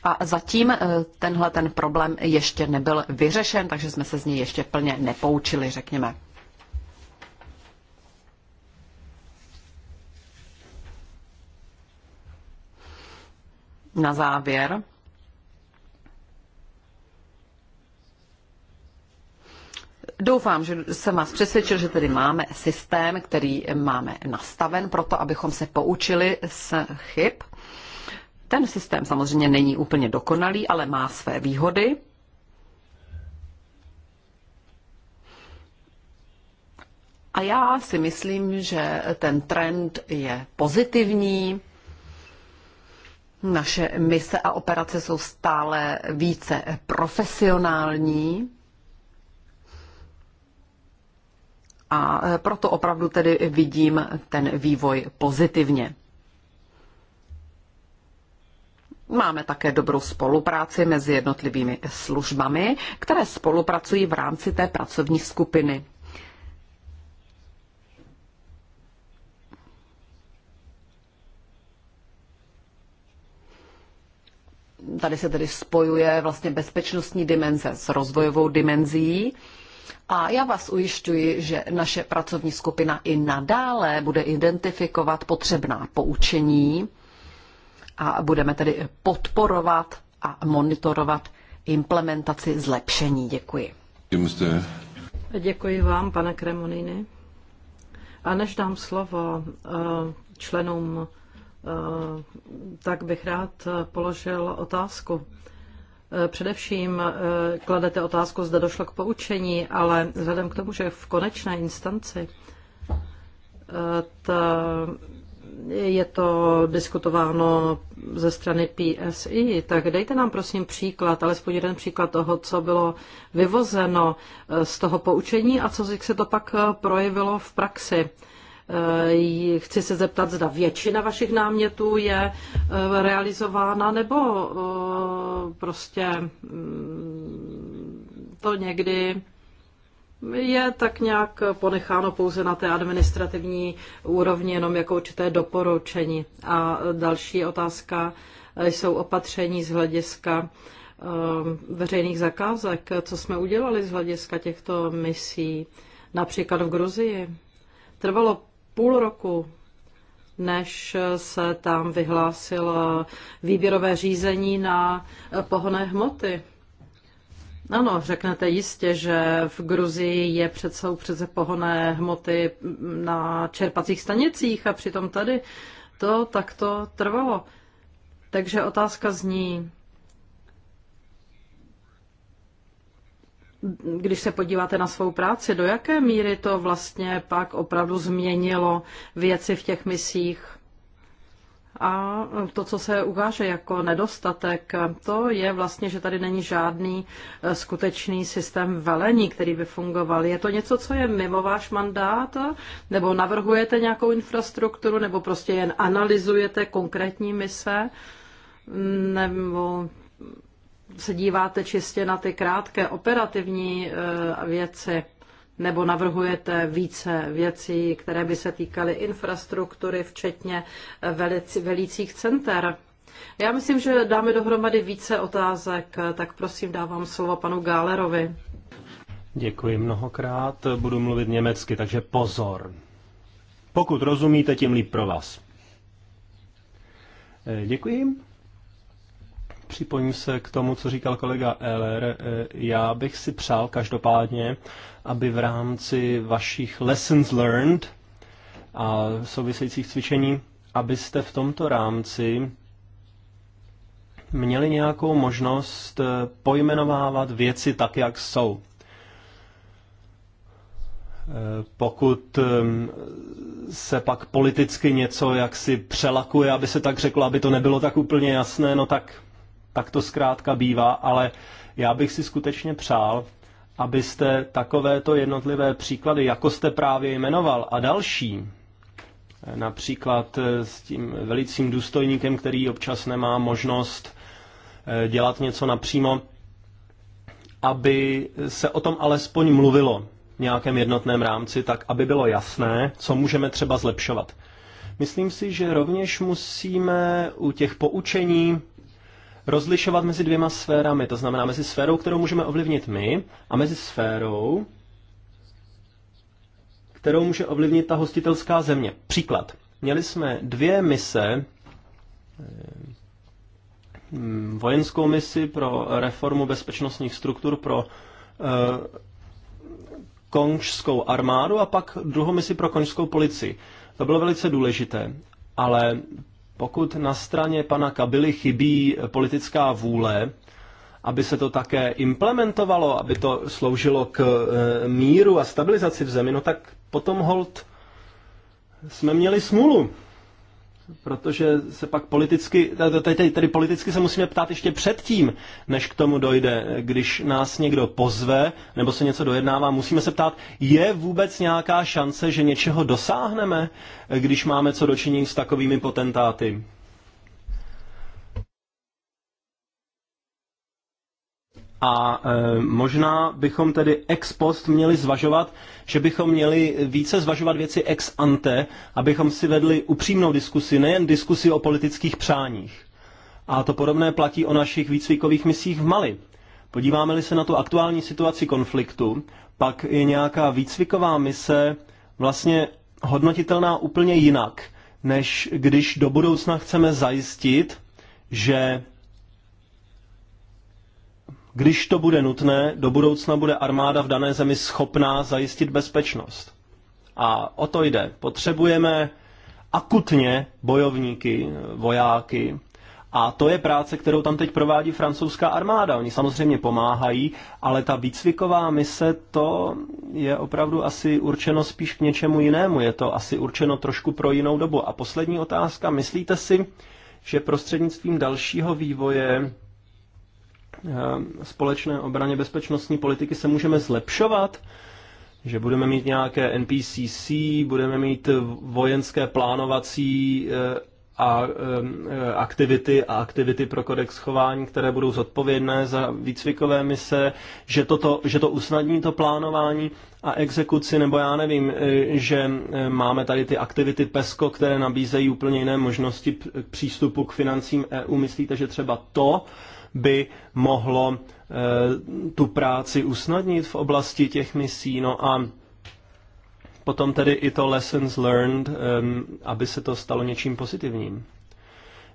a zatím eh, tenhle ten problém ještě nebyl vyřešen, takže jsme se z něj ještě plně nepoučili, řekněme. Na závěr doufám, že jsem vás přesvědčil, že tedy máme systém, který máme nastaven pro to, abychom se poučili z chyb. Ten systém samozřejmě není úplně dokonalý, ale má své výhody. A já si myslím, že ten trend je pozitivní. Naše mise a operace jsou stále více profesionální. a eh, proto opravdu tedy vidím ten vývoj pozitivně. Máme také dobrou spolupráci mezi jednotlivými službami, které spolupracují v rámci té pracovní skupiny. Tady se tedy spojuje vlastně bezpečnostní dimenze s rozvojovou dimenzí. A já vás ujišťuji, že naše pracovní skupina i nadále bude identifikovat potřebná poučení a budeme tedy podporovat a monitorovat implementaci zlepšení. Děkuji. Děkuji vám, pane Kremoniny. A než dám slovo eh, členům, eh, tak bych rád položil otázku. Eh, především eh, kladete otázku, zda došlo k poučení, ale vzhledem k tomu, že v konečné instanci eh, ta, je to diskutováno ze strany PSI, tak dejte nám prosím příklad, alespoň jeden příklad toho, co bylo vyvozeno z toho poučení a co se to pak projevilo v praxi. Eh, chci se zeptat, zda většina vašich námětů je eh, realizována nebo eh, prostě mm, to někdy je tak nějak ponecháno pouze na té administrativní úrovni, jenom jako určité doporučení. A další otázka jsou opatření z hlediska veřejných zakázek. Co jsme udělali z hlediska těchto misí, například v Gruzii? Trvalo půl roku, než se tam vyhlásil výběrové řízení na eh, pohonné hmoty. Ano, řeknete jistě, že v Gruzii je přece, přece pohonné hmoty mm, na čerpacích stanicích a přitom tady to takto trvalo. Takže otázka zní, když se podíváte na svou práci, do jaké míry to vlastně pak opravdu změnilo věci v těch misích? A to, co se ukáže jako nedostatek, to je vlastně, že tady není žádný eh, skutečný systém velení, který by fungoval. Je to něco, co je mimo váš mandát, nebo navrhujete nějakou infrastrukturu, nebo prostě jen analyzujete konkrétní mise, nebo se díváte čistě na ty krátké operativní eh, věci, nebo navrhujete více věcí, které by se týkaly infrastruktury, včetně eh, velících center? Já myslím, že dáme dohromady více otázek, eh, tak prosím dávám slovo panu Gálerovi. Děkuji mnohokrát, budu mluvit německy, takže pozor. Pokud rozumíte, tím líp pro vás. Děkuji. Připojím se k tomu, co říkal kolega Eller. Eh, já bych si přál každopádně, aby v rámci vašich lessons learned a souvisejících cvičení, abyste v tomto rámci měli nějakou možnost eh, pojmenovávat věci tak, jak jsou. Eh, pokud ehm, se pak politicky něco jaksi přelakuje, aby se tak řeklo, aby to nebylo tak úplně jasné, no tak tak to zkrátka bývá, ale já bych si skutečně přál, abyste takovéto jednotlivé příklady, jako jste právě jmenoval, a další, například s tím velicím důstojníkem, který občas nemá možnost eh, dělat něco napřímo, aby se o tom alespoň mluvilo v nějakém jednotném rámci, tak aby bylo jasné, co můžeme třeba zlepšovat. Myslím si, že rovněž musíme u těch poučení rozlišovat mezi dvěma sférami, to znamená mezi sférou, kterou můžeme ovlivnit my, a mezi sférou, kterou může ovlivnit ta hostitelská země. Příklad. Měli jsme dvě mise, eh, vojenskou misi pro reformu bezpečnostních struktur pro eh, konžskou armádu a pak druhou misi pro konžskou policii. To bylo velice důležité, ale pokud na straně pana Kabily chybí politická vůle, aby se to také implementovalo, aby to sloužilo k e, míru a stabilizaci v zemi, no tak potom hold jsme měli smůlu protože se pak politicky, tedy, tady politicky se musíme ptát ještě předtím, než k tomu dojde, když nás někdo pozve nebo se něco dojednává, musíme se ptát, je vůbec nějaká šance, že něčeho dosáhneme, když máme co dočinit s takovými potentáty. A e, možná bychom tedy ex post měli zvažovat, že bychom měli více zvažovat věci ex ante, abychom si vedli upřímnou diskusi, nejen diskusi o politických přáních. A to podobné platí o našich výcvikových misích v Mali. Podíváme-li se na tu aktuální situaci konfliktu, pak je nějaká výcviková mise vlastně hodnotitelná úplně jinak, než když do budoucna chceme zajistit, že když to bude nutné, do budoucna bude armáda v dané zemi schopná zajistit bezpečnost. A o to jde. Potřebujeme akutně bojovníky, vojáky. A to je práce, kterou tam teď provádí francouzská armáda. Oni samozřejmě pomáhají, ale ta výcviková mise to je opravdu asi určeno spíš k něčemu jinému. Je to asi určeno trošku pro jinou dobu. A poslední otázka. Myslíte si, že prostřednictvím dalšího vývoje Eh, společné obraně bezpečnostní politiky se můžeme zlepšovat? Že budeme mít nějaké NPCC, budeme mít vojenské plánovací eh, a eh, aktivity a aktivity pro kodex chování, které budou zodpovědné za výcvikové mise, že, toto, že to usnadní to plánování a exekuci, nebo já nevím, že máme tady ty aktivity PESCO, které nabízejí úplně jiné možnosti k přístupu k financím EU. Myslíte, že třeba to by mohlo eh, tu práci usnadnit v oblasti těch misí. No a potom tedy i to lessons learned, aby se to stalo něčím pozitivním.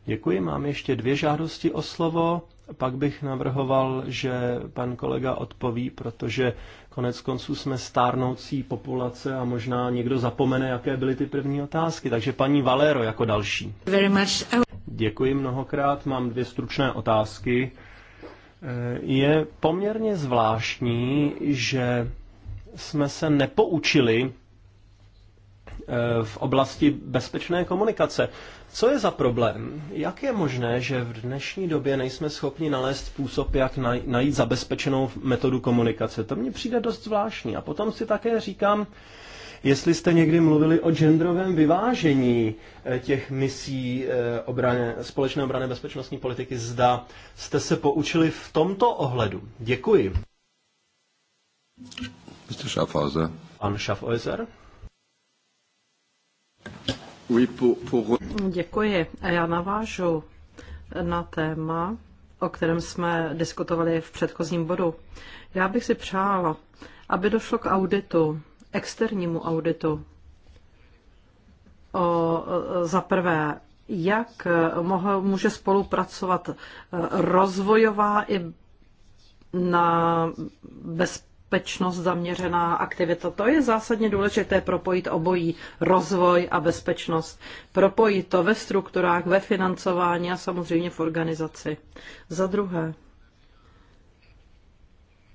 Děkuji, mám ještě dvě žádosti o slovo. Pak bych navrhoval, že pan kolega odpoví, protože konec konců jsme stárnoucí populace a možná někdo zapomene, jaké byly ty první otázky. Takže paní Valero jako další. Děkuji mnohokrát, mám dvě stručné otázky. Eh, je poměrně zvláštní, že jsme se nepoučili Eh, v oblasti bezpečné komunikace. Co je za problém? Jak je možné, že v dnešní době nejsme schopni nalézt způsob, jak najít zabezpečenou metodu komunikace? To mně přijde dost zvláštní. A potom si také říkám, jestli jste někdy mluvili o genderovém vyvážení eh, těch misí eh, obrané, společné obrané bezpečnostní politiky, zda jste se poučili v tomto ohledu. Děkuji. Mr. Schaffhauser. Pan Schaffhauser. Děkuji. A já navážu na téma, o kterém jsme diskutovali v předchozím bodu. Já bych si přála, aby došlo k auditu, externímu auditu. O, za prvé, jak mohl, může spolupracovat eh, rozvojová i na bez, bezpečnost zaměřená aktivita. To je zásadně důležité propojit obojí rozvoj a bezpečnost. Propojit to ve strukturách, ve financování a samozřejmě v organizaci. Za druhé,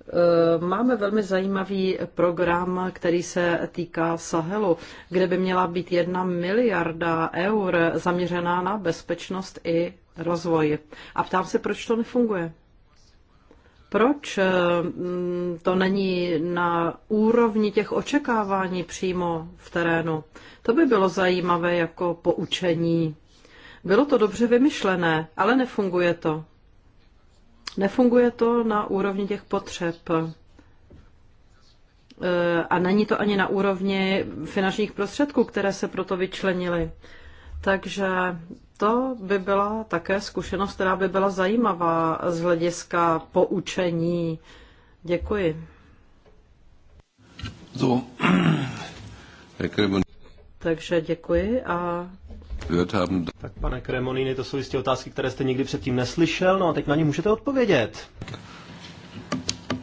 eh, Máme velmi zajímavý program, který se týká Sahelu, kde by měla být jedna miliarda eur zaměřená na bezpečnost i rozvoj. A ptám se, proč to nefunguje. Proč eh, mm, to není na úrovni těch očekávání přímo v terénu? To by bylo zajímavé jako poučení. Bylo to dobře vymyšlené, ale nefunguje to. Nefunguje to na úrovni těch potřeb. Eh, a není to ani na úrovni finančních prostředků, které se proto vyčlenily. Takže to by byla také zkušenost, která by byla zajímavá z hlediska poučení. Děkuji. So. Takže děkuji a... Tak pane Kremoniny, to jsou jistě otázky, které jste nikdy předtím neslyšel, no a teď na ně můžete odpovědět.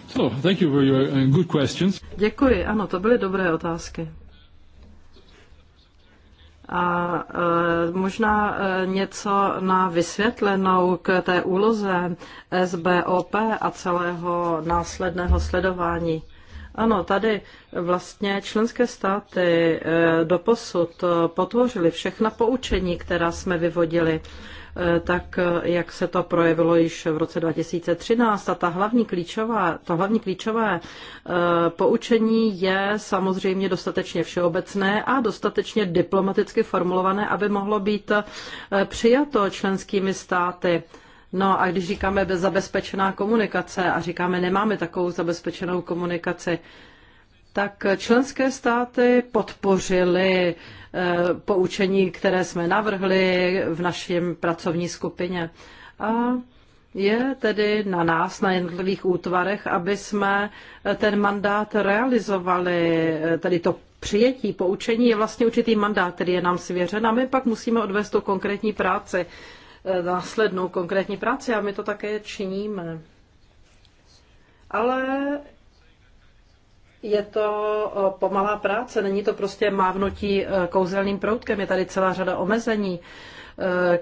So, thank you for your uh, good questions. Děkuji, ano, to byly dobré otázky a e, možná e, něco na vysvětlenou k té úloze SBOP a celého následného sledování. Ano, tady vlastně členské státy e, doposud potvořily všechna poučení, která jsme vyvodili Eh, tak eh, jak se to projevilo již v roce 2013. A ta hlavní klíčová, to hlavní klíčové eh, poučení je samozřejmě dostatečně všeobecné a dostatečně diplomaticky formulované, aby mohlo být přijato členskými státy. No a když říkáme zabezpečená komunikace a říkáme, nemáme takovou zabezpečenou komunikaci, tak členské státy podpořily eh, poučení, které jsme navrhli v našem pracovní skupině. A je tedy na nás, na jednotlivých útvarech, aby jsme eh, ten mandát realizovali, eh, tedy to přijetí, poučení je vlastně určitý mandát, který je nám svěřen a my pak musíme odvést tu konkrétní práci, následnou konkrétní práci a my to také činíme. Ale je to pomalá práce, není to prostě mávnutí e, kouzelným proutkem, je tady celá řada omezení e,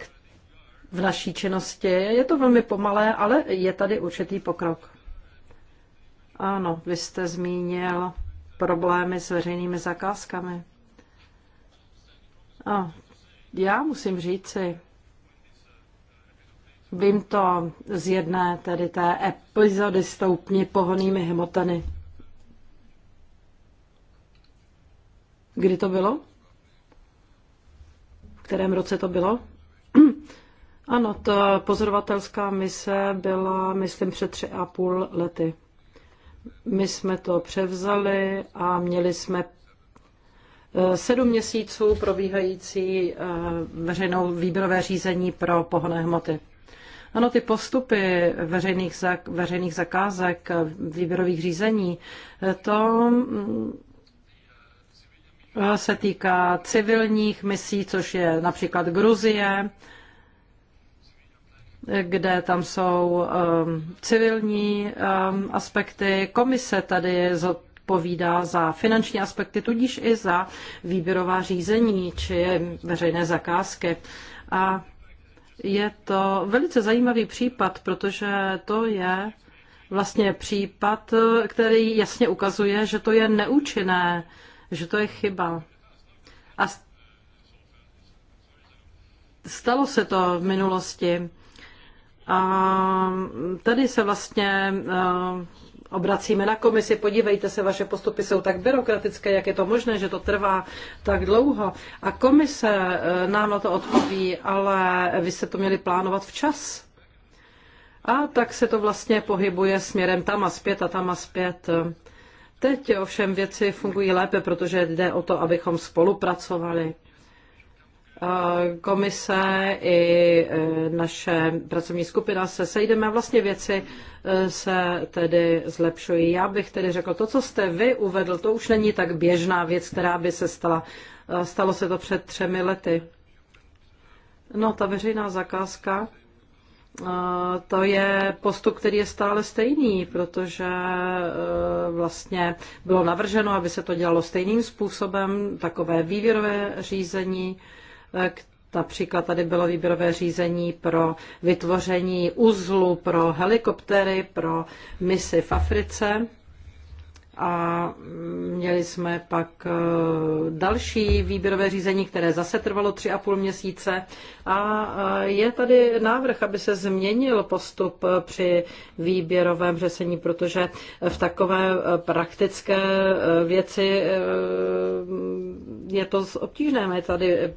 v naší činnosti. Je to velmi pomalé, ale je tady určitý pokrok. Ano, vy jste zmínil problémy s veřejnými zakázkami. A já musím říci, vím to z jedné tedy té epizody stoupni pohonými hmotany. Kdy to bylo? V kterém roce to bylo? Ano, ta pozorovatelská mise byla, myslím, před tři a půl lety. My jsme to převzali a měli jsme eh, sedm měsíců probíhající eh, veřejnou výběrové řízení pro pohonné hmoty. Ano, ty postupy veřejných, zak, veřejných zakázek, eh, výběrových řízení, to mm, se týká civilních misí, což je například Gruzie, kde tam jsou um, civilní um, aspekty. Komise tady zodpovídá za finanční aspekty, tudíž i za výběrová řízení či veřejné zakázky. A je to velice zajímavý případ, protože to je vlastně případ, který jasně ukazuje, že to je neúčinné že to je chyba. A stalo se to v minulosti. A tady se vlastně eh, obracíme na komisi, podívejte se, vaše postupy jsou tak byrokratické, jak je to možné, že to trvá tak dlouho. A komise eh, nám na to odpoví, ale vy jste to měli plánovat včas. A tak se to vlastně pohybuje směrem tam a zpět a tam a zpět. Teď ovšem věci fungují lépe, protože jde o to, abychom spolupracovali. Komise i e, naše pracovní skupina se sejdeme a vlastně věci e, se tedy zlepšují. Já bych tedy řekl, to, co jste vy uvedl, to už není tak běžná věc, která by se stala. E, stalo se to před třemi lety. No, ta veřejná zakázka to je postup, který je stále stejný, protože e, vlastně bylo navrženo, aby se to dělalo stejným způsobem, takové výběrové řízení, e, Například tady bylo výběrové řízení pro vytvoření uzlu pro helikoptéry pro misi v Africe a měli jsme pak e, další výběrové řízení, které zase trvalo tři a půl měsíce. A e, je tady návrh, aby se změnil postup e, při výběrovém řesení, protože v takové praktické věci je to obtížné. Je tady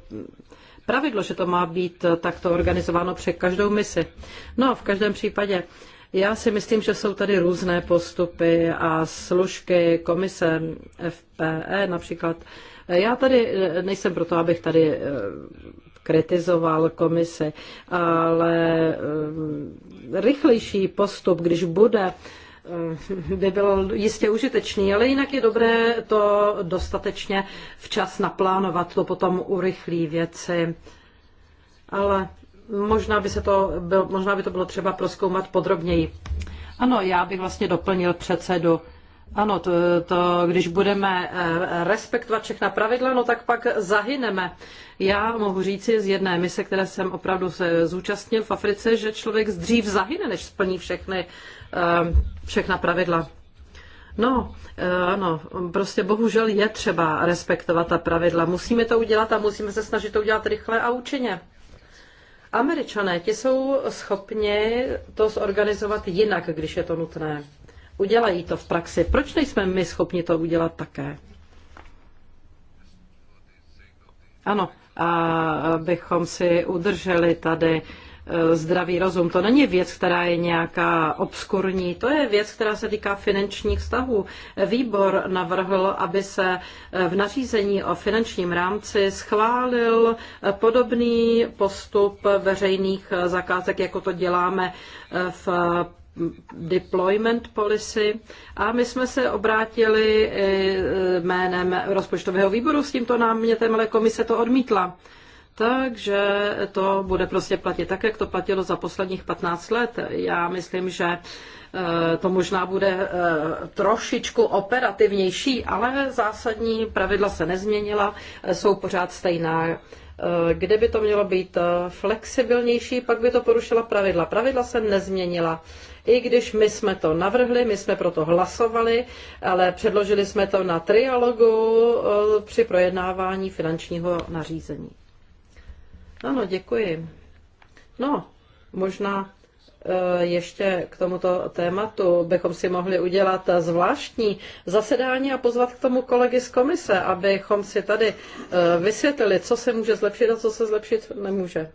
pravidlo, že to má být takto organizováno při každou misi. No, v každém případě já si myslím, že jsou tady různé postupy a služky komise FPE například. Já tady eh, nejsem proto, abych tady eh, kritizoval komisi, ale eh, rychlejší postup, když bude, by byl jistě užitečný, ale jinak je dobré to dostatečně včas naplánovat, to potom urychlí věci. Ale Možná by, se to byl, možná by to bylo třeba proskoumat podrobněji. Ano, já bych vlastně doplnil předsedu. Ano, to, to, když budeme eh, respektovat všechna pravidla, no tak pak zahyneme. Já mohu říci z jedné mise, které jsem opravdu se zúčastnil v Africe, že člověk dřív zahyne, než splní všechny, eh, všechna pravidla. No, eh, ano, prostě bohužel je třeba respektovat ta pravidla. Musíme to udělat a musíme se snažit to udělat rychle a účinně. Američané, ti jsou schopni to zorganizovat jinak, když je to nutné. Udělají to v praxi. Proč nejsme my schopni to udělat také? Ano, a abychom si udrželi tady Eh, zdravý rozum. To není věc, která je nějaká obskurní, to je věc, která se týká finančních vztahů. Výbor navrhl, aby se eh, v nařízení o finančním rámci schválil eh, podobný postup veřejných zakázek, jako to děláme v deployment policy a my jsme se obrátili jménem rozpočtového výboru s tímto námětem, ale komise to odmítla takže to bude prostě platit tak, jak to platilo za posledních 15 let. Já myslím, že eh, to možná bude eh, trošičku operativnější, ale zásadní pravidla se nezměnila, eh, jsou pořád stejná. by to mělo být flexibilnější, pak by to porušila pravidla. Pravidla se nezměnila. I když my jsme to navrhli, my jsme proto hlasovali, ale předložili jsme to na trialogu při projednávání finančního nařízení. Ano, děkuji. No, možná eh, ještě k tomuto tématu bychom si mohli udělat zvláštní zasedání a pozvat k tomu kolegy z komise, abychom si tady eh, vysvětlili, co se může zlepšit a co se zlepšit nemůže.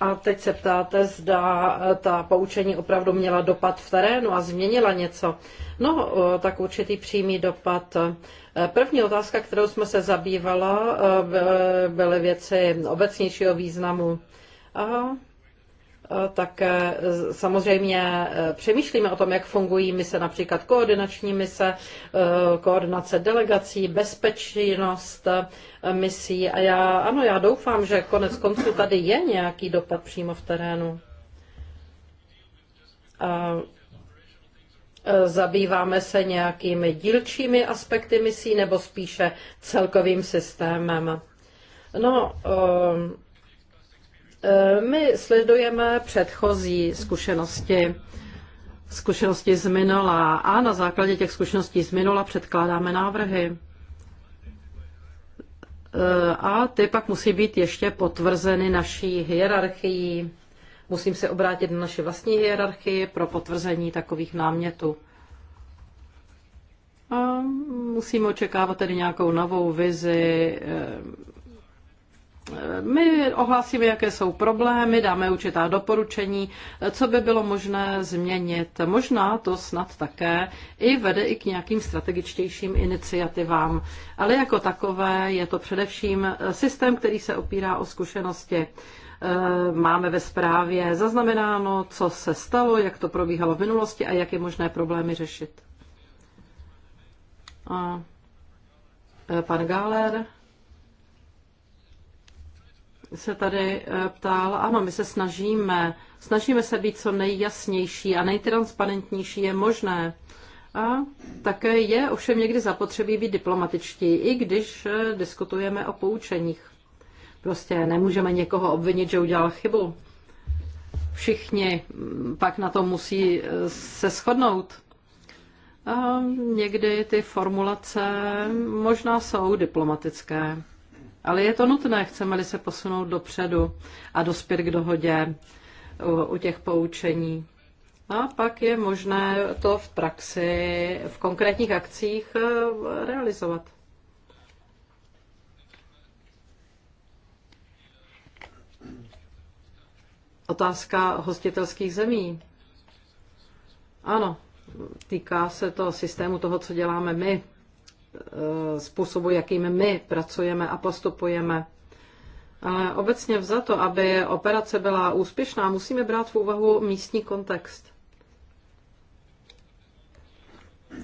A teď se ptáte, zda eh, ta poučení opravdu měla dopad v terénu a změnila něco. No, tak určitý přímý dopad První otázka, kterou jsme se zabývala, eh, byly věci obecnějšího významu. Aha. tak eh, samozřejmě eh, přemýšlíme o tom, jak fungují mise, například koordinační mise, koordinace delegací, bezpečnost misí. A já, ano, já doufám, že konec konců tady je nějaký dopad přímo v terénu. Zabýváme se nějakými dílčími aspekty misí nebo spíše celkovým systémem? No, um, eh, my sledujeme předchozí zkušenosti, zkušenosti z minula a na základě těch zkušeností z minula předkládáme návrhy. Eh, a ty pak musí být ještě potvrzeny naší hierarchií Musím se obrátit na naše vlastní hierarchii pro potvrzení takových námětů. A musíme očekávat tedy nějakou novou vizi. Eh, eh, my ohlásíme, jaké jsou problémy, dáme určitá doporučení, eh, co by bylo možné změnit. Možná to snad také i vede i k nějakým strategičtějším iniciativám. Ale jako takové je to především systém, který se opírá o zkušenosti. Eh, máme ve zprávě zaznamenáno, co se stalo, jak to probíhalo v minulosti a jak je možné problémy řešit. A eh, pan Gáler se tady eh, ptal, ano, my se snažíme, snažíme se být co nejjasnější a nejtransparentnější je možné. A také je ovšem někdy zapotřebí být diplomatičtí, i když diskutujeme o poučeních. Prostě nemůžeme někoho obvinit, že udělal chybu. Všichni pak na to musí eh, se shodnout. A někdy ty formulace možná jsou diplomatické, ale je to nutné, chceme-li se posunout dopředu a dospět k dohodě u těch poučení. A pak je možné to v praxi, v konkrétních akcích eh, realizovat. otázka hostitelských zemí. Ano, týká se to systému toho, co děláme my, e, způsobu, jakým my pracujeme a postupujeme. Ale obecně vzato, aby operace byla úspěšná, musíme brát v úvahu místní kontext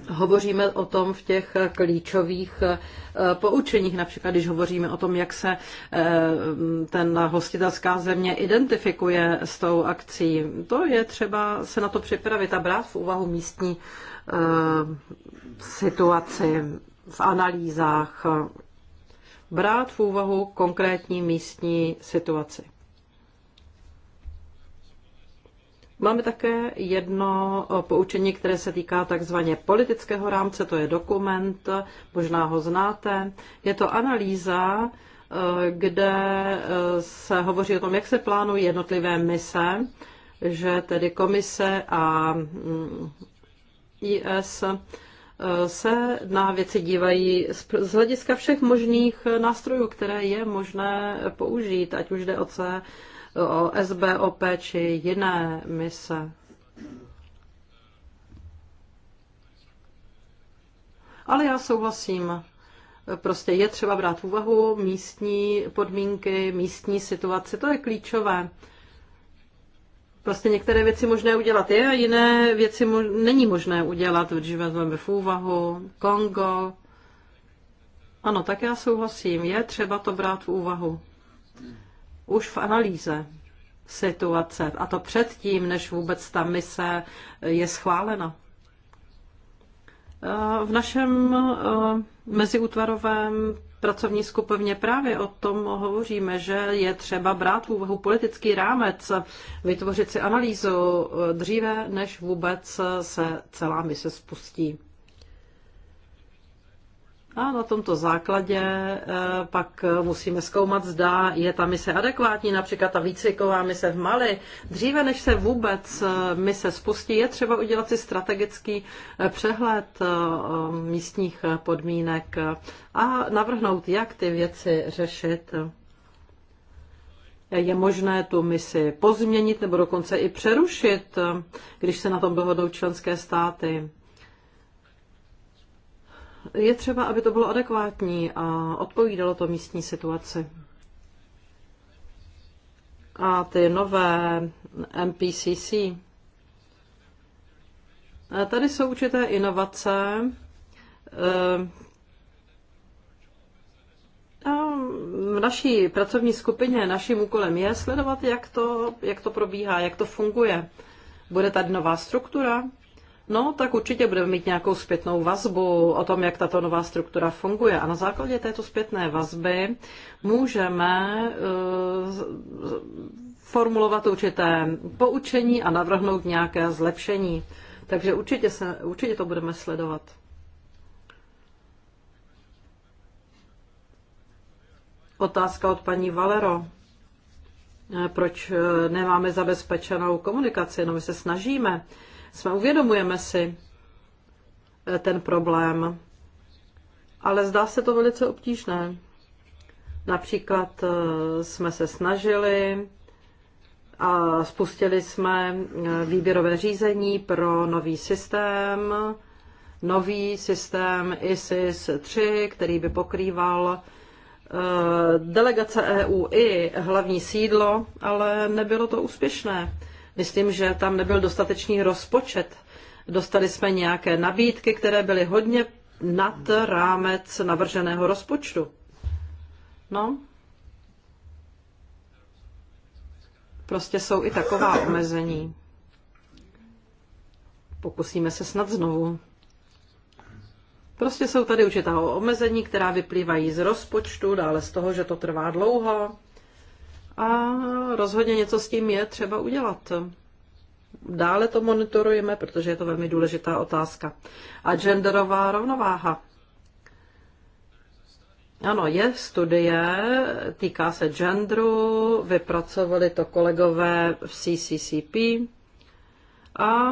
hovoříme o tom v těch klíčových eh, poučeních, například když hovoříme o tom, jak se eh, ten hostitelská země identifikuje s tou akcí. To je třeba se na to připravit a brát v úvahu místní eh, situaci v analýzách, brát v úvahu konkrétní místní situaci. Máme také jedno eh, poučení, které se týká takzvaně politického rámce, to je dokument, možná ho znáte. Je to analýza, eh, kde eh, se hovoří o tom, jak se plánují jednotlivé mise, že tedy komise a mm, IS se na věci dívají z hlediska všech možných nástrojů, které je možné použít, ať už jde o C, o SBOP či jiné mise. Ale já souhlasím. Prostě je třeba brát v úvahu místní podmínky, místní situaci, to je klíčové. Prostě některé věci možné udělat je a jiné věci mo- není možné udělat, když vezmeme v úvahu Kongo. Ano, tak já souhlasím, je třeba to brát v úvahu už v analýze situace, a to předtím, než vůbec ta mise je schválena. E, v našem e, meziútvarovém pracovní skupině právě o tom hovoříme, že je třeba brát v úvahu politický rámec, vytvořit si analýzu e, dříve, než vůbec se celá mise spustí. A na tomto základě eh, pak musíme zkoumat, zda je ta mise adekvátní, například ta výcviková mise v Mali. Dříve, než se vůbec eh, mise spustí, je třeba udělat si strategický eh, přehled místních podmínek a navrhnout, jak ty věci řešit. Je možné tu misi pozměnit nebo dokonce i přerušit, když se na tom dohodnou členské státy je třeba, aby to bylo adekvátní a odpovídalo to místní situaci. A ty nové MPCC. Tady jsou určité inovace. Eh, v naší pracovní skupině naším úkolem je sledovat, jak to, jak to probíhá, jak to funguje. Bude tady nová struktura, no tak určitě budeme mít nějakou zpětnou vazbu o tom, jak tato nová struktura funguje. A na základě této zpětné vazby můžeme eh, formulovat určité poučení a navrhnout nějaké zlepšení. Takže určitě, se, určitě to budeme sledovat. Otázka od paní Valero. Eh, proč eh, nemáme zabezpečenou komunikaci? No my se snažíme jsme, uvědomujeme si eh, ten problém, ale zdá se to velice obtížné. Například eh, jsme se snažili a spustili jsme eh, výběrové řízení pro nový systém, nový systém ISIS 3, který by pokrýval delegace EU i hlavní sídlo, ale nebylo to úspěšné. Myslím, že tam nebyl dostatečný rozpočet. Dostali jsme nějaké nabídky, které byly hodně nad rámec navrženého rozpočtu. No, prostě jsou i taková omezení. Pokusíme se snad znovu. Prostě jsou tady určitá omezení, která vyplývají z rozpočtu, dále z toho, že to trvá dlouho. A rozhodně něco s tím je třeba udělat. Dále to monitorujeme, protože je to velmi důležitá otázka. A genderová rovnováha. Ano, je studie, týká se genderu, vypracovali to kolegové v CCCP a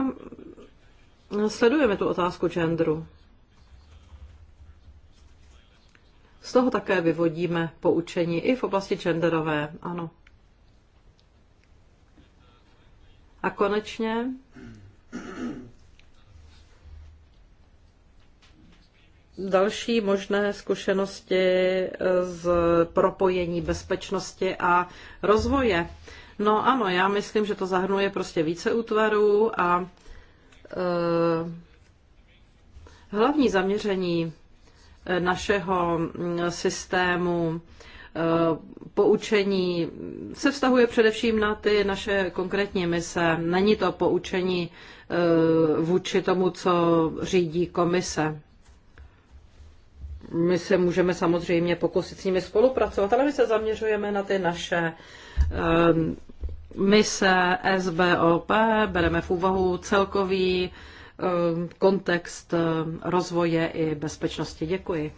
sledujeme tu otázku genderu. Z toho také vyvodíme poučení i v oblasti genderové, ano. A konečně další možné zkušenosti eh, z propojení bezpečnosti a rozvoje. No ano, já myslím, že to zahrnuje prostě více útvarů a e, hlavní zaměření našeho mm, systému eh, poučení se vztahuje především na ty naše konkrétní mise. Není to poučení eh, vůči tomu, co řídí komise. My se můžeme samozřejmě pokusit s nimi spolupracovat, ale my se zaměřujeme na ty naše eh, mise SBOP, bereme v úvahu celkový Ehm, kontext ehm, rozvoje i bezpečnosti. Děkuji.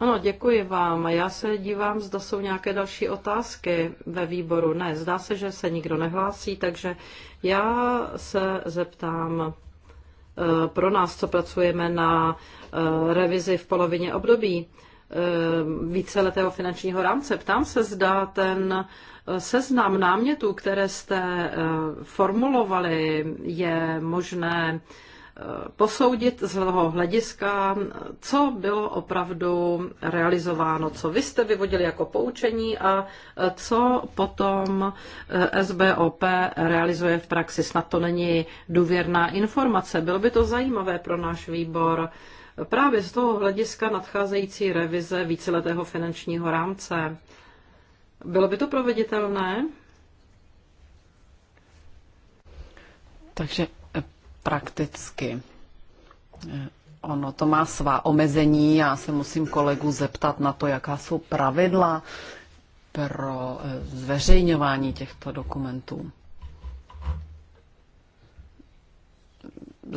Ano, děkuji vám. Já se dívám, zda jsou nějaké další otázky ve výboru. Ne, zdá se, že se nikdo nehlásí, takže já se zeptám ehm, pro nás, co pracujeme na revizi v polovině období víceletého finančního rámce. Ptám se, zda ten Seznam námětů, které jste eh, formulovali, je možné eh, posoudit z toho hlediska, co bylo opravdu realizováno, co vy jste vyvodili jako poučení a eh, co potom SBOP realizuje v praxi. Snad to není důvěrná informace. Bylo by to zajímavé pro náš výbor právě z toho hlediska nadcházející revize víceletého finančního rámce. Bylo by to proveditelné? Takže eh, prakticky eh, ono to má svá omezení. Já se musím kolegu zeptat na to, jaká jsou pravidla pro eh, zveřejňování těchto dokumentů.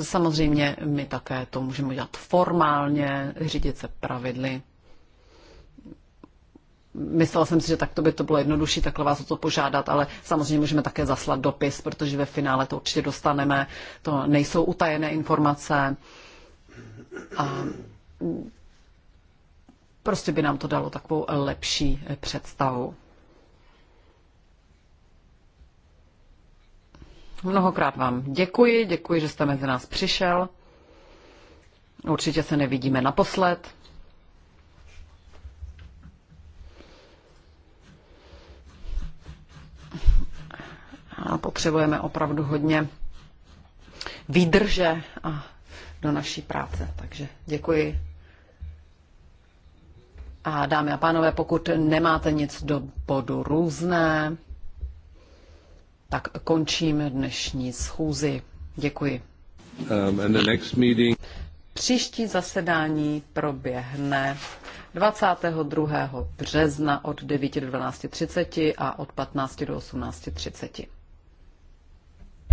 Samozřejmě my také to můžeme dělat formálně, řídit se pravidly myslela jsem si, že takto by to bylo jednodušší, takhle vás o to požádat, ale samozřejmě můžeme také zaslat dopis, protože ve finále to určitě dostaneme. To nejsou utajené informace. A prostě by nám to dalo takovou lepší představu. Mnohokrát vám děkuji, děkuji, že jste mezi nás přišel. Určitě se nevidíme naposled. potřebujeme opravdu hodně výdrže a do naší práce. Takže děkuji. A dámy a pánové, pokud nemáte nic do bodu různé, tak končím dnešní schůzi. Děkuji. Um, and the next meeting... Příští zasedání proběhne 22. března od 9 do 12.30 a od 15 do 18.30.